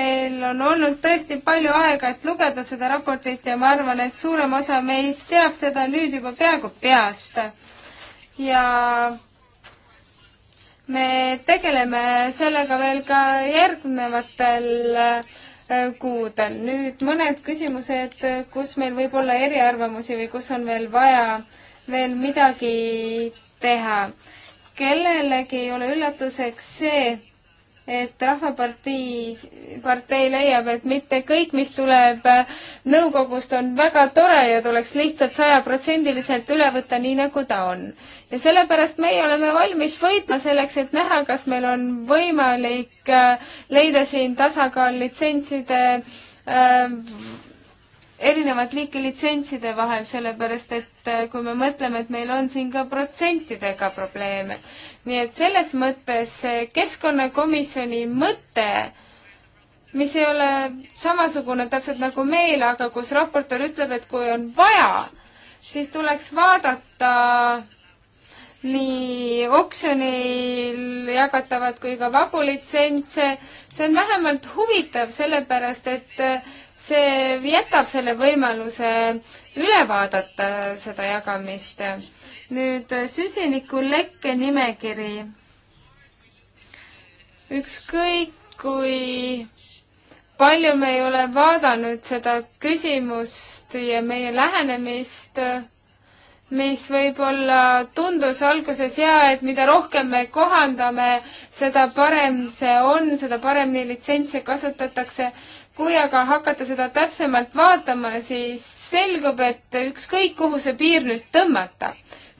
meil on olnud tõesti palju aega, et lugeda seda raportit ja ma arvan, et suurem osa meist teab seda nüüd juba peaaegu peast. ja me tegeleme sellega veel ka järgnevatel äh, kuudel. nüüd mõned küsimused, kus meil võib olla eriarvamusi või kus on veel vaja veel midagi teha. kellelegi ei ole üllatuseks see, et Rahvapartei, partei leiab, et mitte kõik, mis tuleb nõukogust, on väga tore ja tuleks lihtsalt sajaprotsendiliselt üle võtta, nii nagu ta on. ja sellepärast meie oleme valmis võitma selleks, et näha, kas meil on võimalik leida siin tasakaal litsentside äh, erinevat liiki litsentside vahel, sellepärast et äh, kui me mõtleme, et meil on siin ka protsentidega probleeme. nii et selles mõttes äh, keskkonnakomisjoni mõte mis ei ole samasugune täpselt nagu meil, aga kus raportöör ütleb, et kui on vaja, siis tuleks vaadata nii oksjonil jagatavad kui ka vabu litsentse. see on vähemalt huvitav, sellepärast et äh, see jätab selle võimaluse üle vaadata seda jagamist. nüüd süsinikulekke nimekiri. ükskõik, kui palju me ei ole vaadanud seda küsimust ja meie lähenemist, mis võib-olla tundus alguses hea, et mida rohkem me kohandame, seda parem see on, seda paremini litsentse kasutatakse kui aga hakata seda täpsemalt vaatama, siis selgub, et ükskõik, kuhu see piir nüüd tõmmata,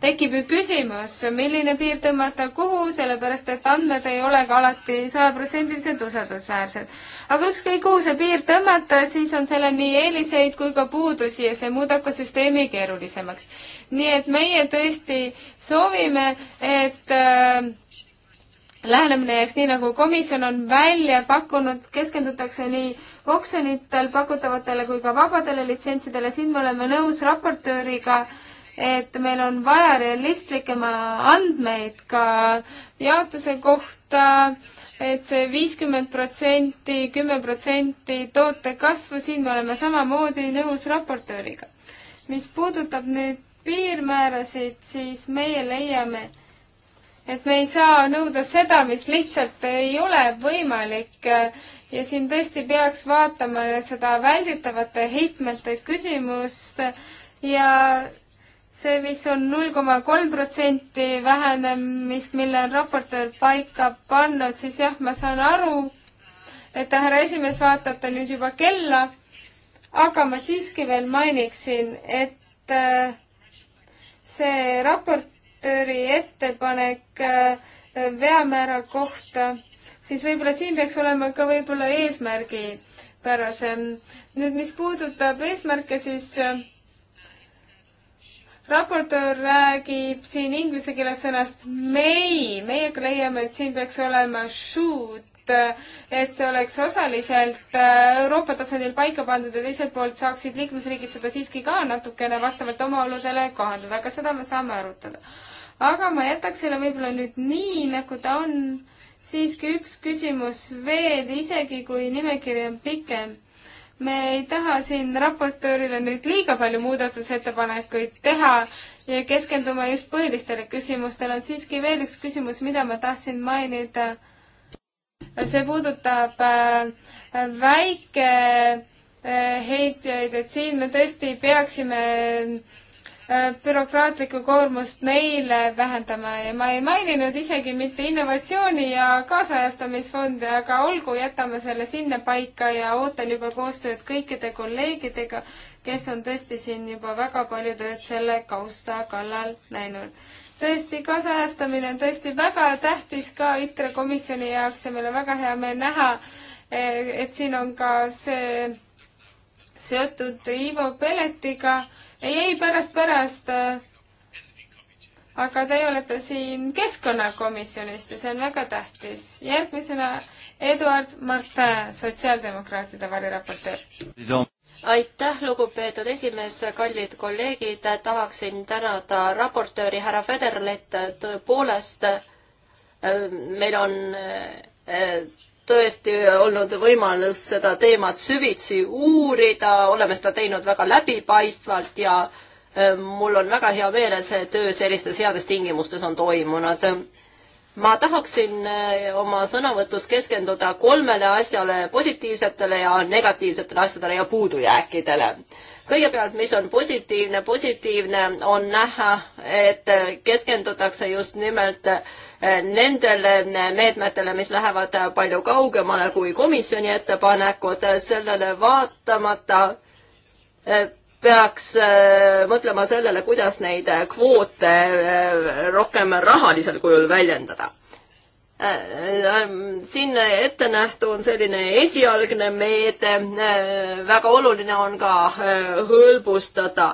tekib ju küsimus, milline piir tõmmata kuhu, sellepärast et andmed ei ole ka alati sajaprotsendiliselt usaldusväärsed. aga ükskõik, kuhu see piir tõmmata, siis on sellel nii eeliseid kui ka puudusi ja see muudab ka süsteemi keerulisemaks. nii et meie tõesti soovime, et äh, lähenemine jääks nii, nagu komisjon on välja pakkunud, keskendutakse nii oksjonitel pakutavatele kui ka vabadele litsentsidele, siin me oleme nõus raportööriga, et meil on vaja realistlikema andmeid ka jaotuse kohta, et see viiskümmend protsenti, kümme protsenti toote kasvu, siin me oleme samamoodi nõus raportööriga. mis puudutab nüüd piirmäärasid, siis meie leiame, et me ei saa nõuda seda, mis lihtsalt ei ole võimalik ja siin tõesti peaks vaatama seda välditavate heitmete küsimust ja see, mis on null koma kolm protsenti vähenemist, mille on raportöör paika pannud, siis jah, ma saan aru, et härra esimees, vaatate nüüd juba kella, aga ma siiski veel mainiksin, et äh, see raport raportööri ettepanek äh, veamäära kohta, siis võib-olla siin peaks olema ka võib-olla eesmärgipärasem. nüüd, mis puudutab eesmärke, siis äh, raportöör räägib siin inglise keeles sõnast may, meiega leiame, et siin peaks olema should, et see oleks osaliselt äh, Euroopa tasandil paika pandud ja teiselt poolt saaksid liikmesriigid seda siiski ka natukene vastavalt oma oludele kohandada, aga seda me saame arutada aga ma jätaks selle võib-olla nüüd nii, nagu ta on. siiski üks küsimus veel, isegi kui nimekiri on pikem. me ei taha siin raportöörile nüüd liiga palju muudatusettepanekuid teha ja keskenduma just põhilistele küsimustele. on siiski veel üks küsimus, mida ma tahtsin mainida. see puudutab äh, väikeheitjaid, äh, et siin me tõesti peaksime Äh, bürokraatlikku koormust neile vähendama ja ma ei maininud isegi mitte innovatsiooni ja kaasajastamisfondi, aga olgu, jätame selle sinnapaika ja ootan juba koostööd kõikide kolleegidega, kes on tõesti siin juba väga palju tööd selle kausta kallal näinud. tõesti, kaasajastamine on tõesti väga tähtis ka ITRE komisjoni jaoks ja meil on väga hea meel näha, eh, et siin on ka see seotud Ivo Pelletiga ei, ei, pärast, pärast. aga teie olete siin keskkonnakomisjonist ja see on väga tähtis. järgmisena Eduard Martin, sotsiaaldemokraatide variraportöör. aitäh, lugupeetud esimees, kallid kolleegid, tahaksin tänada raportööri härra Federlet, tõepoolest meil on eh, tõesti olnud võimalus seda teemat süvitsi uurida, oleme seda teinud väga läbipaistvalt ja äh, mul on väga hea meel, et see töö sellistes heades tingimustes on toimunud ma tahaksin äh, oma sõnavõtus keskenduda kolmele asjale, positiivsetele ja negatiivsetele asjadele ja puudujääkidele. kõigepealt, mis on positiivne, positiivne on näha, et äh, keskendutakse just nimelt äh, nendele meetmetele, mis lähevad palju kaugemale kui komisjoni ettepanekud, sellele vaatamata peaks äh, mõtlema sellele, kuidas neid äh, kvoote äh, rohkem rahalisel kujul väljendada. siin ette nähtu on selline esialgne meede, väga oluline on ka hõlbustada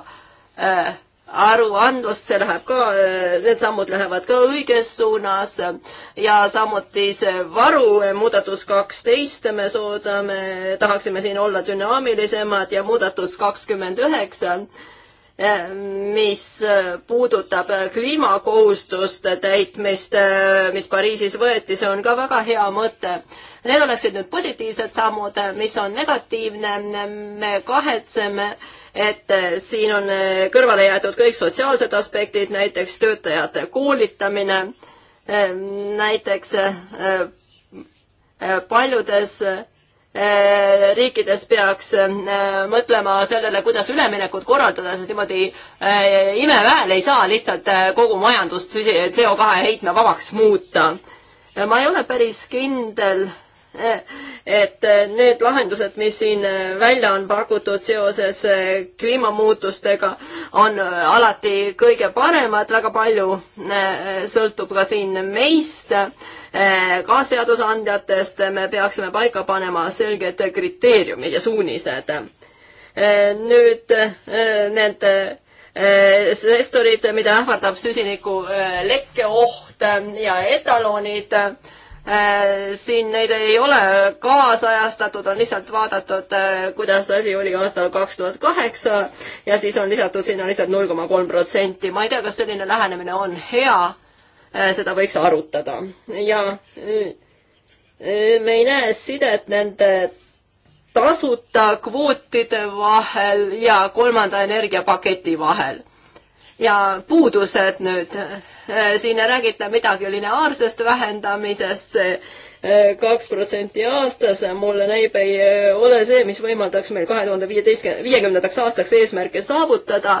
aruandlust, see läheb ka, need sammud lähevad ka õiges suunas ja samuti see varu muudatus kaksteist, me soodame, tahaksime siin olla dünaamilisemad ja muudatus kakskümmend üheksa mis äh, puudutab äh, kliimakohustuste täitmist, äh, mis Pariisis võeti, see on ka väga hea mõte. Need oleksid nüüd positiivsed sammud, mis on negatiivne, me kahetseme, et siin on kõrvale jäetud kõik sotsiaalsed aspektid, näiteks töötajate koolitamine, näiteks paljudes Äh, riikides peaks äh, mõtlema sellele, kuidas üleminekut korraldada, sest niimoodi äh, imeväel ei saa lihtsalt kogu majandust CO2 heitme vabaks muuta. ma ei ole päris kindel et need lahendused, mis siin välja on pakutud seoses kliimamuutustega, on alati kõige paremad, väga palju eh, sõltub ka siin meist, eh, ka seadusandjatest, me peaksime paika panema selged kriteeriumid ja suunised. Eh, nüüd need sestorid, mida ähvardab süsiniku lekkeoht ja etaloonid Äh, siin neid ei ole kaasajastatud, on lihtsalt vaadatud, äh, kuidas asi oli aastal kaks tuhat kaheksa ja siis on lisatud sinna lihtsalt null koma kolm protsenti. ma ei tea, kas selline lähenemine on hea, äh, seda võiks arutada ja me ei näe sidet nende tasuta kvootide vahel ja kolmanda energiapaketi vahel ja puudused nüüd, siin ei räägita midagi lineaarsest vähendamisest, see kaks protsenti aastas, mulle näib, ei ole see, mis võimaldaks meil kahe tuhande viieteistkümne, viiekümnendaks aastaks eesmärke saavutada.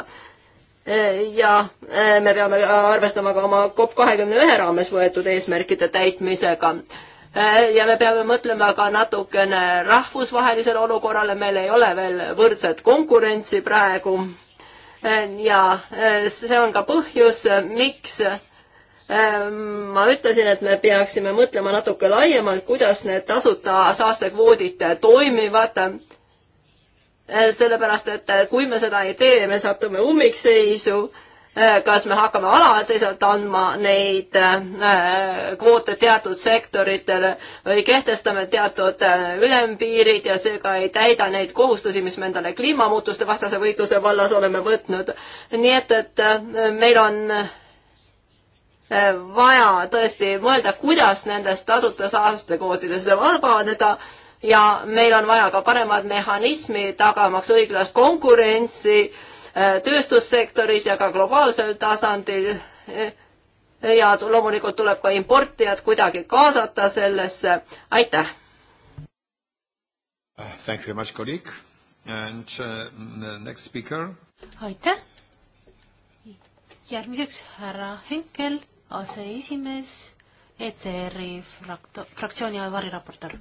ja me peame arvestama ka oma COP kahekümne ühe raames võetud eesmärkide täitmisega ja me peame mõtlema ka natukene rahvusvahelisele olukorrale, meil ei ole veel võrdset konkurentsi praegu Äh, ja äh, see on ka põhjus, äh, miks ma ütlesin, et me peaksime mõtlema natuke laiemalt, kuidas need tasuta saastekvoodid toimivad. sellepärast, et kui me seda ei tee, me satume ummikseisu Äh, kas me hakkame alaliselt andma neid äh, kvoote teatud sektoritele või kehtestame teatud äh, ülempiirid ja seega ei täida neid kohustusi, mis me endale kliimamuutuste vastase võitluse vallas oleme võtnud. nii et, et meil on vaja tõesti mõelda, kuidas nendest tasuta saastekvootidest vabaneda ja meil on vaja ka paremat mehhanismi tagamaks õiglast konkurentsi äh, tööstussektoris ja ka globaalsel tasandil. ja loomulikult tuleb ka importijad kuidagi kaasata sellesse. aitäh! Uh, Thank you very much, colleague. And uh, next speaker. aitäh! järgmiseks härra Henkel, aseesimees, ECR-i frakto-, fraktsiooni variraportor.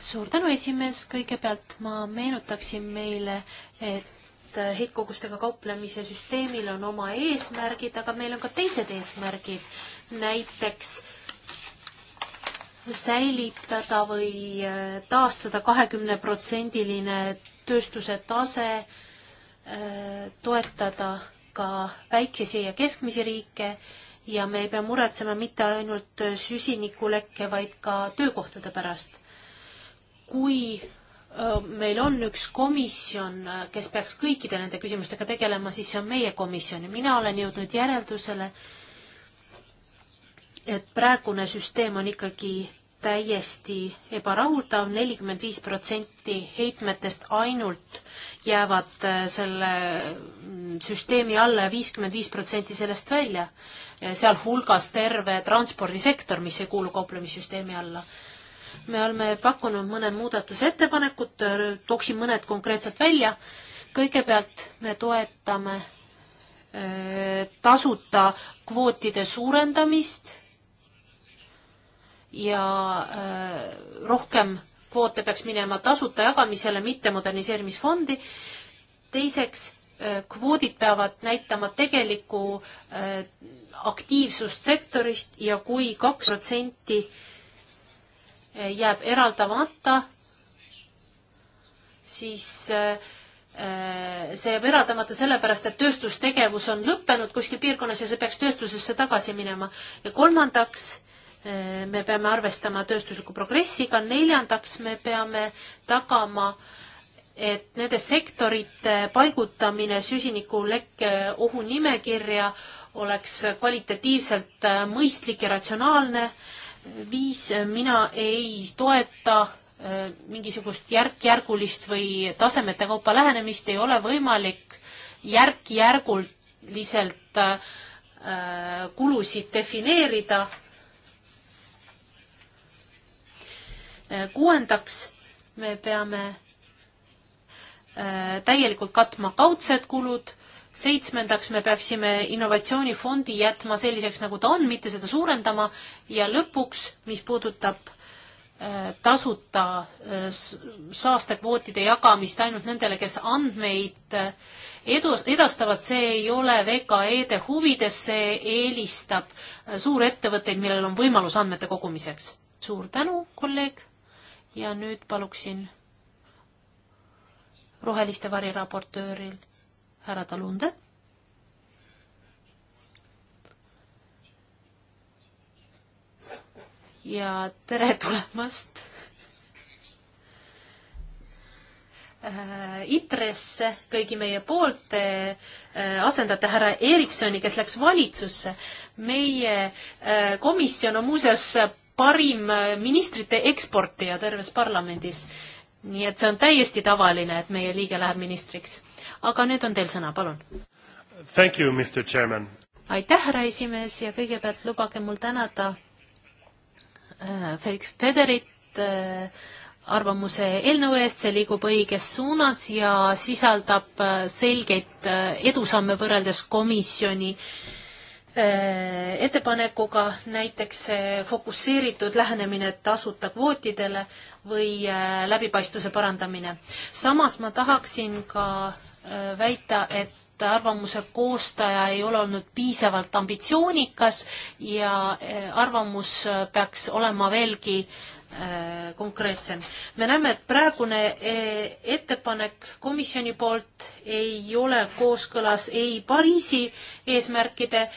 suur tänu, esimees, kõigepealt ma meenutaksin meile, et et heitkogustega kauplemise süsteemil on oma eesmärgid, aga meil on ka teised eesmärgid, näiteks säilitada või äh, taastada kahekümneprotsendiline tööstuse tase, äh, toetada ka väikesi ja keskmisi riike ja me ei pea muretsema mitte ainult süsinikulekke, vaid ka töökohtade pärast. kui Äh, meil on üks komisjon, äh, kes peaks kõikide nende küsimustega tegelema, siis see on meie komisjon ja mina olen jõudnud järeldusele, et praegune süsteem on ikkagi täiesti ebarahuldav, nelikümmend viis protsenti heitmetest ainult jäävad äh, selle mm, süsteemi alla ja viiskümmend viis protsenti sellest välja, sealhulgas terve transpordisektor, mis ei kuulu kauplemissüsteemi alla me oleme pakkunud mõned muudatusettepanekud, tooksin mõned konkreetselt välja. kõigepealt me toetame äh, tasuta kvootide suurendamist ja äh, rohkem kvoote peaks minema tasuta jagamisele, mitte moderniseerimisfondi. teiseks, äh, kvoodid peavad näitama tegelikku aktiivsust sektorist ja kui kaks protsenti jääb eraldamata, siis äh, see jääb eraldamata sellepärast, et tööstustegevus on lõppenud kuskil piirkonnas ja see peaks tööstusesse tagasi minema. ja kolmandaks, äh, me peame arvestama tööstusliku progressiga, neljandaks me peame tagama et nende sektorite paigutamine süsinikulekke ohu nimekirja oleks kvalitatiivselt äh, mõistlik ja ratsionaalne äh, viis, mina ei toeta äh, mingisugust järk-järgulist või tasemete kaupa lähenemist, ei ole võimalik järk-järguliselt äh, äh, kulusid defineerida. kuuendaks, me peame täielikult katma kaudsed kulud seitsmendaks me peaksime innovatsioonifondi jätma selliseks, nagu ta on, mitte seda suurendama ja lõpuks, mis puudutab äh, tasuta äh, saastekvootide jagamist ainult nendele, kes andmeid äh, edu, edastavad, see ei ole VKE-de huvides, see eelistab suurettevõtteid, millel on võimalus andmete kogumiseks. suur tänu, kolleeg, ja nüüd paluksin roheliste variraportööril härra Talunde. ja tere tulemast äh, ITRE-sse kõigi meie poolt, te äh, asendate härra Eriksoni, kes läks valitsusse. meie äh, komisjon on muuseas parim ministrite eksportija terves parlamendis. nii et see on täiesti tavaline, et meie liige läheb ministriks aga nüüd on teil sõna, palun. Thank you, Mr Chairman. aitäh, härra esimees ja kõigepealt lubage mul tänada äh, Felix Federit äh, arvamuse eelnõu eest, see liigub õiges suunas ja sisaldab äh, selgeid äh, edusamme võrreldes komisjoni äh, ettepanekuga, näiteks fokusseeritud lähenemine tasuta kvootidele või läbipaistvuse parandamine. samas ma tahaksin ka väita, et arvamuse koostaja ei ole olnud piisavalt ambitsioonikas ja eh, arvamus eh, peaks olema veelgi eh, konkreetsem. me näeme, et praegune ettepanek komisjoni poolt ei ole kooskõlas ei Pariisi eesmärkide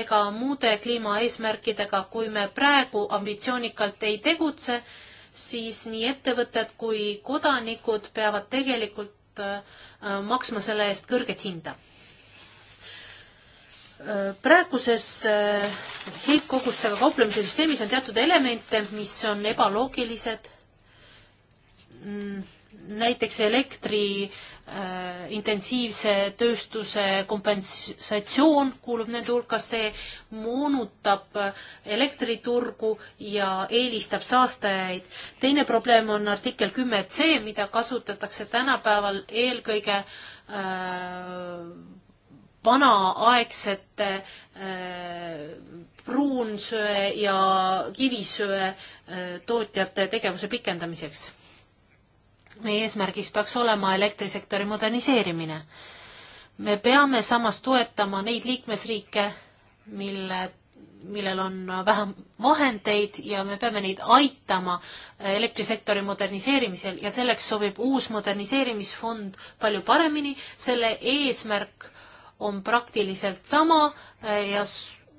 ega muude kliimaeesmärkidega, kui me praegu ambitsioonikalt ei tegutse, siis nii ettevõtted kui kodanikud peavad tegelikult peavad äh, maksma selle eest kõrget hinda. Äh, praeguses äh, heitkogustega kauplemise süsteemis on teatud elemente, mis on ebaloogilised. Mm, näiteks elektri äh, Äh, intensiivse tööstuse kompensatsioon kuulub nende hulka, see moonutab elektriturgu ja eelistab saastajaid. teine probleem on artikkel kümme C, mida kasutatakse tänapäeval eelkõige äh, vanaaegsete äh, pruunsöe ja kivisöe äh, tootjate tegevuse pikendamiseks meie eesmärgiks peaks olema elektrisektori moderniseerimine. me peame samas toetama neid liikmesriike, mille, millel on vähem vahendeid ja me peame neid aitama elektrisektori moderniseerimisel ja selleks sobib uus moderniseerimisfond palju paremini. selle eesmärk on praktiliselt sama ja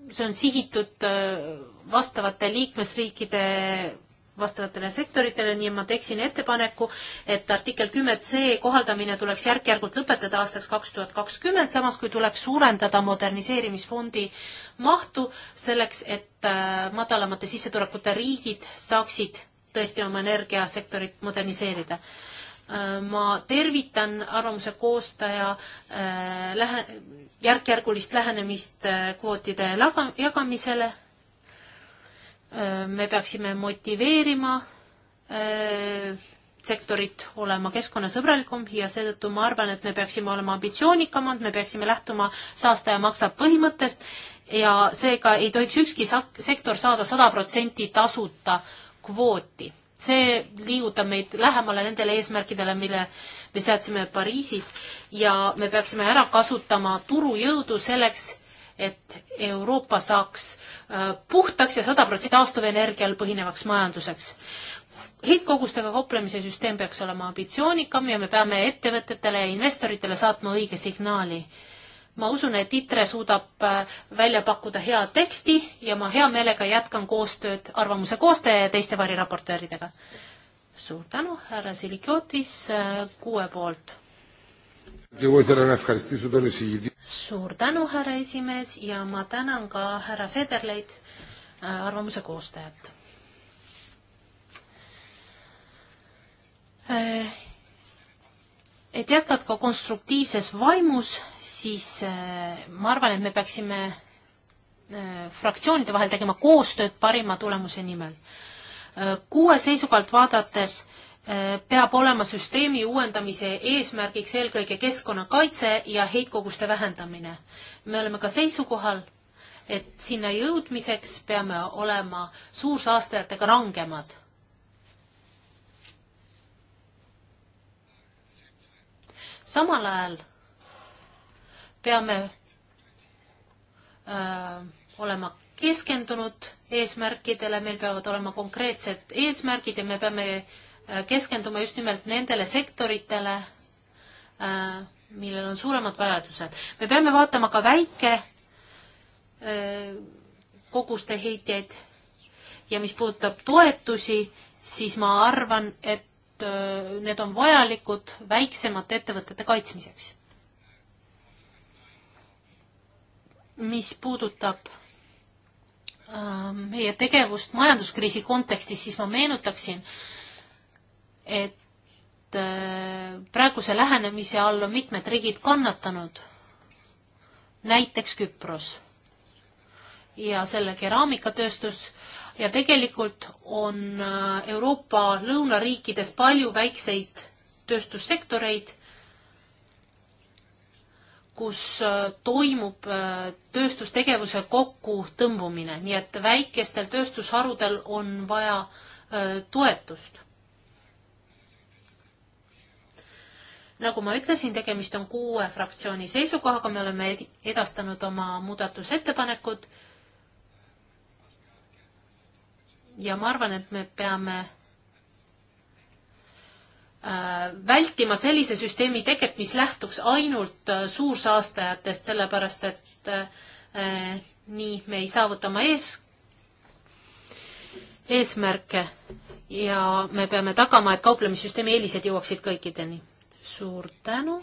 see on sihitud äh, vastavate liikmesriikide vastavatele sektoritele, nii ma teeksin ettepaneku, et artikkel kümme C kohaldamine tuleks järk-järgult lõpetada aastaks kaks tuhat kakskümmend, samas kui tuleks suurendada moderniseerimisfondi mahtu selleks, et äh, madalamate sissetulekute riigid saaksid tõesti oma energiasektorit moderniseerida. Äh, ma tervitan arvamuse koostaja äh, lähe-, järk-järgulist lähenemist kvootide laga-, jagamisele Äh, me peaksime motiveerima äh, sektorit olema keskkonnasõbralikum ja seetõttu ma arvan, et me peaksime olema ambitsioonikamad, me peaksime lähtuma saastaja maksab põhimõttest ja seega ei tohiks ükski sektor saada sada protsenti tasuta kvooti. see liigutab meid lähemale nendele eesmärkidele, mille me seadsime Pariisis ja me peaksime ära kasutama turujõudu selleks, et Euroopa saaks äh, puhtaks ja sada protsenti taastuvenergial põhinevaks majanduseks. heitkogustega kauplemise süsteem peaks olema ambitsioonikam ja me peame ettevõtetele ja investoritele saatma õige signaali. ma usun, et ITRE suudab äh, välja pakkuda hea teksti ja ma hea meelega jätkan koostööd arvamuse koostaja ja teiste variraportööridega. suur tänu, härra Silikiotis, äh, kuue poolt suur tänu, härra esimees ja ma tänan ka härra Federleit, äh, arvamuse koostajat. Äh, et jätkad ka konstruktiivses vaimus, siis äh, ma arvan, et me peaksime fraktsioonide vahel tegema koostööd parima tulemuse nimel. kuue seisukohalt vaadates äh, Äh, peab olema süsteemi uuendamise eesmärgiks eelkõige keskkonnakaitse ja heitkoguste vähendamine. me oleme ka seisukohal, et sinna jõudmiseks peame olema suursaastajatega rangemad. samal ajal peame öö, äh, olema keskendunud eesmärkidele, meil peavad olema konkreetsed eesmärgid ja me peame öö, Äh, keskendume just nimelt nendele sektoritele, äh, millel on suuremad vajadused. me peame vaatama ka väike äh, koguste heitjaid ja mis puudutab toetusi, siis ma arvan, et need on vajalikud väiksemate ettevõtete kaitsmiseks. mis puudutab meie tegevust majanduskriisi kontekstis, siis ma meenutaksin, et äh, praeguse lähenemise all on mitmed riigid kannatanud, näiteks Küpros ja selle keraamikatööstus ja tegelikult on äh, Euroopa lõunariikides palju väikseid tööstussektoreid, kus äh, toimub tööstustegevuse kokkutõmbumine, nii et väikestel tööstusharudel on vaja toetust nagu ma ütlesin, tegemist on kuue fraktsiooni seisukohaga, me oleme edastanud oma muudatusettepanekud. ja ma arvan, et me peame äh, vältima sellise süsteemi teket, mis lähtuks ainult äh, suursaastajatest, sellepärast et äh, nii me ei saavuta oma ees, eesmärke ja me peame tagama, et kauplemissüsteemi eelised jõuaksid kõikideni suur tänu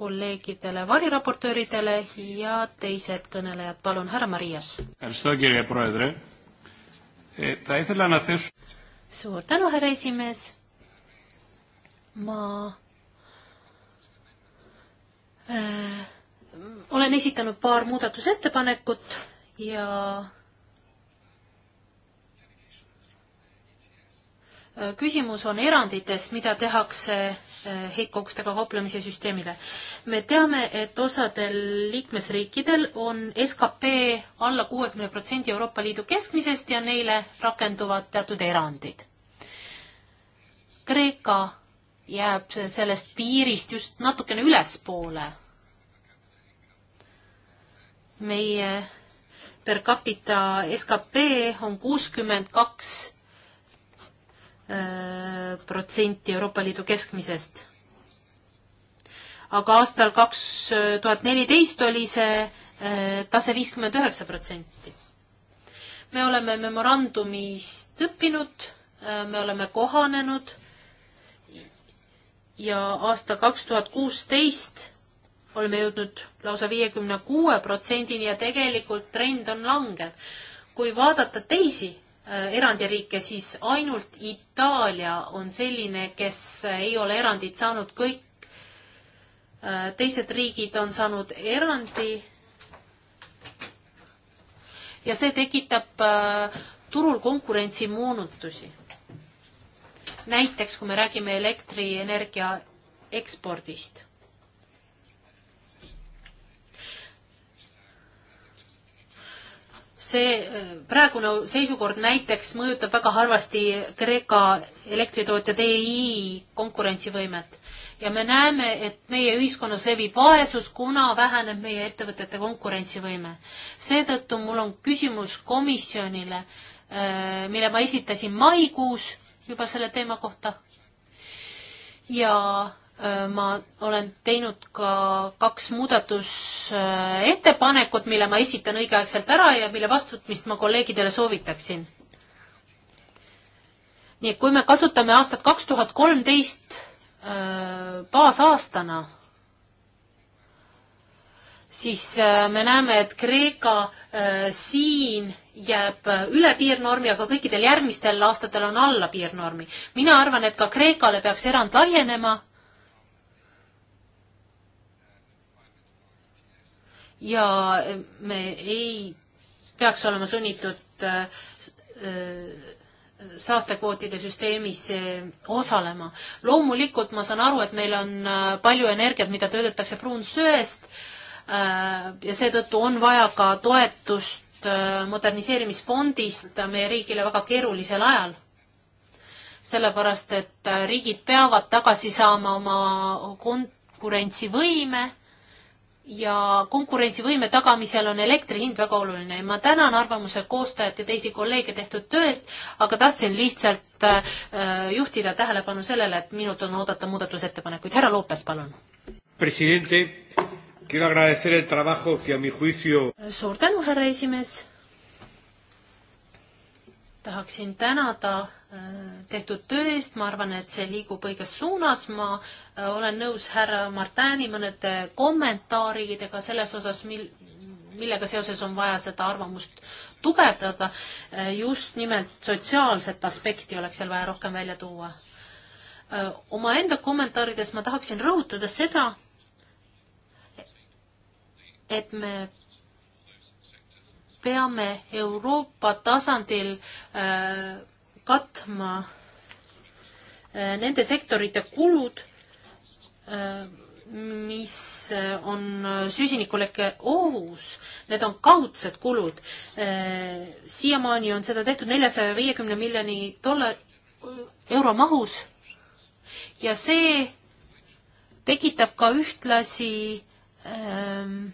kolleegidele, variraportööridele ja teised kõnelejad, palun, härra Marias. suur tänu, härra esimees. ma äh, olen esitanud paar muudatusettepanekut ja Äh, küsimus on erandites, mida tehakse äh, heitkogustega kauplemise süsteemile. me teame, et osadel liikmesriikidel on skp alla kuuekümne protsendi Euroopa Liidu keskmisest ja neile rakenduvad teatud erandid. Kreeka jääb sellest piirist just natukene ülespoole. meie per capita skp on kuuskümmend kaks protsenti Euroopa Liidu keskmisest. aga aastal kaks tuhat neliteist oli see eh, tase viiskümmend üheksa protsenti. me oleme memorandumist õppinud, eh, me oleme kohanenud ja aasta kaks tuhat kuusteist oleme jõudnud lausa viiekümne kuue protsendini ja tegelikult trend on langev. kui vaadata teisi Äh, erandiriike, siis ainult Itaalia on selline, kes ei ole erandit saanud, kõik äh, teised riigid on saanud erandi. ja see tekitab äh, turul konkurentsi moonutusi. näiteks kui me räägime elektrienergia ekspordist see praegune seisukord näiteks mõjutab väga halvasti Kreeka elektritootja DI konkurentsivõimet ja me näeme, et meie ühiskonnas levib vaesus, kuna väheneb meie ettevõtete konkurentsivõime. seetõttu mul on küsimus komisjonile, äh, mille ma esitasin maikuus juba selle teema kohta ja Äh, ma olen teinud ka kaks muudatusettepanekut, mille ma esitan õigeaegselt ära ja mille vastutmist ma kolleegidele soovitaksin. nii et kui me kasutame aastat kaks tuhat kolmteist äh, baasaastana, siis äh, me näeme, et Kreeka siin jääb üle piirnormi, aga kõikidel järgmistel aastatel on alla piirnormi. mina arvan, et ka Kreekale peaks erand laienema ja me ei peaks olema sunnitud äh, äh, saastekvootide süsteemis äh, osalema. loomulikult ma saan aru, et meil on palju energiat, mida töödetakse pruunsöest ja seetõttu on vaja ka toetust moderniseerimisfondist meie riigile väga keerulisel ajal. sellepärast, et riigid peavad tagasi saama oma konkurentsivõime ja konkurentsivõime tagamisel on elektri hind väga oluline. ma tänan arvamuse koostajat ja teisi kolleege tehtud töö eest, aga tahtsin lihtsalt äh, äh, juhtida tähelepanu sellele, et minut on oodata muudatusettepanekuid. härra Loopes, palun. presidente, quiero agradecer el trabajo que a mi juicio suur tänu, härra esimees. tahaksin tänada Äh, tehtud töö eest, ma arvan, et see liigub õiges suunas, ma äh, olen nõus härra Martani mõnede kommentaaridega selles osas, mil, millega seoses on vaja seda arvamust tugevdada, äh, just nimelt sotsiaalset aspekti oleks seal vaja rohkem välja tuua. omaenda kommentaarides ma tahaksin rõhutada seda, et me peame Euroopa tasandil äh, katma äh, nende sektorite kulud, äh, mis äh, on süsinikulekke ohus, need on kaudsed kulud. siiamaani on seda tehtud neljasaja viiekümne miljoni dollar, euro mahus ja see tekitab ka ühtlasi ähm,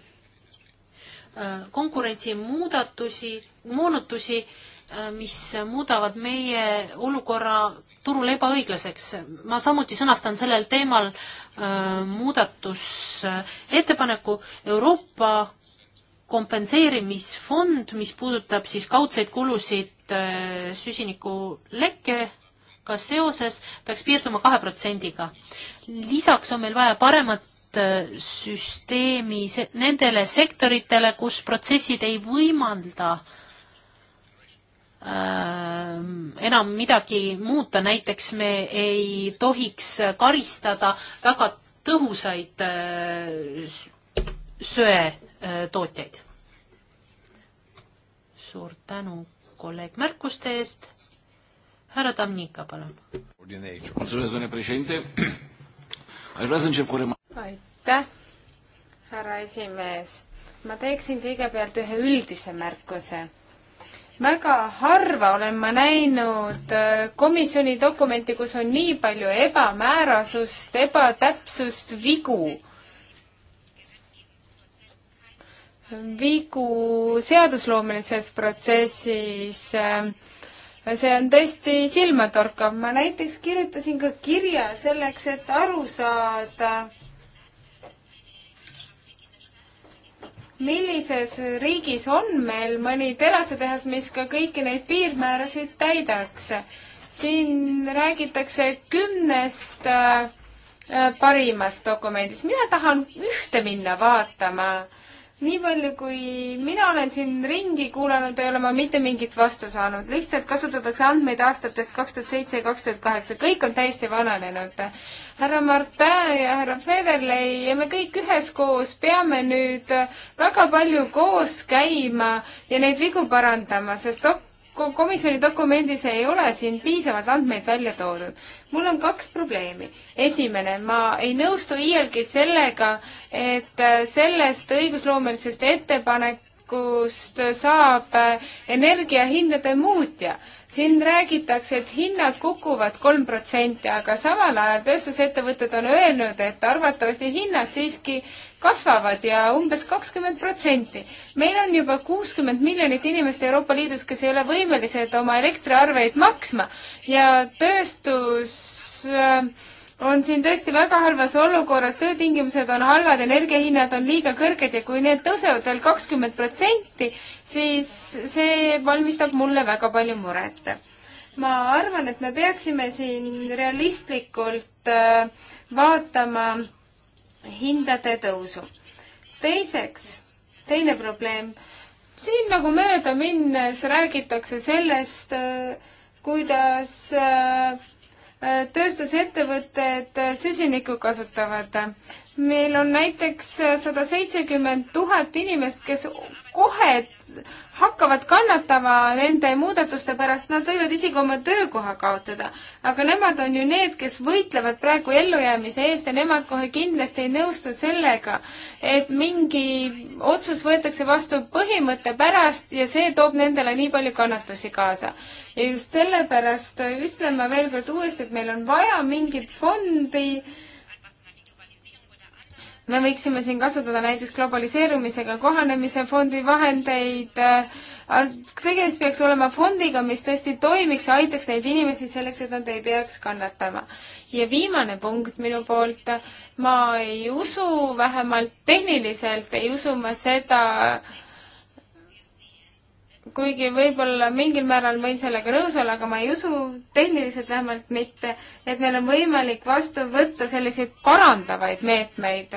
konkurentsimuudatusi, moonutusi äh, Äh, mis muudavad meie olukorra turul ebaõiglaseks. ma samuti sõnastan sellel teemal äh, muudatusettepaneku Euroopa kompenseerimisfond, mis puudutab siis kaudseid kulusid äh, süsinikulekkega seoses, peaks piirduma kahe protsendiga. lisaks on meil vaja paremat äh, süsteemi nendele sektoritele, kus protsessid ei võimalda äh, Äh, enam midagi muuta, näiteks me ei tohiks karistada väga tõhusaid äh, söetootjaid. Äh, suur tänu kolleeg märkuste eest. härra Tamnika, palun. aitäh, härra esimees. ma teeksin kõigepealt ühe üldise märkuse väga harva olen ma näinud äh, komisjoni dokumenti, kus on nii palju ebamäärasust, ebatäpsust, vigu. vigu seadusloomelises protsessis. Äh, see on tõesti silmatorkav. ma näiteks kirjutasin ka kirja selleks, et aru saada millises riigis on meil mõni terasetehas, mis ka kõiki neid piirmäärasid täidaks? siin räägitakse kümnest äh, parimast dokumendist, mina tahan ühte minna vaatama nii palju, kui mina olen siin ringi kuulanud, ei ole ma mitte mingit vastu saanud, lihtsalt kasutatakse andmeid aastatest kaks tuhat seitse ja kaks tuhat kaheksa, kõik on täiesti vananenud. härra Martin ja härra Federley ja me kõik üheskoos peame nüüd väga palju koos käima ja neid vigu parandama, sest dok-, komisjoni dokumendis ei ole siin piisavalt andmeid välja toodud. mul on kaks probleemi. esimene, ma ei nõustu iialgi sellega, et äh, sellest õigusloomelisest ettepanekust saab äh, energiahindade muutja siin räägitakse, et hinnad kukuvad kolm protsenti, aga samal ajal tööstusettevõtted on öelnud, et arvatavasti hinnad siiski kasvavad ja umbes kakskümmend protsenti. meil on juba kuuskümmend miljonit inimest Euroopa Liidus, kes ei ole võimelised oma elektriarveid maksma ja tööstus äh, on siin tõesti väga halvas olukorras, töötingimused on halvad, energiahinnad on liiga kõrged ja kui need tõusevad veel kakskümmend protsenti, siis see valmistab mulle väga palju muret. ma arvan, et me peaksime siin realistlikult äh, vaatama hindade tõusu. teiseks, teine probleem, siin nagu mööda minnes räägitakse sellest, äh, kuidas äh, tööstusettevõtted süsinikku kasutavad. meil on näiteks sada seitsekümmend tuhat inimest, kes kohe hakkavad kannatama nende muudatuste pärast, nad võivad isegi oma töökoha kaotada. aga nemad on ju need, kes võitlevad praegu ellujäämise eest ja nemad kohe kindlasti ei nõustu sellega, et mingi otsus võetakse vastu põhimõtte pärast ja see toob nendele nii palju kannatusi kaasa. ja just sellepärast ütlen ma veel kord uuesti, et meil on vaja mingit fondi, me võiksime siin kasutada näiteks globaliseerumisega kohanemise fondi vahendeid. Äh, tegemist peaks olema fondiga, mis tõesti toimiks ja aitaks neid inimesi selleks, et nad ei peaks kannatama. ja viimane punkt minu poolt. ma ei usu, vähemalt tehniliselt ei usu ma seda, kuigi võib-olla mingil määral võin sellega nõus olla, aga ma ei usu, tehniliselt vähemalt mitte, et meil on võimalik vastu võtta selliseid parandavaid meetmeid.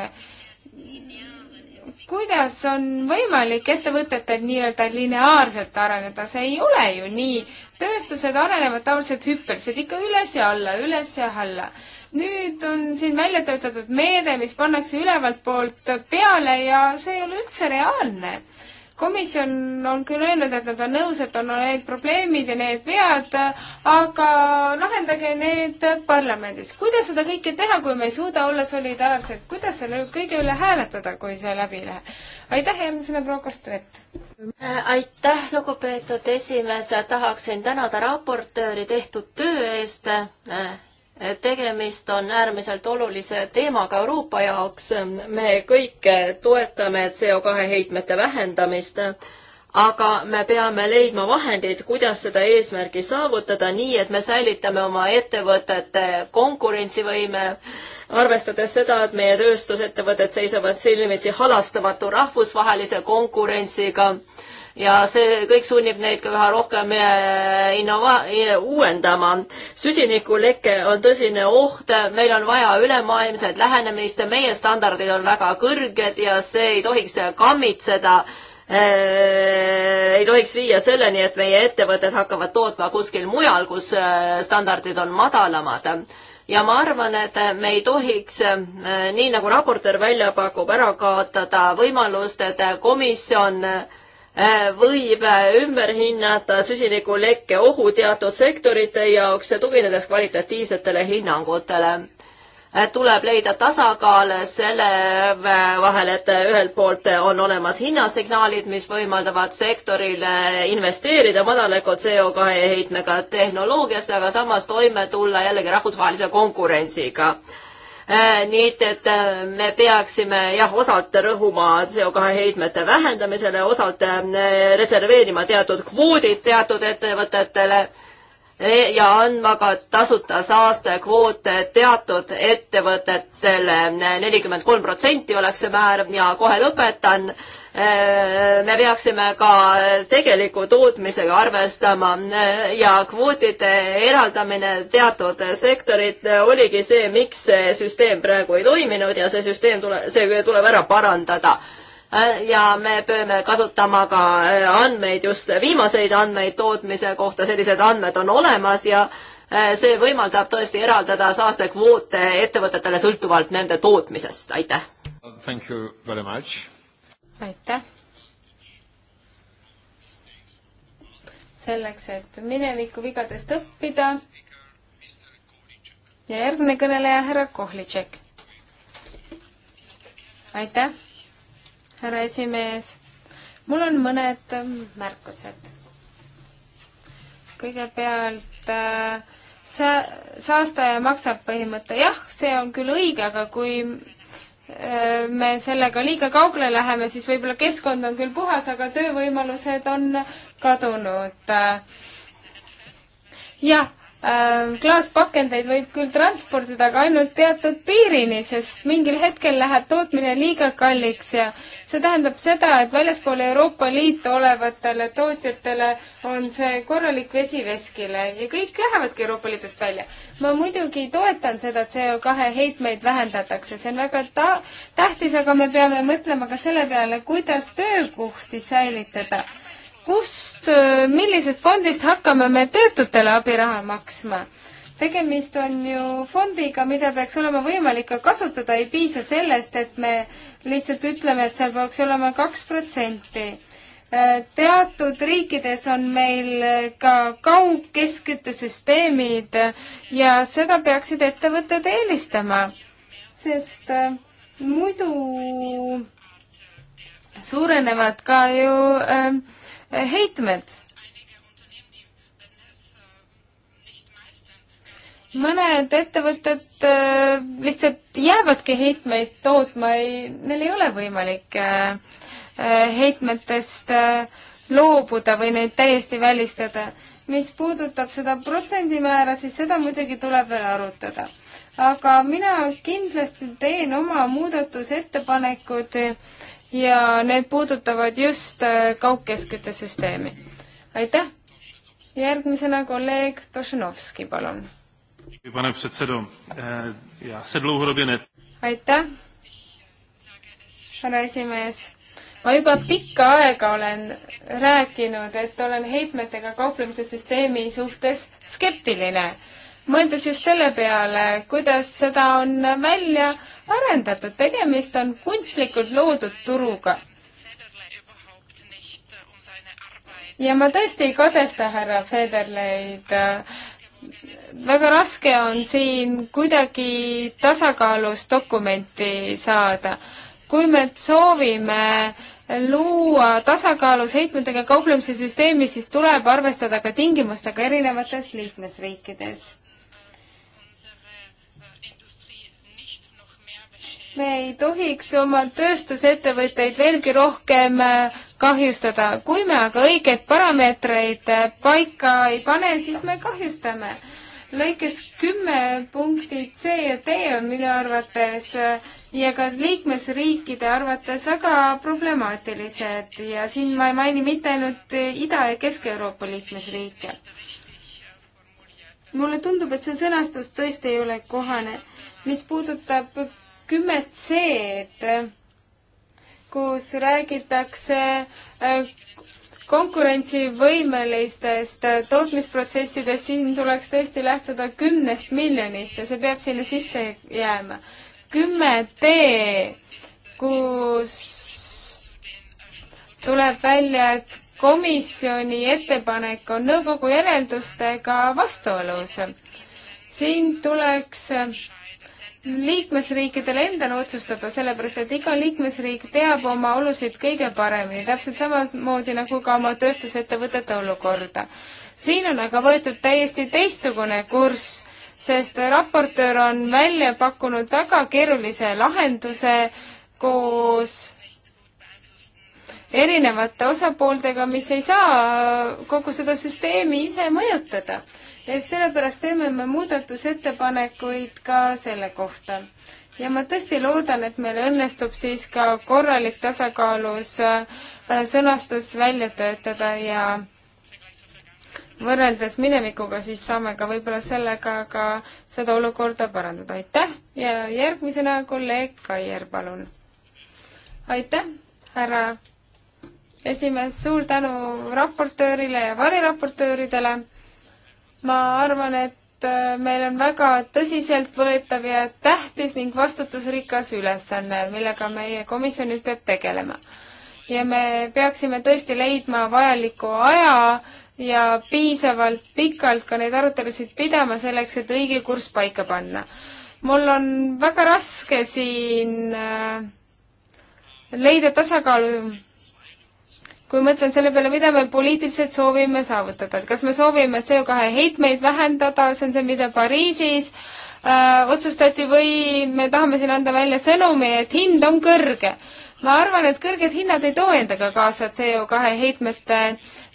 kuidas on võimalik ettevõtetel nii-öelda lineaarselt areneda, see ei ole ju nii. tööstused arenevad tavaliselt hüppeliselt ikka üles ja alla, üles ja alla nüüd on siin välja töötatud meede, mis pannakse ülevalt poolt peale ja see ei ole üldse reaalne komisjon on küll öelnud, et nad on nõus, et on need probleemid ja need vead, aga lahendage need parlamendis. kuidas seda kõike teha, kui me ei suuda olla solidaarsed, kuidas selle kõige üle hääletada, kui see läbi ei lähe? aitäh, järgmisena proua Kostret! aitäh, lugupeetud esimees, tahaksin tänada raportööri tehtud töö eest tegemist on äärmiselt olulise teemaga Euroopa jaoks. me kõik toetame CO2 heitmete vähendamist, aga me peame leidma vahendeid, kuidas seda eesmärgi saavutada, nii et me säilitame oma ettevõtete konkurentsivõime, arvestades seda, et meie tööstusettevõtted seisavad silmitsi halastamatu rahvusvahelise konkurentsiga ja see kõik sunnib neid ka üha rohkem äh, innova-, äh, uuendama. süsinikuleke on tõsine oht, meil on vaja ülemaailmset lähenemist, meie standardid on väga kõrged ja see ei tohiks kammitseda äh, ei tohiks viia selleni, et meie ettevõtted hakkavad tootma kuskil mujal, kus standardid on madalamad. ja ma arvan, et me ei tohiks, nii nagu raportöör välja pakub, ära kaotada võimalust, et komisjon äh, Äh, võib äh, ümber hinnata süsinikulekke ohu teatud sektorite jaoks, tuginedes kvalitatiivsetele hinnangutele äh, tuleb leida tasakaal selle vahel, et ühelt poolt on olemas hinnasignaalid, mis võimaldavad sektorile investeerida madaliku CO2 heitmega tehnoloogiasse, aga samas toime tulla jällegi rahvusvahelise konkurentsiga Äh, nii et, et äh, me peaksime jah, osalt rõhuma CO2 heitmete vähendamisele, osalt äh, reserveerima teatud kvoodid teatud ettevõtetele e, ja andma ka tasuta saastekvoote teatud ettevõtetele, nelikümmend kolm protsenti oleks see määr ja kohe lõpetan me peaksime ka tegeliku tootmisega arvestama ja kvootide eraldamine teatud sektorite oligi see, miks see süsteem praegu ei toiminud ja see süsteem tule, see tuleb ära parandada ja me peame kasutama ka andmeid, just viimaseid andmeid tootmise kohta, sellised andmed on olemas ja see võimaldab tõesti eraldada saastekvoote ettevõtetele sõltuvalt nende tootmisest, aitäh! Thank you very much! aitäh! selleks, et mineviku vigadest õppida. ja järgmine kõneleja, härra Kohlitšek. aitäh, härra esimees. mul on mõned ähm, märkused. kõigepealt äh, sa-, saastaja maksab põhimõte, jah, see on küll õige, aga kui Äh, me sellega liiga kaugele läheme, siis võib-olla keskkond on küll puhas, aga töövõimalused on kadunud. Äh, jah, klaaspakendeid äh, võib küll transportida, aga ainult teatud piirini, sest mingil hetkel läheb tootmine liiga kalliks ja see tähendab seda, et väljaspool Euroopa Liitu olevatele tootjatele on see korralik vesi veskile ja kõik lähevadki Euroopa Liidust välja. ma muidugi toetan seda, et CO2 heitmeid vähendatakse, see on väga ta-, tähtis, aga me peame mõtlema ka selle peale, kuidas töökohti säilitada kust, äh, millisest fondist hakkame me töötutele abiraha maksma? tegemist on ju fondiga, mida peaks olema võimalik ka kasutada, ei piisa sellest, et me lihtsalt ütleme, et seal peaks olema kaks protsenti äh, teatud riikides on meil äh, ka kaugkeskküttesüsteemid ja seda peaksid ettevõtted eelistama, sest muidu suurenevad ka ju äh, Eh, heitmed. mõned ettevõtted eh, lihtsalt jäävadki heitmeid tootma, ei, neil ei ole võimalik eh, heitmetest loobuda või neid täiesti välistada. mis puudutab seda protsendimäära, siis seda muidugi tuleb veel arutada aga mina kindlasti teen oma muudatusettepanekud ja need puudutavad just äh, kaugkeskete süsteemi. aitäh! järgmisena kolleeg Tošenovski, palun. Eh, aitäh, härra esimees ma juba pikka aega olen rääkinud, et olen heitmetega kauplemise süsteemi suhtes skeptiline. mõeldes just selle peale, kuidas seda on välja arendatud, tegemist on kunstlikult loodud turuga. ja ma tõesti ei kadesta härra Federleid. väga raske on siin kuidagi tasakaalus dokumenti saada kui me soovime luua tasakaalus heitmetega kauplemise süsteemi, siis tuleb arvestada ka tingimustega erinevates liikmesriikides. me ei tohiks oma tööstusettevõtteid veelgi rohkem äh, kahjustada. kui me aga õigeid parameetreid äh, paika ei pane, siis me kahjustame. lõikes kümme punktid C ja D on minu arvates äh, ja ka liikmesriikide arvates väga problemaatilised ja siin ma ei maini mitte ainult Ida- ja Kesk-Euroopa liikmesriike mulle tundub, et see sõnastus tõesti ei ole kohane. mis puudutab kümmet C-d, kus räägitakse äh, konkurentsivõimelistest äh, tootmisprotsessidest, siin tuleks tõesti lähtuda kümnest miljonist ja see peab sinna sisse jääma. kümme D, kus tuleb välja, et komisjoni ettepanek on nõukogu järeldustega vastuolus. siin tuleks äh, liikmesriikidel endal otsustada, sellepärast et iga liikmesriik teab oma olusid kõige paremini, täpselt samamoodi nagu ka oma tööstusettevõtete olukorda. siin on aga võetud täiesti teistsugune kurss, sest raportöör on välja pakkunud väga keerulise lahenduse koos erinevate osapooltega, mis ei saa kogu seda süsteemi ise mõjutada ja just sellepärast teeme me muudatusettepanekuid ka selle kohta. ja ma tõesti loodan, et meil õnnestub siis ka korralik tasakaalus äh, sõnastus välja töötada ja võrreldes minevikuga, siis saame ka võib-olla sellega ka seda olukorda parandada. aitäh ja järgmisena kolleeg Kaier, palun. aitäh, härra esimees, suur tänu raportöörile ja variraportööridele ma arvan, et äh, meil on väga tõsiseltvõetav ja tähtis ning vastutusrikas ülesanne, millega meie komisjon nüüd peab tegelema. ja me peaksime tõesti leidma vajaliku aja ja piisavalt pikalt ka neid arutelusid pidama selleks, et õige kurss paika panna. mul on väga raske siin äh, leida tasakaalu kui mõtlen selle peale, mida me poliitiliselt soovime saavutada, et kas me soovime CO2 heitmeid vähendada, see on see, mida Pariisis äh, otsustati, või me tahame siin anda välja sõnumi, et hind on kõrge ma arvan, et kõrged hinnad ei too endaga kaasa CO2 heitmete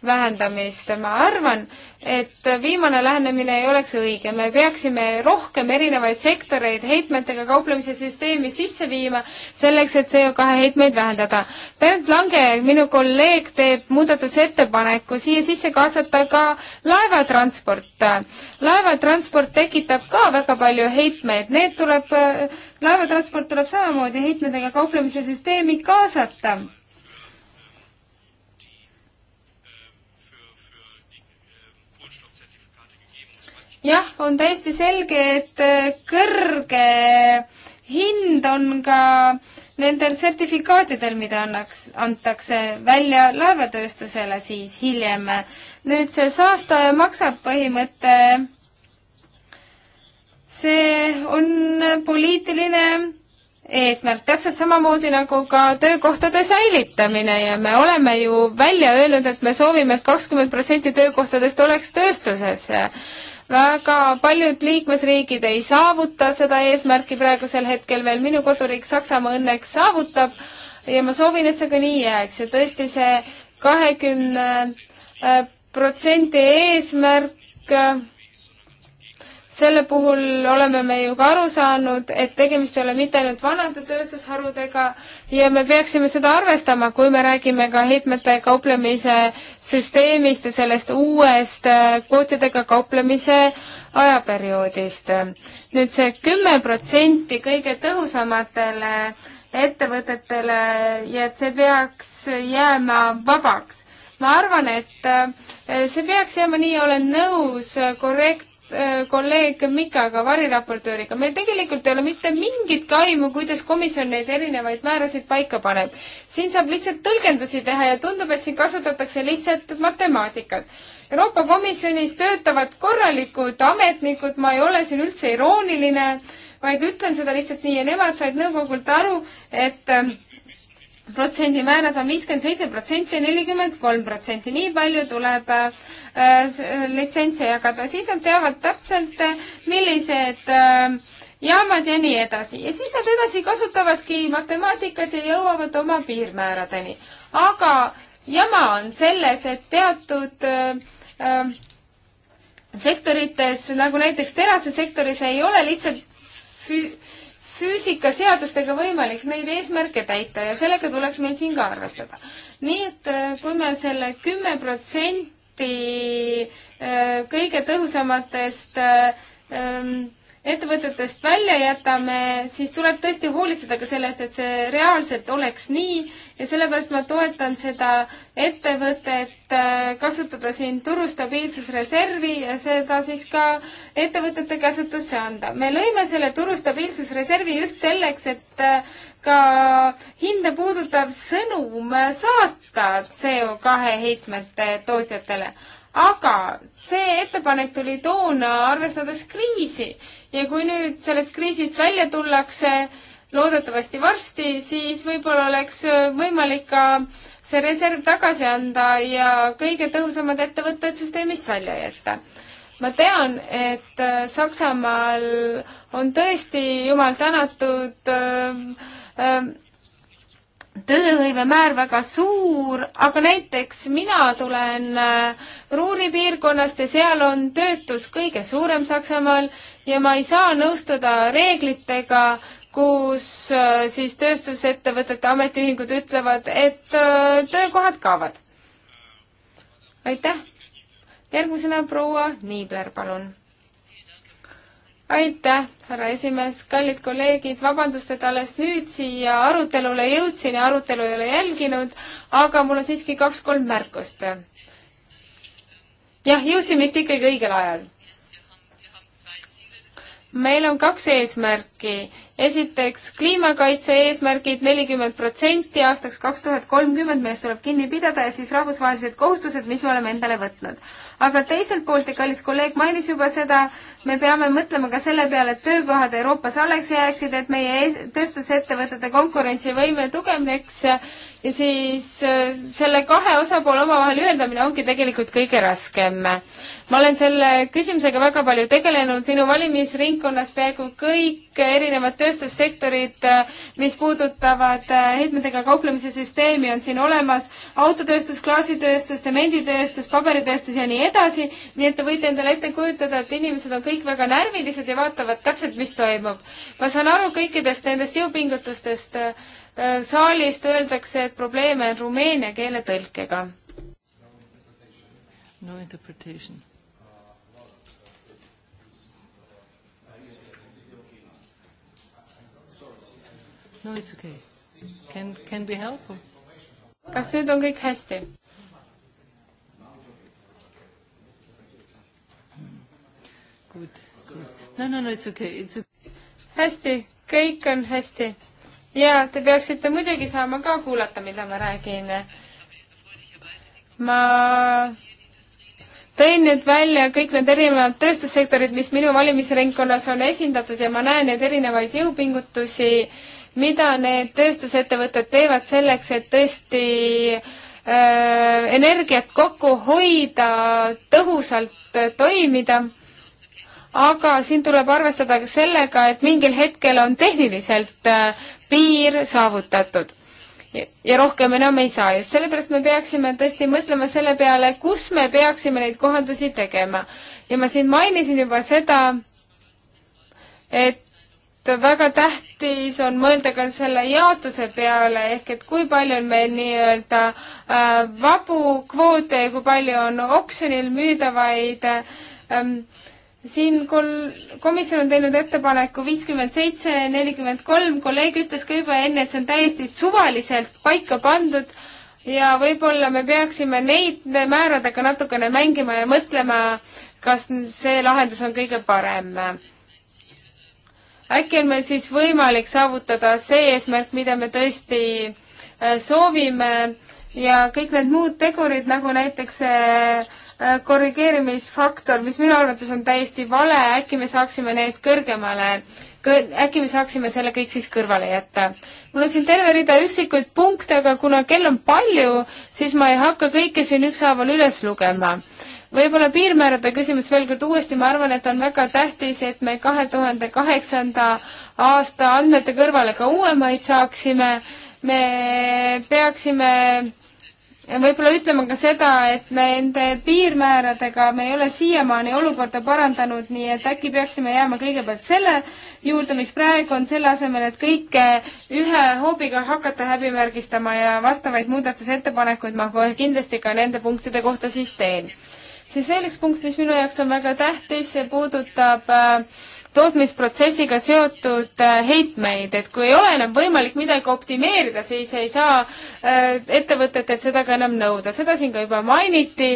vähendamist. ma arvan, et viimane lähenemine ei oleks õige. me peaksime rohkem erinevaid sektoreid heitmetega kauplemise süsteemi sisse viima, selleks et CO2 heitmeid vähendada. Bernd Lange, minu kolleeg, teeb muudatusettepaneku siia sisse kaasata ka laevatransport. laevatransport tekitab ka väga palju heitmeid, need tuleb laevatransport tuleb samamoodi heitmetega kauplemise süsteemi kaasata. jah, on täiesti selge, et äh, kõrge hind on ka nendel sertifikaatidel, mida annaks, antakse välja laevatööstusele siis hiljem. nüüd see saastaja maksab põhimõte see on poliitiline eesmärk, täpselt samamoodi nagu ka töökohtade säilitamine ja me oleme ju välja öelnud, et me soovime et, et kakskümmend protsenti töökohtadest oleks tööstuses. väga paljud liikmesriigid ei saavuta seda eesmärki praegusel hetkel veel, minu koduriik Saksamaa õnneks saavutab ja ma soovin, et see ka nii jääks ja tõesti see kahekümne äh, protsendi eesmärk selle puhul oleme me ju ka aru saanud, et tegemist ei ole mitte ainult vanade tööstusharudega ja me peaksime seda arvestama, kui me räägime ka heitmete kauplemise süsteemist ja sellest uuest äh, kvootidega kauplemise ajaperioodist. nüüd see kümme protsenti kõige tõhusamatele ettevõtetele ja et see peaks jääma vabaks ma arvan, et äh, see peaks jääma nii, olen nõus, äh, korrekt, Äh, kolleeg Mikaga, variraportööriga, meil tegelikult ei ole mitte mingitki aimu, kuidas komisjon neid erinevaid määrasid paika paneb. siin saab lihtsalt tõlgendusi teha ja tundub, et siin kasutatakse lihtsalt matemaatikat. Euroopa Komisjonis töötavad korralikud ametnikud, ma ei ole siin üldse irooniline, vaid ütlen seda lihtsalt nii ja nemad said nõukogult aru, et äh, protsendimäärad on viiskümmend seitse protsenti, nelikümmend kolm protsenti, nii palju tuleb äh, litsentse jagada, siis nad teavad täpselt, äh, millised äh, jaamad ja nii edasi ja siis nad edasi kasutavadki matemaatikat ja jõuavad oma piirmääradeni. aga jama on selles, et teatud äh, äh sektorites, nagu näiteks terasesektoris, ei ole lihtsalt fü-, füüsikaseadustega võimalik neid eesmärke täita ja sellega tuleks meil siin ka arvestada. nii et äh, kui me selle kümme protsenti äh, kõige tõhusamatest äh, ähm, ettevõtetest välja jätame, siis tuleb tõesti hoolitseda ka selle eest, et see reaalselt oleks nii ja sellepärast ma toetan seda ettevõtet äh, kasutada siin turu stabiilsusreservi ja seda siis ka ettevõtete käsutusse anda. me lõime selle turu stabiilsusreservi just selleks, et äh, ka hinda puudutav sõnum saata CO2 heitmete tootjatele aga see ettepanek tuli toona, arvestades kriisi ja kui nüüd sellest kriisist välja tullakse, loodetavasti varsti, siis võib-olla oleks äh, võimalik ka see reserv tagasi anda ja kõige tõhusamad ettevõtted süsteemist välja jätta. ma tean, et äh, Saksamaal on tõesti, jumal tänatud äh,, äh, tööhõive määr väga suur, aga näiteks mina tulen äh, Ruhri piirkonnast ja seal on töötus kõige suurem Saksamaal ja ma ei saa nõustuda reeglitega, kus äh, siis tööstusettevõtete ametiühingud ütlevad, et äh, töökohad kaovad. aitäh! järgmisena proua Niibler, palun aitäh, härra esimees, kallid kolleegid, vabandust, et alles nüüd siia arutelule jõudsin ja arutelu ei ole jälginud, aga mul on siiski kaks-kolm märkust. jah, jõudsin vist ikkagi õigel ajal. meil on kaks eesmärki. esiteks kliimakaitse eesmärgid nelikümmend protsenti aastaks kaks tuhat kolmkümmend, millest tuleb kinni pidada ja siis rahvusvahelised kohustused, mis me oleme endale võtnud aga teiselt poolt ja kallis kolleeg mainis juba seda, me peame mõtlema ka selle peale, et töökohad Euroopas alles jääksid, et meie tööstusettevõtete konkurentsivõime tugevneks ja siis äh, selle kahe osapoole omavahel ühendamine ongi tegelikult kõige raskem. ma olen selle küsimusega väga palju tegelenud, minu valimisringkonnas peaaegu kõik erinevad tööstussektorid, äh, mis puudutavad äh, heitmetega kauplemise süsteemi, on siin olemas. autotööstus, klaasitööstus, tsemenditööstus, paberitööstus ja nii edasi, nii et te võite endale ette kujutada, et inimesed on kõik väga närvilised ja vaatavad täpselt, mis toimub. ma saan aru kõikidest nendest jõupingutustest, Äh, saalist öeldakse, et probleeme on rumeenia keele tõlkega. no interpretation. no it's okay. Can, can we help? kas nüüd on kõik hästi? Good, good. no, no, no it's okay, it's okay. hästi, kõik on hästi ja te peaksite muidugi saama ka kuulata, mida ma räägin. ma tõin nüüd välja kõik need erinevad tööstussektorid, mis minu valimisringkonnas on esindatud ja ma näen neid erinevaid jõupingutusi, mida need tööstusettevõtted teevad selleks, et tõesti äh, energiat kokku hoida, tõhusalt äh, toimida aga siin tuleb arvestada ka sellega, et mingil hetkel on tehniliselt äh, piir saavutatud ja rohkem enam ei saa. just sellepärast me peaksime tõesti mõtlema selle peale, kus me peaksime neid kohandusi tegema. ja ma siin mainisin juba seda, et väga tähtis on mõelda ka selle jaotuse peale, ehk et kui palju on meil nii-öelda äh, vabu kvoote ja kui palju on oksjonil müüdavaid ähm, siin kol-, komisjon on teinud ettepaneku viiskümmend seitse, nelikümmend kolm, kolleeg ütles ka juba enne, et see on täiesti suvaliselt paika pandud ja võib-olla me peaksime neid määradega natukene mängima ja mõtlema, kas see lahendus on kõige parem. äkki on meil siis võimalik saavutada see eesmärk, mida me tõesti äh, soovime ja kõik need muud tegurid, nagu näiteks see äh, Äh, korrigeerimisfaktor, mis minu arvates on täiesti vale, äkki me saaksime need kõrgemale kõr-, äkki me saaksime selle kõik siis kõrvale jätta. mul on siin terve rida üksikuid punkte, aga kuna kell on palju, siis ma ei hakka kõike siin ükshaaval üles lugema võib-olla piirmäärade küsimus veel kord uuesti, ma arvan, et on väga tähtis, et me kahe tuhande kaheksanda aasta andmete kõrvale ka uuemaid saaksime. me peaksime võib-olla ütlema ka seda, et nende piirmääradega me ei ole siiamaani olukorda parandanud, nii et äkki peaksime jääma kõigepealt selle juurde, mis praegu on, selle asemel, et kõike ühe hoobiga hakata häbimärgistama ja vastavaid muudatusettepanekuid ma kohe kindlasti ka nende punktide kohta siis teen. siis veel üks punkt, mis minu jaoks on väga tähtis, see puudutab äh, tootmisprotsessiga seotud äh, heitmeid, et kui ei ole enam võimalik midagi optimeerida, siis ei saa äh, ettevõtetelt et seda ka enam nõuda, seda siin ka juba mainiti.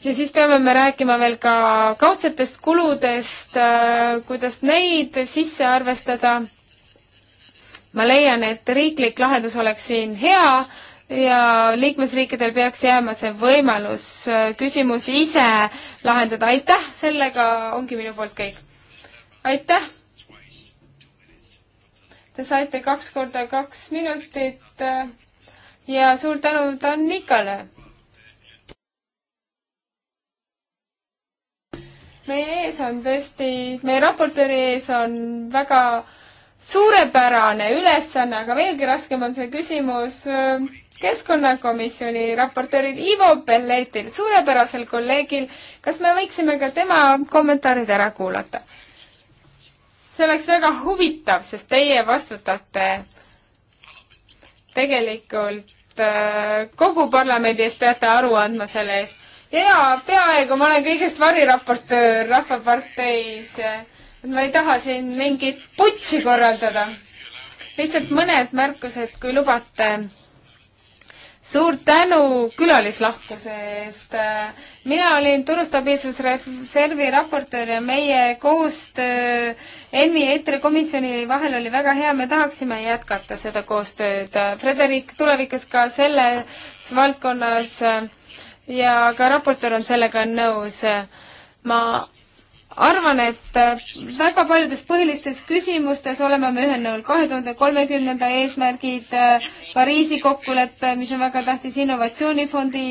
ja siis peame me rääkima veel ka kaudsetest kuludest, äh, kuidas neid sisse arvestada. ma leian, et riiklik lahendus oleks siin hea ja liikmesriikidel peaks jääma see võimalus küsimusi ise lahendada. aitäh, sellega ongi minu poolt kõik aitäh! Te saite kaks korda kaks minutit äh, ja suur tänu Dan Nikale. meie ees on tõesti, meie raportööri ees on väga suurepärane ülesanne, aga veelgi raskem on see küsimus äh, keskkonnakomisjoni raportööril Ivo Pelletil, suurepärasel kolleegil. kas me võiksime ka tema kommentaarid ära kuulata? see oleks väga huvitav, sest teie vastutate tegelikult äh, kogu parlamendi ees, peate aru andma selle eest. jaa, peaaegu, ma olen kõigest variraportöör Rahvaparteis. ma ei taha siin mingit putši korraldada. lihtsalt mõned märkused, kui lubate suur tänu külalislahkuse eest. mina olin Turu stabiilsusreservi raportöör ja meie koostöö ENMi ja ETRE komisjoni vahel oli väga hea, me tahaksime jätkata seda koostööd. Frederik tulevikus ka selles valdkonnas ja ka raportöör on sellega nõus. ma arvan, et äh, väga paljudes põhilistes küsimustes oleme me ühel nõul. kahe tuhande kolmekümnenda eesmärgid, äh, Pariisi kokkulepe, mis on väga tähtis, innovatsioonifondi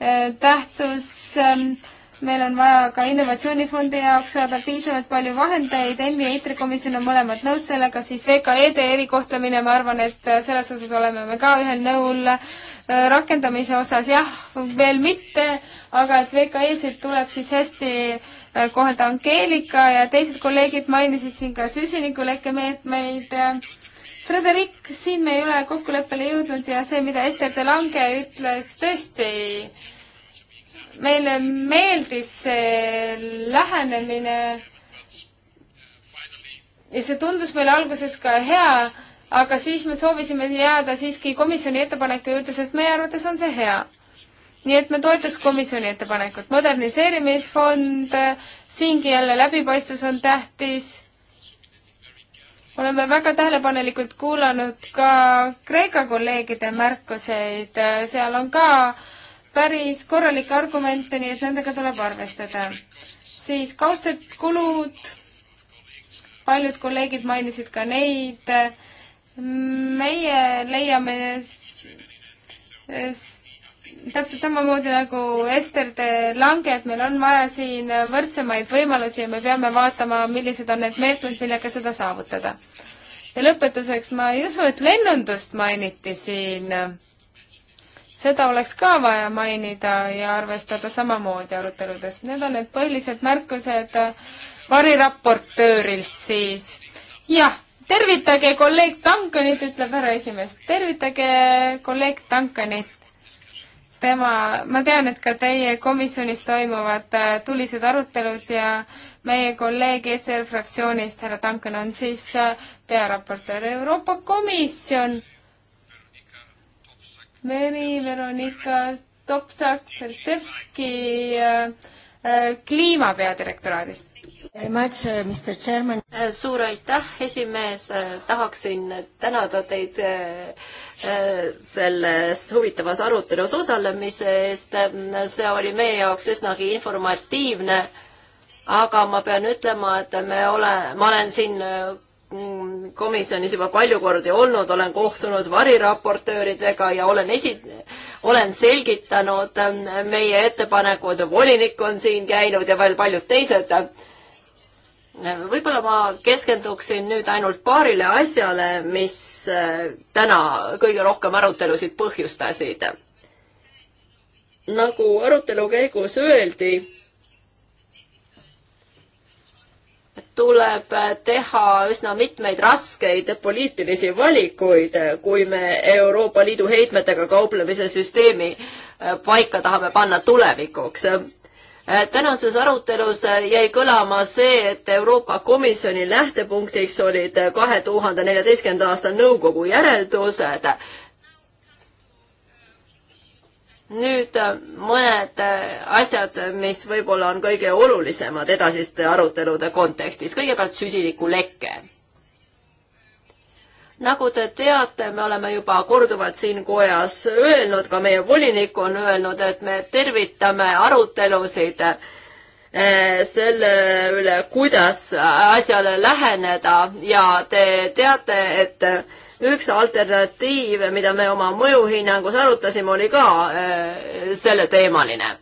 äh, tähtsus, ähm, meil on vaja ka innovatsioonifondi jaoks saada piisavalt palju vahendeid, ENMi ja ITRE komisjon on mõlemad nõus sellega, siis VKE-de e erikohtlemine, ma arvan, et selles osas oleme me ka ühel nõul. rakendamise osas jah, veel mitte aga et VKE-sid tuleb siis hästi äh, kohelda. Angeelika ja teised kolleegid mainisid siin ka süsinikulekke meetmeid. Frederik, siin me ei ole kokkuleppele jõudnud ja see, mida Ester de Lange ütles, tõesti meile meeldis see lähenemine. ja see tundus meile alguses ka hea, aga siis me soovisime jääda siiski komisjoni ettepaneku juurde, sest meie arvates on see hea nii et me toetaks komisjoni ettepanekut. moderniseerimisfond, äh, siingi jälle läbipaistvus on tähtis. oleme väga tähelepanelikult kuulanud ka Kreeka kolleegide märkuseid, äh, seal on ka päris korralikke argumente, nii et nendega tuleb arvestada. siis kaudsed kulud, paljud kolleegid mainisid ka neid, meie leiame täpselt samamoodi nagu Ester de Lange, et meil on vaja siin võrdsemaid võimalusi ja me peame vaatama, millised on need meetmed, millega seda saavutada. ja lõpetuseks, ma ei usu, et lennundust mainiti siin. seda oleks ka vaja mainida ja arvestada samamoodi aruteludes. Need on need põhilised märkused variraportöörilt siis. jah tervitage kolleeg Duncanit, ütleb härra esimees. tervitage kolleeg Duncanit tema, ma tean, et ka teie komisjonis toimuvad äh, tulised arutelud ja meie kolleeg ECR fraktsioonist, härra Duncan, on siis äh, pearaportöör Euroopa Komisjon. Meri Veronika Topsak-Persevski äh, äh kliima peadirektoraadist. Uh, äh, suur aitäh, esimees, äh, tahaksin tänada teid äh, selles huvitavas arutelus osalemise eest, see oli meie jaoks üsnagi informatiivne, aga ma pean ütlema, et me ole, ma olen siin mm, komisjonis juba palju kordi olnud, olen kohtunud variraportööridega ja olen esi-, olen selgitanud meie ettepanekud, volinik on siin käinud ja veel paljud teised võib-olla ma keskenduksin nüüd ainult paarile asjale, mis äh, täna kõige rohkem arutelusid põhjustasid. nagu arutelu käigus öeldi, tuleb teha üsna mitmeid raskeid poliitilisi valikuid, kui me Euroopa Liidu heitmetega kauplemise süsteemi äh, paika tahame panna tulevikuks Äh, tänases arutelus äh, jäi kõlama see, et Euroopa Komisjoni lähtepunktiks olid äh, kahe tuhande neljateistkümnenda aasta nõukogu järeldused. nüüd mõned asjad, mis võib-olla on kõige olulisemad edasiste arutelude kontekstis. kõigepealt süsinikulekke nagu te teate, me oleme juba korduvalt siin kojas öelnud, ka meie volinik on öelnud, et me tervitame arutelusid eh, selle üle, kuidas asjale läheneda ja te teate, et üks alternatiiv, mida me oma mõjuhinnangus arutasime, oli ka eh, selleteemaline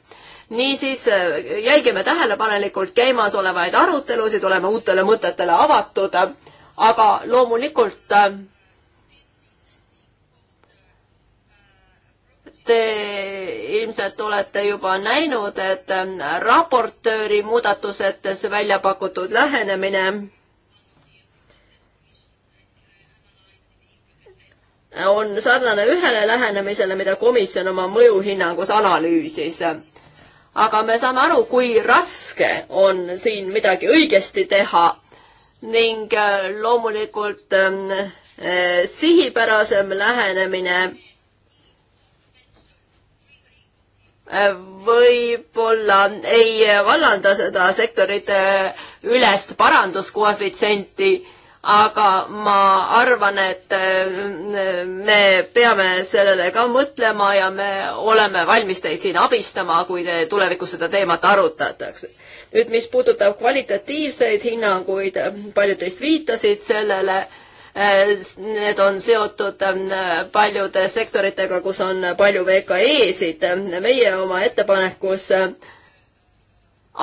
niisiis eh, jälgime tähelepanelikult käimasolevaid arutelusid, oleme uutele mõtetele avatud aga loomulikult äh, te ilmselt olete juba näinud, et äh, raportööri muudatusetes välja pakutud lähenemine on sarnane ühele lähenemisele, mida komisjon oma mõjuhinnangus analüüsis. aga me saame aru, kui raske on siin midagi õigesti teha ning äh, loomulikult ähm, äh, sihipärasem lähenemine äh, võib-olla ei vallanda seda sektorite ülest paranduskoefitsienti aga ma arvan, et äh, me peame sellele ka mõtlema ja me oleme valmis teid siin abistama, kui te tulevikus seda teemat arutatakse. nüüd, mis puudutab kvalitatiivseid hinnanguid, paljud teist viitasid sellele, äh, need on seotud äh, paljude sektoritega, kus on palju VKE-sid. meie oma ettepanekus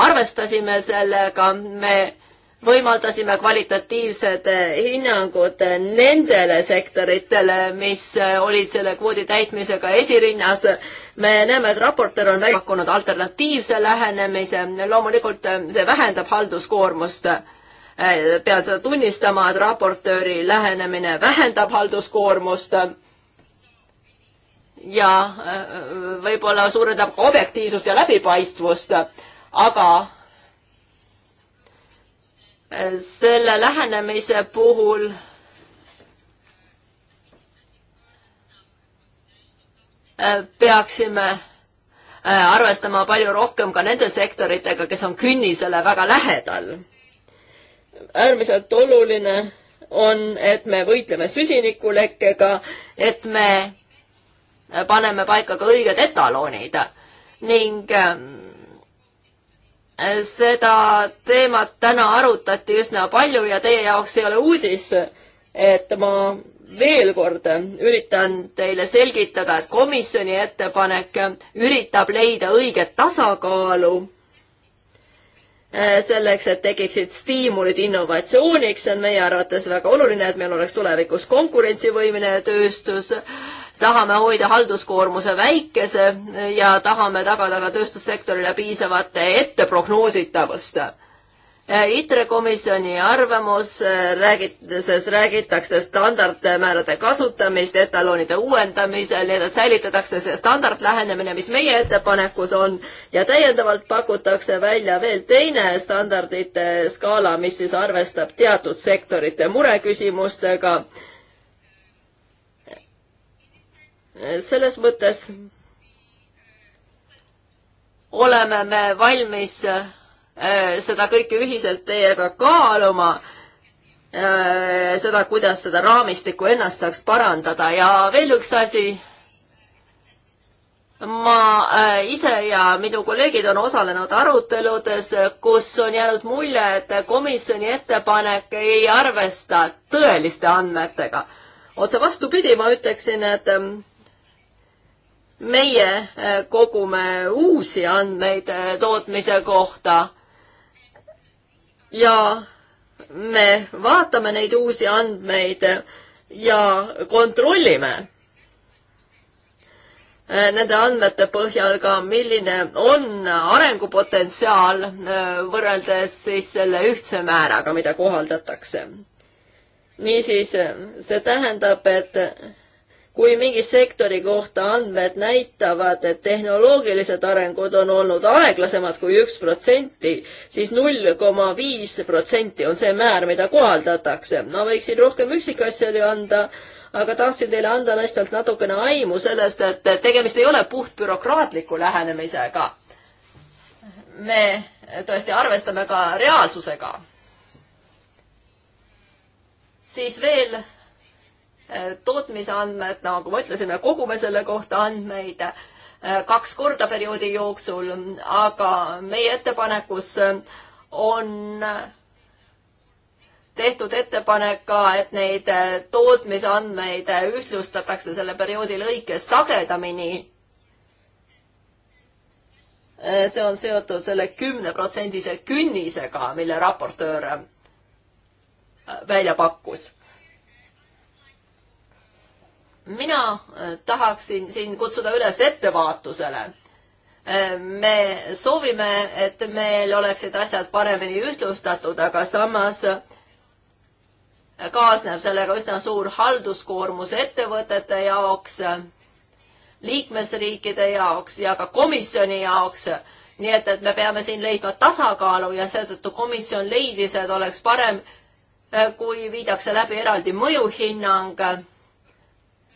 arvestasime sellega, me võimaldasime kvalitatiivsed hinnangud nendele sektoritele, mis olid selle kvoodi täitmisega esirinnas. me näeme, et raportöör on välja pakkunud alternatiivse lähenemise, loomulikult see vähendab halduskoormust. pean seda tunnistama, et raportööri lähenemine vähendab halduskoormust ja äh, võib-olla suurendab ka objektiivsust ja läbipaistvust, aga selle lähenemise puhul peaksime äh, arvestama palju rohkem ka nende sektoritega, kes on künnisele väga lähedal. äärmiselt oluline on, et me võitleme süsinikulekkega, et me paneme paika ka õiged etaloonid ning ähm, seda teemat täna arutati üsna palju ja teie jaoks ei ole uudis, et ma veel kord üritan teile selgitada, et komisjoni ettepanek üritab leida õiget tasakaalu eh, selleks, et tekiksid stiimulid innovatsiooniks, see on meie arvates väga oluline, et meil oleks tulevikus konkurentsivõimeline tööstus tahame hoida halduskoormuse väikese ja tahame tagada ka tööstussektorile piisavat etteprognoositavust. ITRE komisjoni arvamus räägit-, sest räägitakse standardmäärade kasutamist etaloonide uuendamisel, nii et säilitatakse see standardlähenemine, mis meie ettepanekus on, ja täiendavalt pakutakse välja veel teine standardite skaala, mis siis arvestab teatud sektorite mureküsimustega selles mõttes oleme me valmis äh, seda kõike ühiselt teiega kaaluma, äh, seda, kuidas seda raamistikku ennast saaks parandada ja veel üks asi, ma äh, ise ja minu kolleegid on osalenud aruteludes, kus on jäänud mulje, et komisjoni ettepanek ei arvesta tõeliste andmetega. otse vastupidi, ma ütleksin, et ähm, meie äh, kogume uusi andmeid äh, tootmise kohta ja me vaatame neid uusi andmeid ja kontrollime äh, nende andmete põhjal ka, milline on arengupotentsiaal võrreldes siis selle ühtse määraga, mida kohaldatakse. niisiis, see tähendab, et kui mingi sektori kohta andmed näitavad, et tehnoloogilised arengud on olnud aeglasemad kui üks protsenti, siis null koma viis protsenti on see määr, mida kohaldatakse. ma võiksin rohkem üksikasjale anda, aga tahtsin teile anda lihtsalt natukene aimu sellest, et tegemist ei ole puht bürokraatliku lähenemisega. me tõesti arvestame ka reaalsusega. siis veel tootmisandmed, nagu me ütlesime, kogume selle kohta andmeid äh, kaks korda perioodi jooksul, aga meie ettepanekus äh, on äh, tehtud ettepanek ka, et neid tootmisandmeid ühtlustatakse selle perioodi lõikes sagedamini. see on seotud selle kümneprotsendise künnisega, mille raportöör välja pakkus mina äh, tahaksin siin kutsuda üles ettevaatusele. Äh, me soovime, et meil oleksid asjad paremini ühtlustatud, aga samas äh, kaasneb sellega üsna suur halduskoormus ettevõtete jaoks, liikmesriikide jaoks ja ka komisjoni jaoks. nii et, et me peame siin leidma tasakaalu ja seetõttu komisjon leidis, et oleks parem, kui viidakse läbi eraldi mõjuhinnang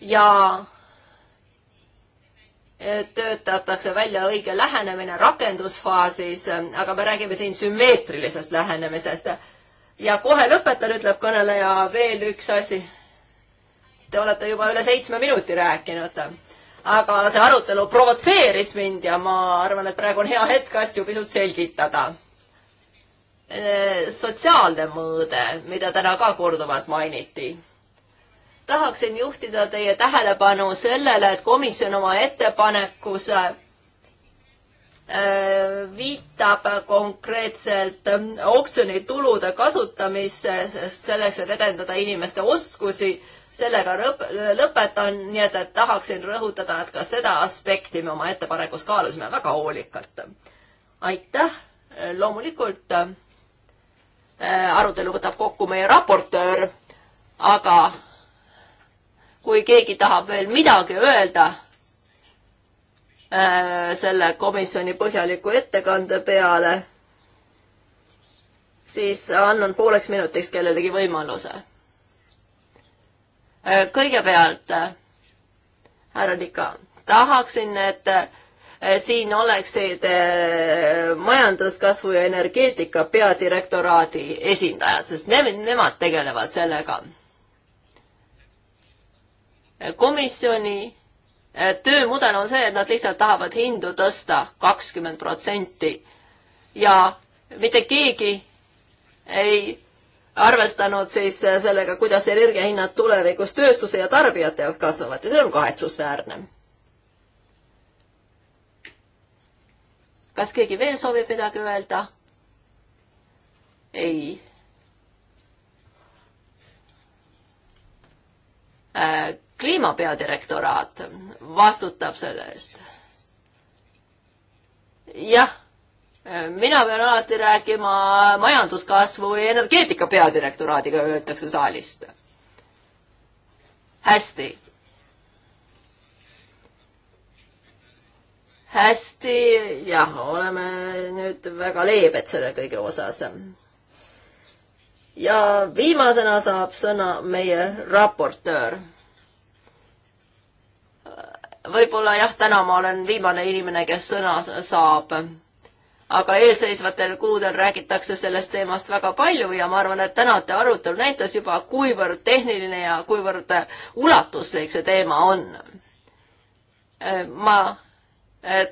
ja töötatakse välja õige lähenemine rakendusfaasis, aga me räägime siin sümmeetrilisest lähenemisest. ja kohe lõpetan, ütleb kõneleja, veel üks asi. Te olete juba üle seitsme minuti rääkinud, aga see arutelu provotseeris mind ja ma arvan, et praegu on hea hetk asju pisut selgitada. sotsiaalne mõõde, mida täna ka korduvalt mainiti tahaksin juhtida teie tähelepanu sellele, et komisjon oma ettepanekus äh, viitab konkreetselt äh, oksjoni tulude kasutamisse, sest selleks, et edendada inimeste oskusi, sellega lõp lõpetan, nii et, et tahaksin rõhutada, et ka seda aspekti me oma ettepanekus kaalusime väga hoolikalt. aitäh, loomulikult äh, arutelu võtab kokku meie raportöör, aga kui keegi tahab veel midagi öelda äh, selle komisjoni põhjaliku ettekande peale, siis annan pooleks minutiks kellelegi võimaluse. Äh, kõigepealt, äh, härra Nika, tahaksin, et siin oleksid majanduskasvu ja energeetika peadirektoraadi esindajad, sest ne-, nemad tegelevad sellega komisjoni eh, töömudel on see, et nad lihtsalt tahavad hindu tõsta kakskümmend protsenti ja mitte keegi ei arvestanud siis eh, sellega, kuidas energiahinnad tulevikus tööstuse ja tarbijate jaoks kasvavad ja see on kahetsusväärne. kas keegi veel soovib midagi öelda? ei äh kliimapeadirektoraat vastutab selle eest. jah, mina pean alati rääkima majanduskasvu või energeetika peadirektoraadiga, öeldakse saalist. hästi. hästi, jah, oleme nüüd väga leebed selle kõige osas ja viimasena saab sõna meie raportöör võib-olla jah, täna ma olen viimane inimene, kes sõna saab. aga eelseisvatel kuudel räägitakse sellest teemast väga palju ja ma arvan, et tänate arutelu näitas juba, kuivõrd tehniline ja kuivõrd ulatuslik see teema on. ma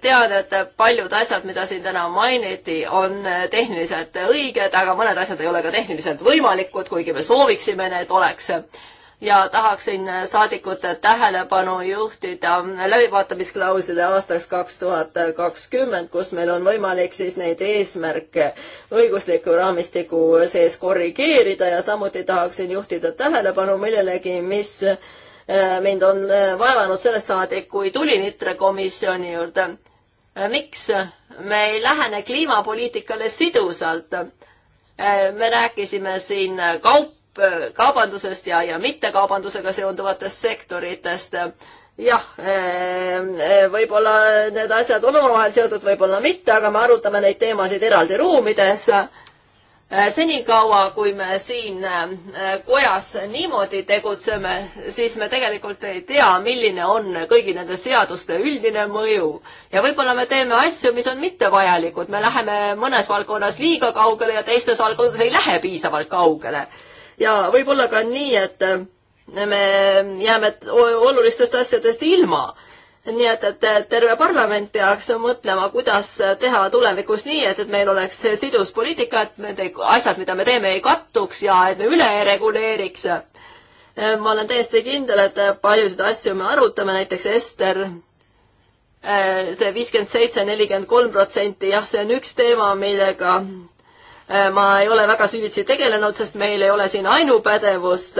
tean, et paljud asjad, mida siin täna mainiti, on tehniliselt õiged, aga mõned asjad ei ole ka tehniliselt võimalikud, kuigi me sooviksime need oleks ja tahaksin saadikute tähelepanu juhtida läbivaatamisklausile aastaks kaks tuhat kakskümmend, kus meil on võimalik siis neid eesmärke õigusliku raamistiku sees korrigeerida ja samuti tahaksin juhtida tähelepanu millelegi, mis äh, mind on äh, vaevanud sellest saadik, kui tulin ITRE komisjoni juurde. Äh, miks me ei lähene kliimapoliitikale sidusalt? me rääkisime siin kaup-, kaubandusest ja, ja mittekaubandusega seonduvatest sektoritest. jah, eh, eh, võib-olla need asjad on omavahel seotud, võib-olla mitte, aga me arutame neid teemasid eraldi ruumides eh, senikaua, kui me siin kojas niimoodi tegutseme, siis me tegelikult ei tea, milline on kõigi nende seaduste üldine mõju. ja võib-olla me teeme asju, mis on mittevajalikud, me läheme mõnes valdkonnas liiga kaugele ja teistes valdkondades ei lähe piisavalt kaugele ja võib-olla ka nii, et äh, me jääme olulistest asjadest ilma. nii et, et terve parlament peaks mõtlema, kuidas teha tulevikus nii, et, et meil oleks sidus poliitika, et need asjad, mida me teeme, ei kattuks ja et me üle ei reguleeriks. Äh, ma olen täiesti kindel, et paljusid asju me arutame, näiteks Ester äh, see viiskümmend seitse, nelikümmend kolm protsenti, jah, see on üks teema, millega Äh, ma ei ole väga süvitsi tegelenud, sest meil ei ole siin ainupädevust.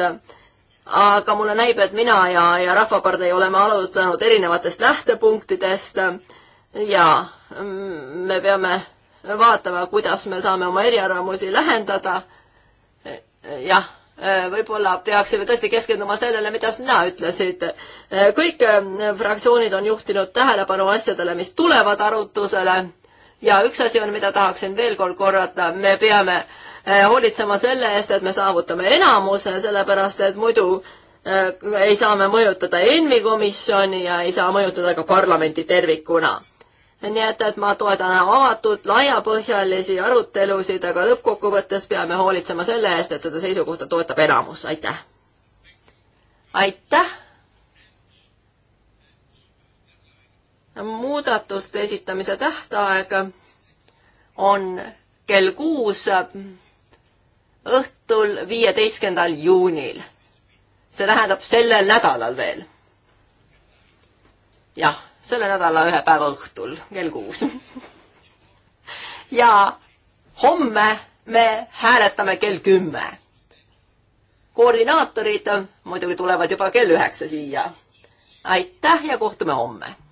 aga mulle näib, et mina ja, ja Rahvapartei oleme alustanud erinevatest lähtepunktidest ja mm, me peame vaatama, kuidas me saame oma eriarvamusi lähendada. jah äh, võib-olla peaksime tõesti keskenduma sellele, mida sina ütlesid. Äh, kõik fraktsioonid on juhtinud tähelepanu asjadele, mis tulevad arutusele ja üks asi on, mida tahaksin veel kord korrata, me peame eh, hoolitsema selle eest, et me saavutame enamuse, sellepärast et muidu eh, ei saa me mõjutada ENMi komisjoni ja ei saa mõjutada ka parlamenti tervikuna. nii et, et ma toetan avatud laiapõhjalisi arutelusid, aga lõppkokkuvõttes peame hoolitsema selle eest, et seda seisukohta toetab enamus, aitäh. aitäh muudatuste esitamise tähtaeg on kell kuus õhtul viieteistkümnendal juunil. see tähendab sellel nädalal veel. jah, selle nädala ühe päeva õhtul kell kuus ja homme me hääletame kell kümme. koordinaatorid muidugi tulevad juba kell üheksa siia. aitäh ja kohtume homme